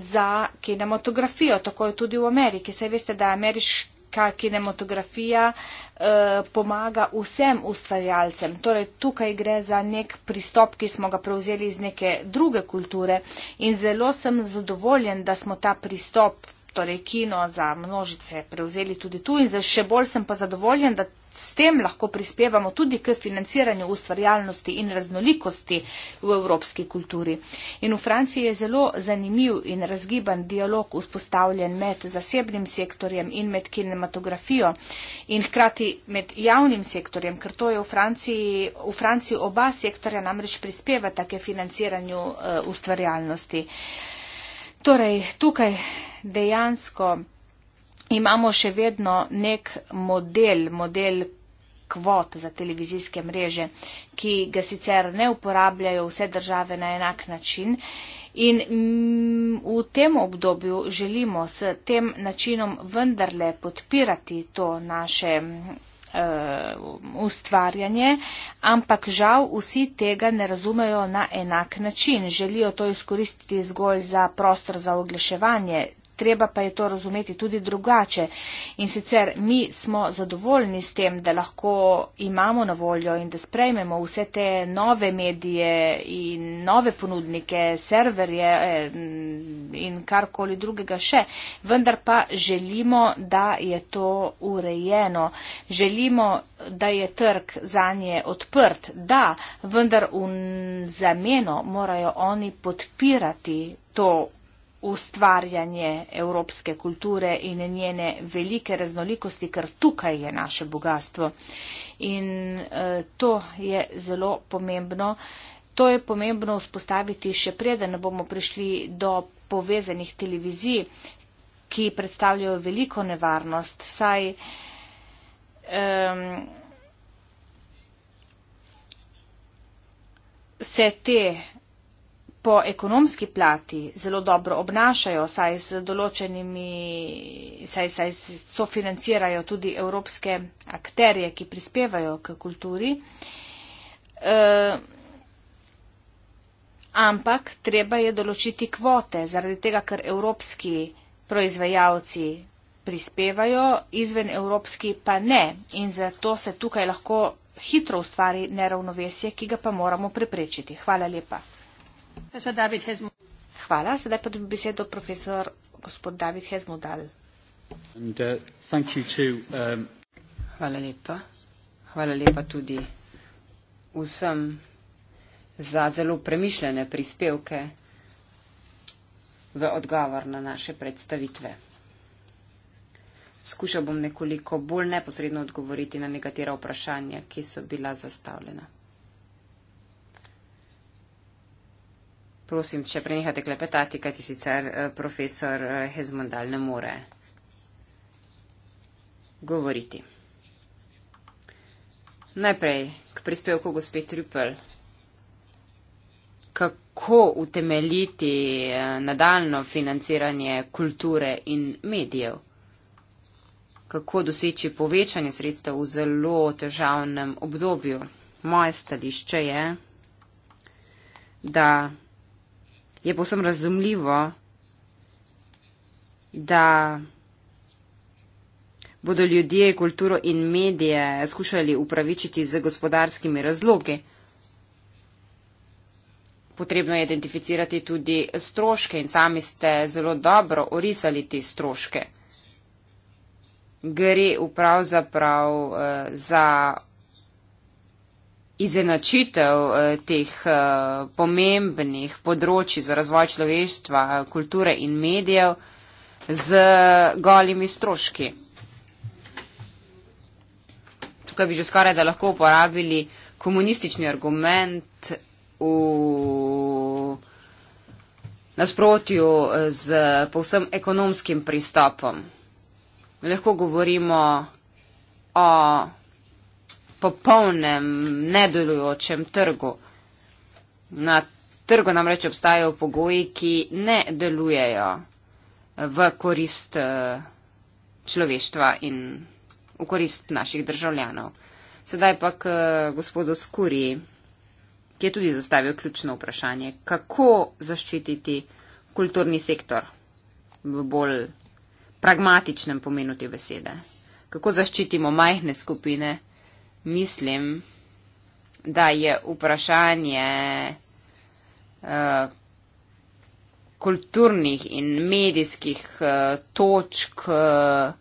za kinematografijo, tako je tudi v Ameriki. Saj veste, da je ameriška kinematografija uh, pomaga vsem ustvarjalcem. Torej, tukaj gre za nek pristop, ki smo ga prevzeli iz neke druge kulture in zelo sem zadovoljen, da smo ta pristop torej kino za množice prevzeli tudi tu in še bolj sem pa zadovoljen, da s tem lahko prispevamo tudi k financiranju ustvarjalnosti in raznolikosti v evropski kulturi. In v Franciji je zelo zanimiv in razgiban dialog vzpostavljen med zasebnim sektorjem in med kinematografijo in hkrati med javnim sektorjem, ker to je v Franciji, v Franciji oba sektorja namreč prispevata k financiranju uh, ustvarjalnosti. Uh, Torej, tukaj dejansko imamo še vedno nek model, model kvot za televizijske mreže, ki ga sicer ne uporabljajo vse države na enak način. In mm, v tem obdobju želimo s tem načinom vendarle podpirati to naše uh, ustvarjanje, ampak žal vsi tega ne razumejo na enak način. Želijo to izkoristiti zgolj za prostor za oglaševanje Treba pa je to razumeti tudi drugače. In sicer mi smo zadovoljni s tem, da lahko imamo na voljo in da sprejmemo vse te nove medije in nove ponudnike, serverje eh, in karkoli drugega še. Vendar pa želimo, da je to urejeno. Želimo, da je trg za nje odprt. Da, vendar v zameno morajo oni podpirati to ustvarjanje evropske kulture in njene velike raznolikosti, ker tukaj je naše bogatstvo. In uh, to je zelo pomembno. To je pomembno vzpostaviti še preden ne bomo prišli do povezanih televizij, ki predstavljajo veliko nevarnost, saj um, se te po ekonomski plati zelo dobro obnašajo, saj s določenimi, saj, saj sofinancirajo tudi evropske akterje, ki prispevajo k kulturi. E, ampak treba je določiti kvote, zaradi tega, ker evropski proizvajalci prispevajo, izven evropski pa ne. In zato se tukaj lahko hitro ustvari neravnovesje, ki ga pa moramo preprečiti. Hvala lepa. Profesor David Hezmudal. Hvala. Sedaj pa dobi besedo profesor gospod David Hezmudal. And, uh, thank you to, um... Hvala lepa. Hvala lepa tudi vsem za zelo premišljene prispevke v odgovor na naše predstavitve. Skušal bom nekoliko bolj neposredno odgovoriti na nekatera vprašanja, ki so bila zastavljena. prosim, če prenehate klepetati, kaj ti sicer eh, profesor eh, Hezmondal ne more govoriti. Najprej k prispevku gospe Trupel. Kako utemeljiti eh, nadaljno financiranje kulture in medijev? Kako doseči povečanje sredstev v zelo težavnem obdobju? Moje stališče je, da je posem razumljivo, da bodo ljudje, kulturo in medije skušali upravičiti z gospodarskimi razlogi. Potrebno je identificirati tudi stroške in sami ste zelo dobro orisali te stroške. Gre upravzaprav eh, za izenačitev eh, teh eh, pomembnih področji za razvoj človeštva, kulture in medijev z golimi stroški. Tukaj bi že skoraj da lahko uporabili komunistični argument v nasprotju eh, z povsem ekonomskim pristopom. Lahko govorimo o popolnem, nedelujočem trgu. Na trgu namreč obstajajo pogoji, ki ne delujejo v korist eh, človeštva in v korist naših državljanov. Sedaj pa k eh, gospodu Skuri, ki je tudi zastavil ključno vprašanje, kako zaščititi kulturni sektor v bolj pragmatičnem pomenu te besede. Kako zaščitimo majhne skupine, mislim, da je vprašanje uh, kulturnih in medijskih uh, točk uh,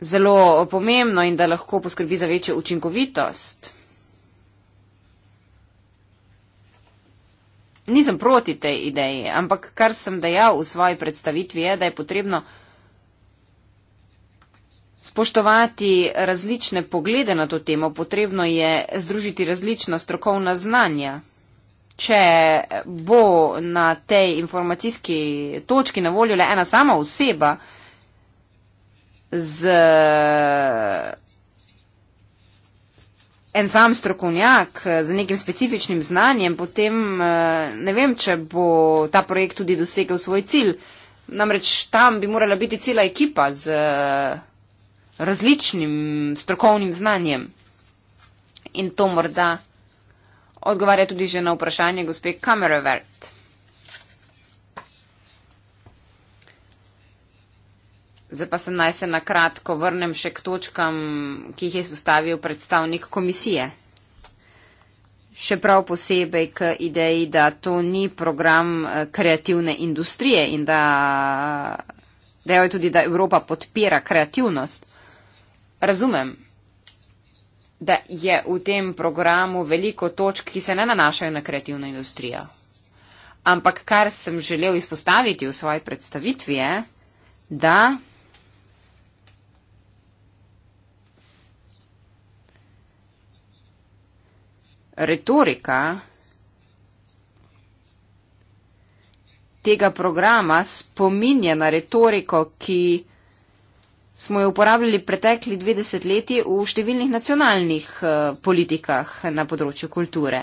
zelo pomembno in da lahko poskrbi za večjo učinkovitost. Nisem proti tej ideji, ampak kar sem dejal v svoji predstavitvi je, da je potrebno spoštovati različne poglede na to temo, potrebno je združiti različna strokovna znanja. Če bo na tej informacijski točki na voljo le ena sama oseba z en sam strokovnjak z nekim specifičnim znanjem, potem eh, ne vem, če bo ta projekt tudi dosegel svoj cilj. Namreč tam bi morala biti cela ekipa z eh, različnim strokovnim znanjem. In to morda odgovarja tudi že na vprašanje gospe Kamerevert. Zdaj pa se naj se na kratko vrnem še k točkam, ki jih je izpostavil predstavnik komisije. Še prav posebej k ideji, da to ni program eh, kreativne industrije in da, da je tudi, da Evropa podpira kreativnost. Razumem, da je v tem programu veliko točk, ki se ne nanašajo na kreativno industrijo. Ampak kar sem želel izpostaviti v svoji predstavitvi je, da retorika tega programa spominja na retoriko, ki smo jo uporabljali pretekli dve desetletji v številnih nacionalnih eh, politikah na področju kulture.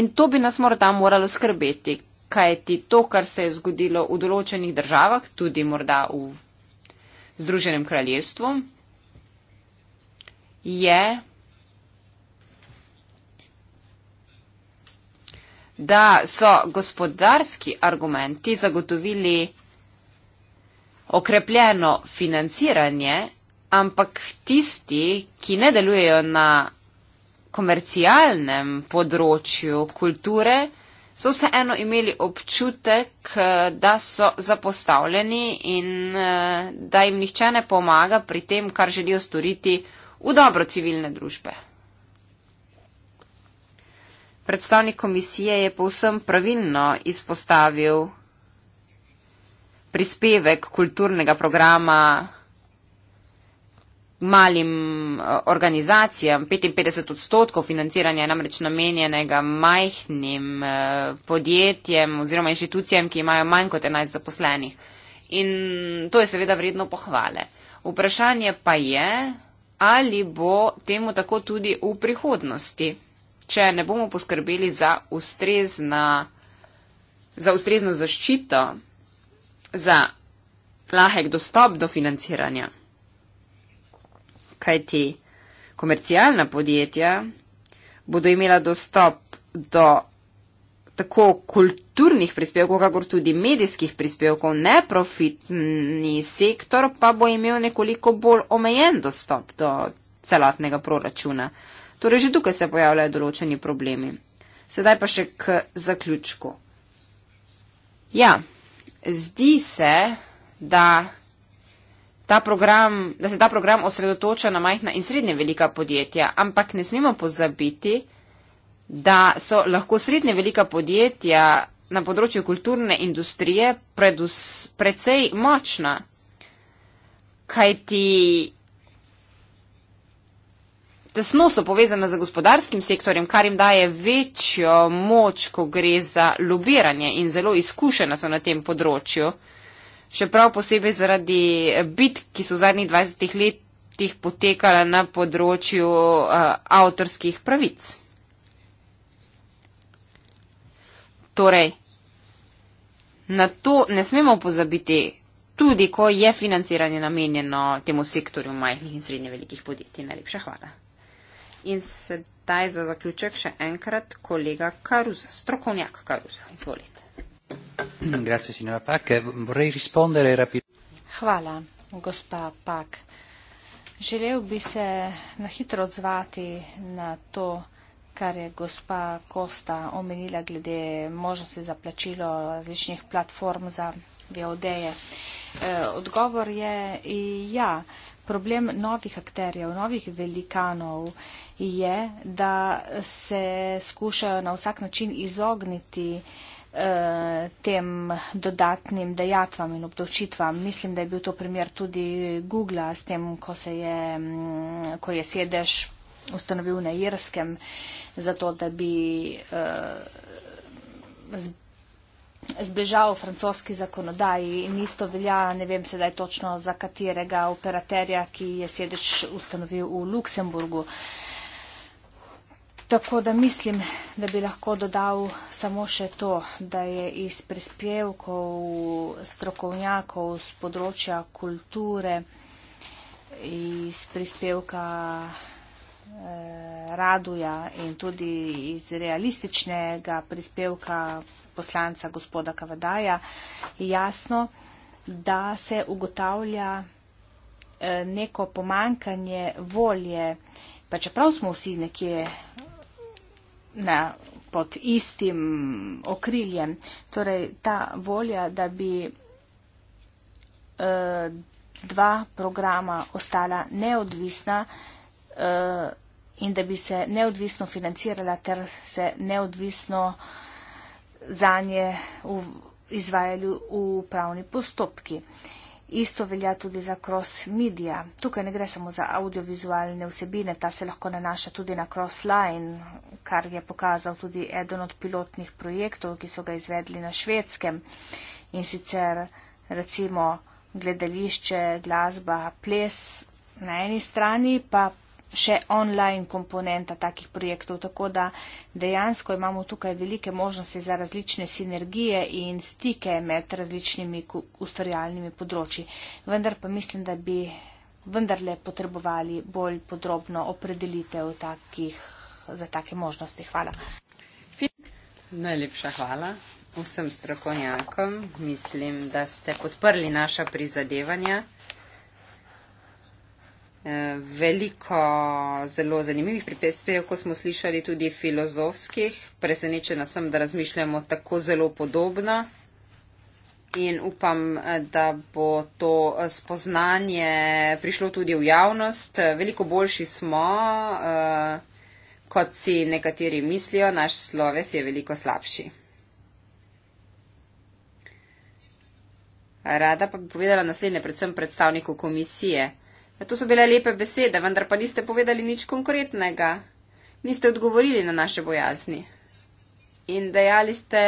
In to bi nas morda moralo skrbeti, kajti to, kar se je zgodilo v določenih državah, tudi morda v Združenem kraljestvu, je, da so gospodarski argumenti zagotovili okrepljeno financiranje, ampak tisti, ki ne delujejo na komercialnem področju kulture, so vseeno imeli občutek, da so zapostavljeni in eh, da jim nihče ne pomaga pri tem, kar želijo storiti v dobro civilne družbe. Predstavnik komisije je povsem pravilno izpostavil prispevek kulturnega programa malim eh, organizacijam. 55 odstotkov financiranja je namreč namenjenega majhnim eh, podjetjem oziroma inštitucijam, ki imajo manj kot 11 zaposlenih. In to je seveda vredno pohvale. Vprašanje pa je, ali bo temu tako tudi v prihodnosti, če ne bomo poskrbeli za, ustrezna, za ustrezno zaščito za lahek dostop do financiranja. Kaj ti komercialna podjetja bodo imela dostop do tako kulturnih prispevkov, kakor tudi medijskih prispevkov, neprofitni sektor pa bo imel nekoliko bolj omejen dostop do celotnega proračuna. Torej, že tukaj se pojavljajo določeni problemi. Sedaj pa še k zaključku. Ja, zdi se, da, program, da se ta program osredotoča na majhna in srednje velika podjetja, ampak ne smemo pozabiti, da so lahko srednje velika podjetja na področju kulturne industrije predus, precej močna. Kajti tesno so povezane z gospodarskim sektorjem, kar jim daje večjo moč, ko gre za lobiranje in zelo izkušena so na tem področju. Še prav posebej zaradi bit, ki so v zadnjih 20 letih potekala na področju uh, avtorskih pravic. Torej, na to ne smemo pozabiti, tudi ko je financiranje namenjeno temu sektorju majhnih in srednje velikih podjetij. Najlepša hvala. In sedaj za zaključek še enkrat kolega Karuza, strokovnjak Karuza. Izvolite. Hvala, gospa Pak. Želel bi se na hitro odzvati na to, kar je gospa Kosta omenila glede možnosti za plačilo različnih platform za VOD-je. Eh, odgovor je ja problem novih akterjev, novih velikanov je, da se skušajo na vsak način izogniti eh, tem dodatnim dejatvam in obdočitvam. Mislim, da je bil to primer tudi Google s tem, ko, se je, mm, ko je sedež ustanovil na Irskem, zato da bi uh, zbežal v francoski zakonodaji in isto velja, ne vem sedaj točno za katerega operaterja, ki je sedež ustanovil v Luksemburgu. Tako da mislim, da bi lahko dodal samo še to, da je iz prispevkov strokovnjakov z področja kulture, iz prispevka Eh, raduja in tudi iz realističnega prispevka poslanca gospoda Kavadaja jasno, da se ugotavlja eh, neko pomankanje volje, pa čeprav smo vsi nekje na, pod istim okriljem, torej ta volja, da bi eh, dva programa ostala neodvisna, in da bi se neodvisno financirala ter se neodvisno za nje izvajali v pravni postopki. Isto velja tudi za cross-media. Tukaj ne gre samo za audiovizualne vsebine, ta se lahko nanaša tudi na cross-line, kar je pokazal tudi eden od pilotnih projektov, ki so ga izvedli na švedskem. In sicer recimo gledališče, glasba, ples na eni strani, pa še online komponenta takih projektov, tako da dejansko imamo tukaj velike možnosti za različne sinergije in stike med različnimi ustvarjalnimi področji. Vendar pa mislim, da bi vendarle potrebovali bolj podrobno opredelitev takih, za take možnosti. Hvala. Najlepša hvala vsem strokovnjakom. Mislim, da ste podprli naša prizadevanja. Eh, veliko zelo zanimivih pripespev, ko smo slišali tudi filozofskih. Presenečena sem, da razmišljamo tako zelo podobno in upam, eh, da bo to eh, spoznanje prišlo tudi v javnost. Veliko boljši smo, kot si nekateri mislijo, naš sloves je veliko slabši. Rada pa bi povedala naslednje, predvsem predstavniku komisije. Ja, to so bile lepe besede, vendar pa niste povedali nič konkretnega. Niste odgovorili na naše bojazni. In dejali ste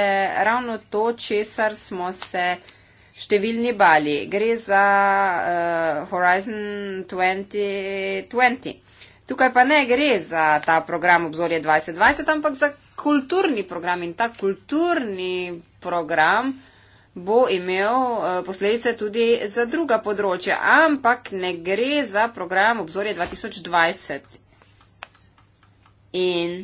ravno to, česar smo se številni bali. Gre za uh, Horizon 2020. Tukaj pa ne gre za ta program obzorje 2020, ampak za kulturni program in ta kulturni program bo imel eh, posledice tudi za druga področja, ampak ne gre za program obzorje 2020. In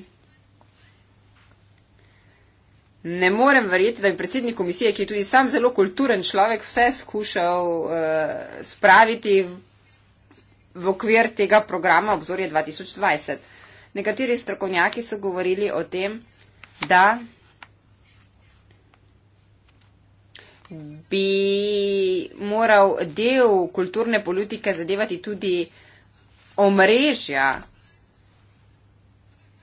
ne morem verjeti, da bi predsednik komisije, ki je tudi sam zelo kulturen človek, vse skušal uh, spraviti v, v okvir tega programa obzorje 2020. Nekateri strokovnjaki so govorili o tem, da bi moral del kulturne politike zadevati tudi omrežja.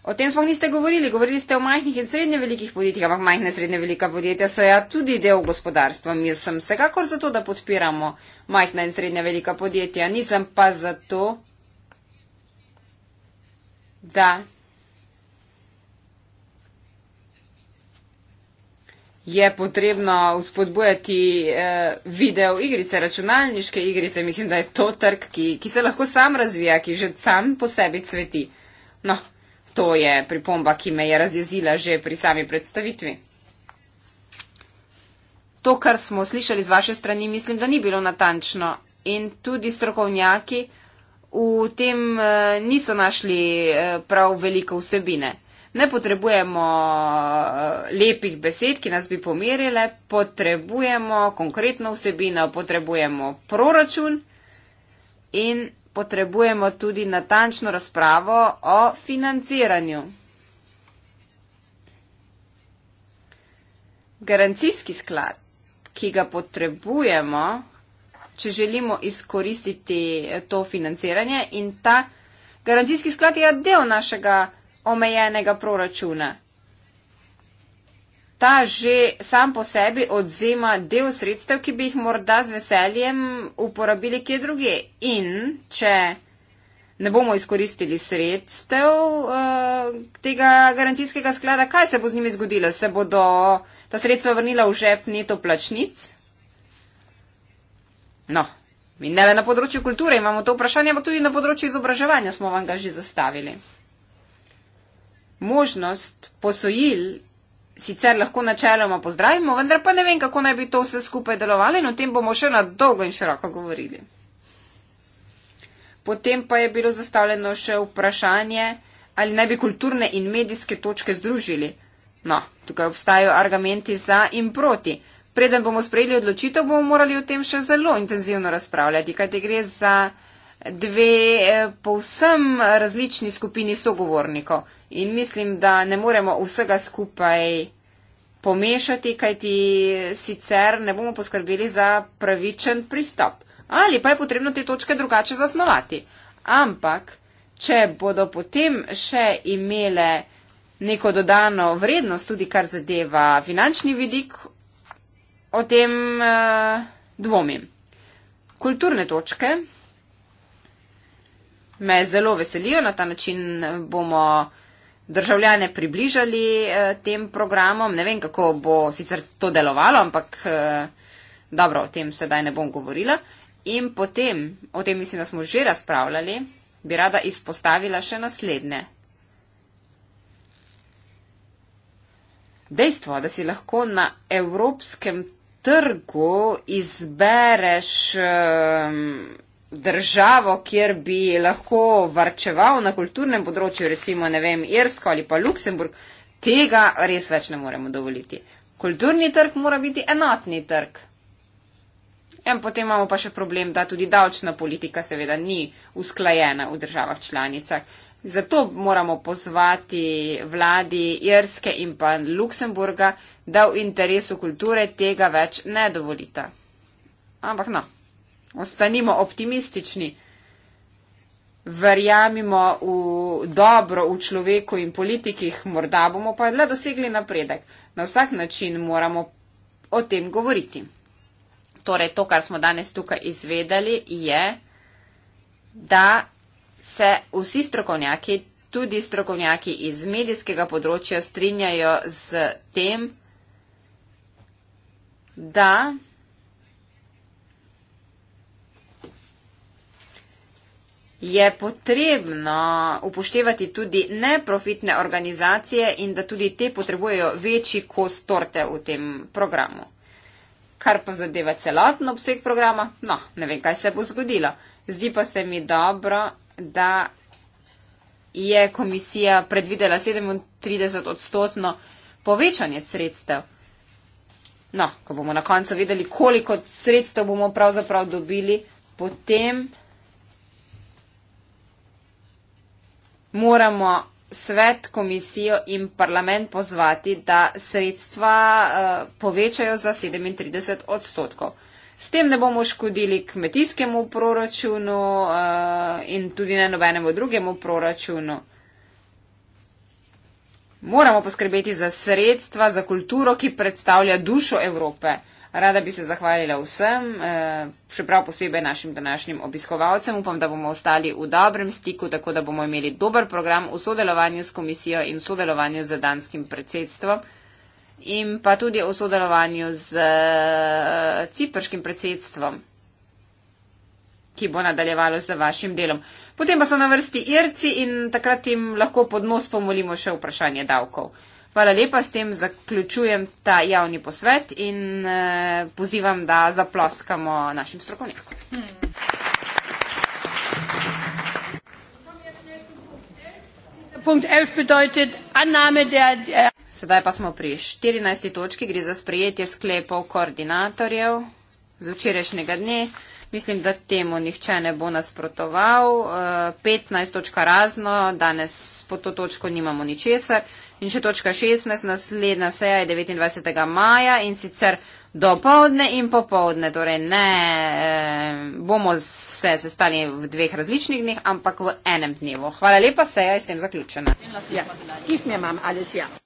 O tem smo niste govorili, govorili ste o majhnih in srednje velikih podjetjih, ampak majhne in srednje velika podjetja so ja tudi del gospodarstva. Mi sem vsekakor zato, da podpiramo majhna in srednje velika podjetja, nisem pa zato, da je potrebno vzpodbujati eh, video igrice, računalniške igrice. Mislim, da je to trg, ki, ki se lahko sam razvija, ki že sam po sebi cveti. No, to je pripomba, ki me je razjezila že pri sami predstavitvi. To, kar smo slišali z vaše strani, mislim, da ni bilo natančno. In tudi strokovnjaki v tem eh, niso našli eh, prav veliko vsebine. Ne potrebujemo eh, lepih besed, ki nas bi pomerile, potrebujemo konkretno vsebino, potrebujemo proračun in potrebujemo tudi natančno razpravo o financiranju. Garancijski sklad, ki ga potrebujemo, če želimo izkoristiti to financiranje in ta garancijski sklad je del našega omejenega proračuna. Ta že sam po sebi odzema del sredstev, ki bi jih morda z veseljem uporabili kje druge. In če ne bomo izkoristili sredstev uh, tega garancijskega sklada, kaj se bo z njimi zgodilo? Se bodo ta sredstva vrnila v žep neto plačnic? No, mi ne le na področju kulture imamo to vprašanje, ampak tudi na področju izobraževanja smo vam ga že zastavili možnost posojil sicer lahko načeloma pozdravimo, vendar pa ne vem, kako naj bi to vse skupaj delovalo in o tem bomo še na dolgo in široko govorili. Potem pa je bilo zastavljeno še vprašanje, ali naj bi kulturne in medijske točke združili. No, tukaj obstajajo argumenti za in proti. Preden bomo sprejeli odločitev, bomo morali o tem še zelo intenzivno razpravljati, kajte gre za dve eh, povsem različni skupini sogovornikov in mislim, da ne moremo vsega skupaj pomešati, kajti sicer ne bomo poskrbeli za pravičen pristop. Ali pa je potrebno te točke drugače zasnovati. Ampak, če bodo potem še imele neko dodano vrednost, tudi kar zadeva finančni vidik, o tem eh, dvomim. Kulturne točke me zelo veselijo. Na ta način bomo državljane približali eh, tem programom. Ne vem, kako bo sicer to delovalo, ampak eh, dobro, o tem sedaj ne bom govorila. In potem, o tem mislim, da smo že razpravljali, bi rada izpostavila še naslednje. Dejstvo, da si lahko na evropskem trgu izbereš. Um, državo, kjer bi lahko varčeval na kulturnem področju, recimo, ne vem, Irsko ali pa Luksemburg, tega res več ne moremo dovoliti. Kulturni trg mora biti enotni trg. In potem imamo pa še problem, da tudi davčna politika seveda ni usklajena v državah članicah. Zato moramo pozvati vladi Irske in pa Luksemburga, da v interesu kulture tega več ne dovolita. Ampak no ostanimo optimistični, verjamimo v dobro v človeku in politikih, morda bomo pa le dosegli napredek. Na vsak način moramo o tem govoriti. Torej, to, kar smo danes tukaj izvedeli, je, da se vsi strokovnjaki, tudi strokovnjaki iz medijskega področja, strinjajo z tem, da je potrebno upoštevati tudi neprofitne organizacije in da tudi te potrebujejo večji kos torte v tem programu. Kar pa zadeva celotno obseg programa, no, ne vem, kaj se bo zgodilo. Zdi pa se mi dobro, da je komisija predvidela 37 odstotno povečanje sredstev. No, ko bomo na koncu videli, koliko sredstev bomo pravzaprav dobili, potem moramo svet, komisijo in parlament pozvati, da sredstva eh, povečajo za 37 odstotkov. S tem ne bomo škodili kmetijskemu proračunu eh, in tudi ne nobenemu drugemu proračunu. Moramo poskrbeti za sredstva, za kulturo, ki predstavlja dušo Evrope. Rada bi se zahvalila vsem, eh, še prav posebej našim današnjim obiskovalcem. Upam, da bomo ostali v dobrem stiku, tako da bomo imeli dober program v sodelovanju s komisijo in v sodelovanju z danskim predsedstvom in pa tudi v sodelovanju z eh, ciprškim predsedstvom, ki bo nadaljevalo z vašim delom. Potem pa so na vrsti Irci in takrat jim lahko pod nos pomolimo še vprašanje davkov. Hvala lepa, s tem zaključujem ta javni posvet in eh, pozivam, da zaploskamo našim strokovnjakom. Hmm. Sedaj pa smo pri 14. točki, gre za sprejetje sklepov koordinatorjev z včerajšnjega dne. Mislim, da temu nihče ne bo nasprotoval. 15 eh, točka razno, danes po to točko nimamo ničesar. In še točka 16, naslednja seja je 29. maja in sicer do povdne in popovdne. Torej ne eh, bomo se sestali v dveh različnih dneh, ampak v enem dnevu. Hvala lepa, seja je s tem zaključena. Ja.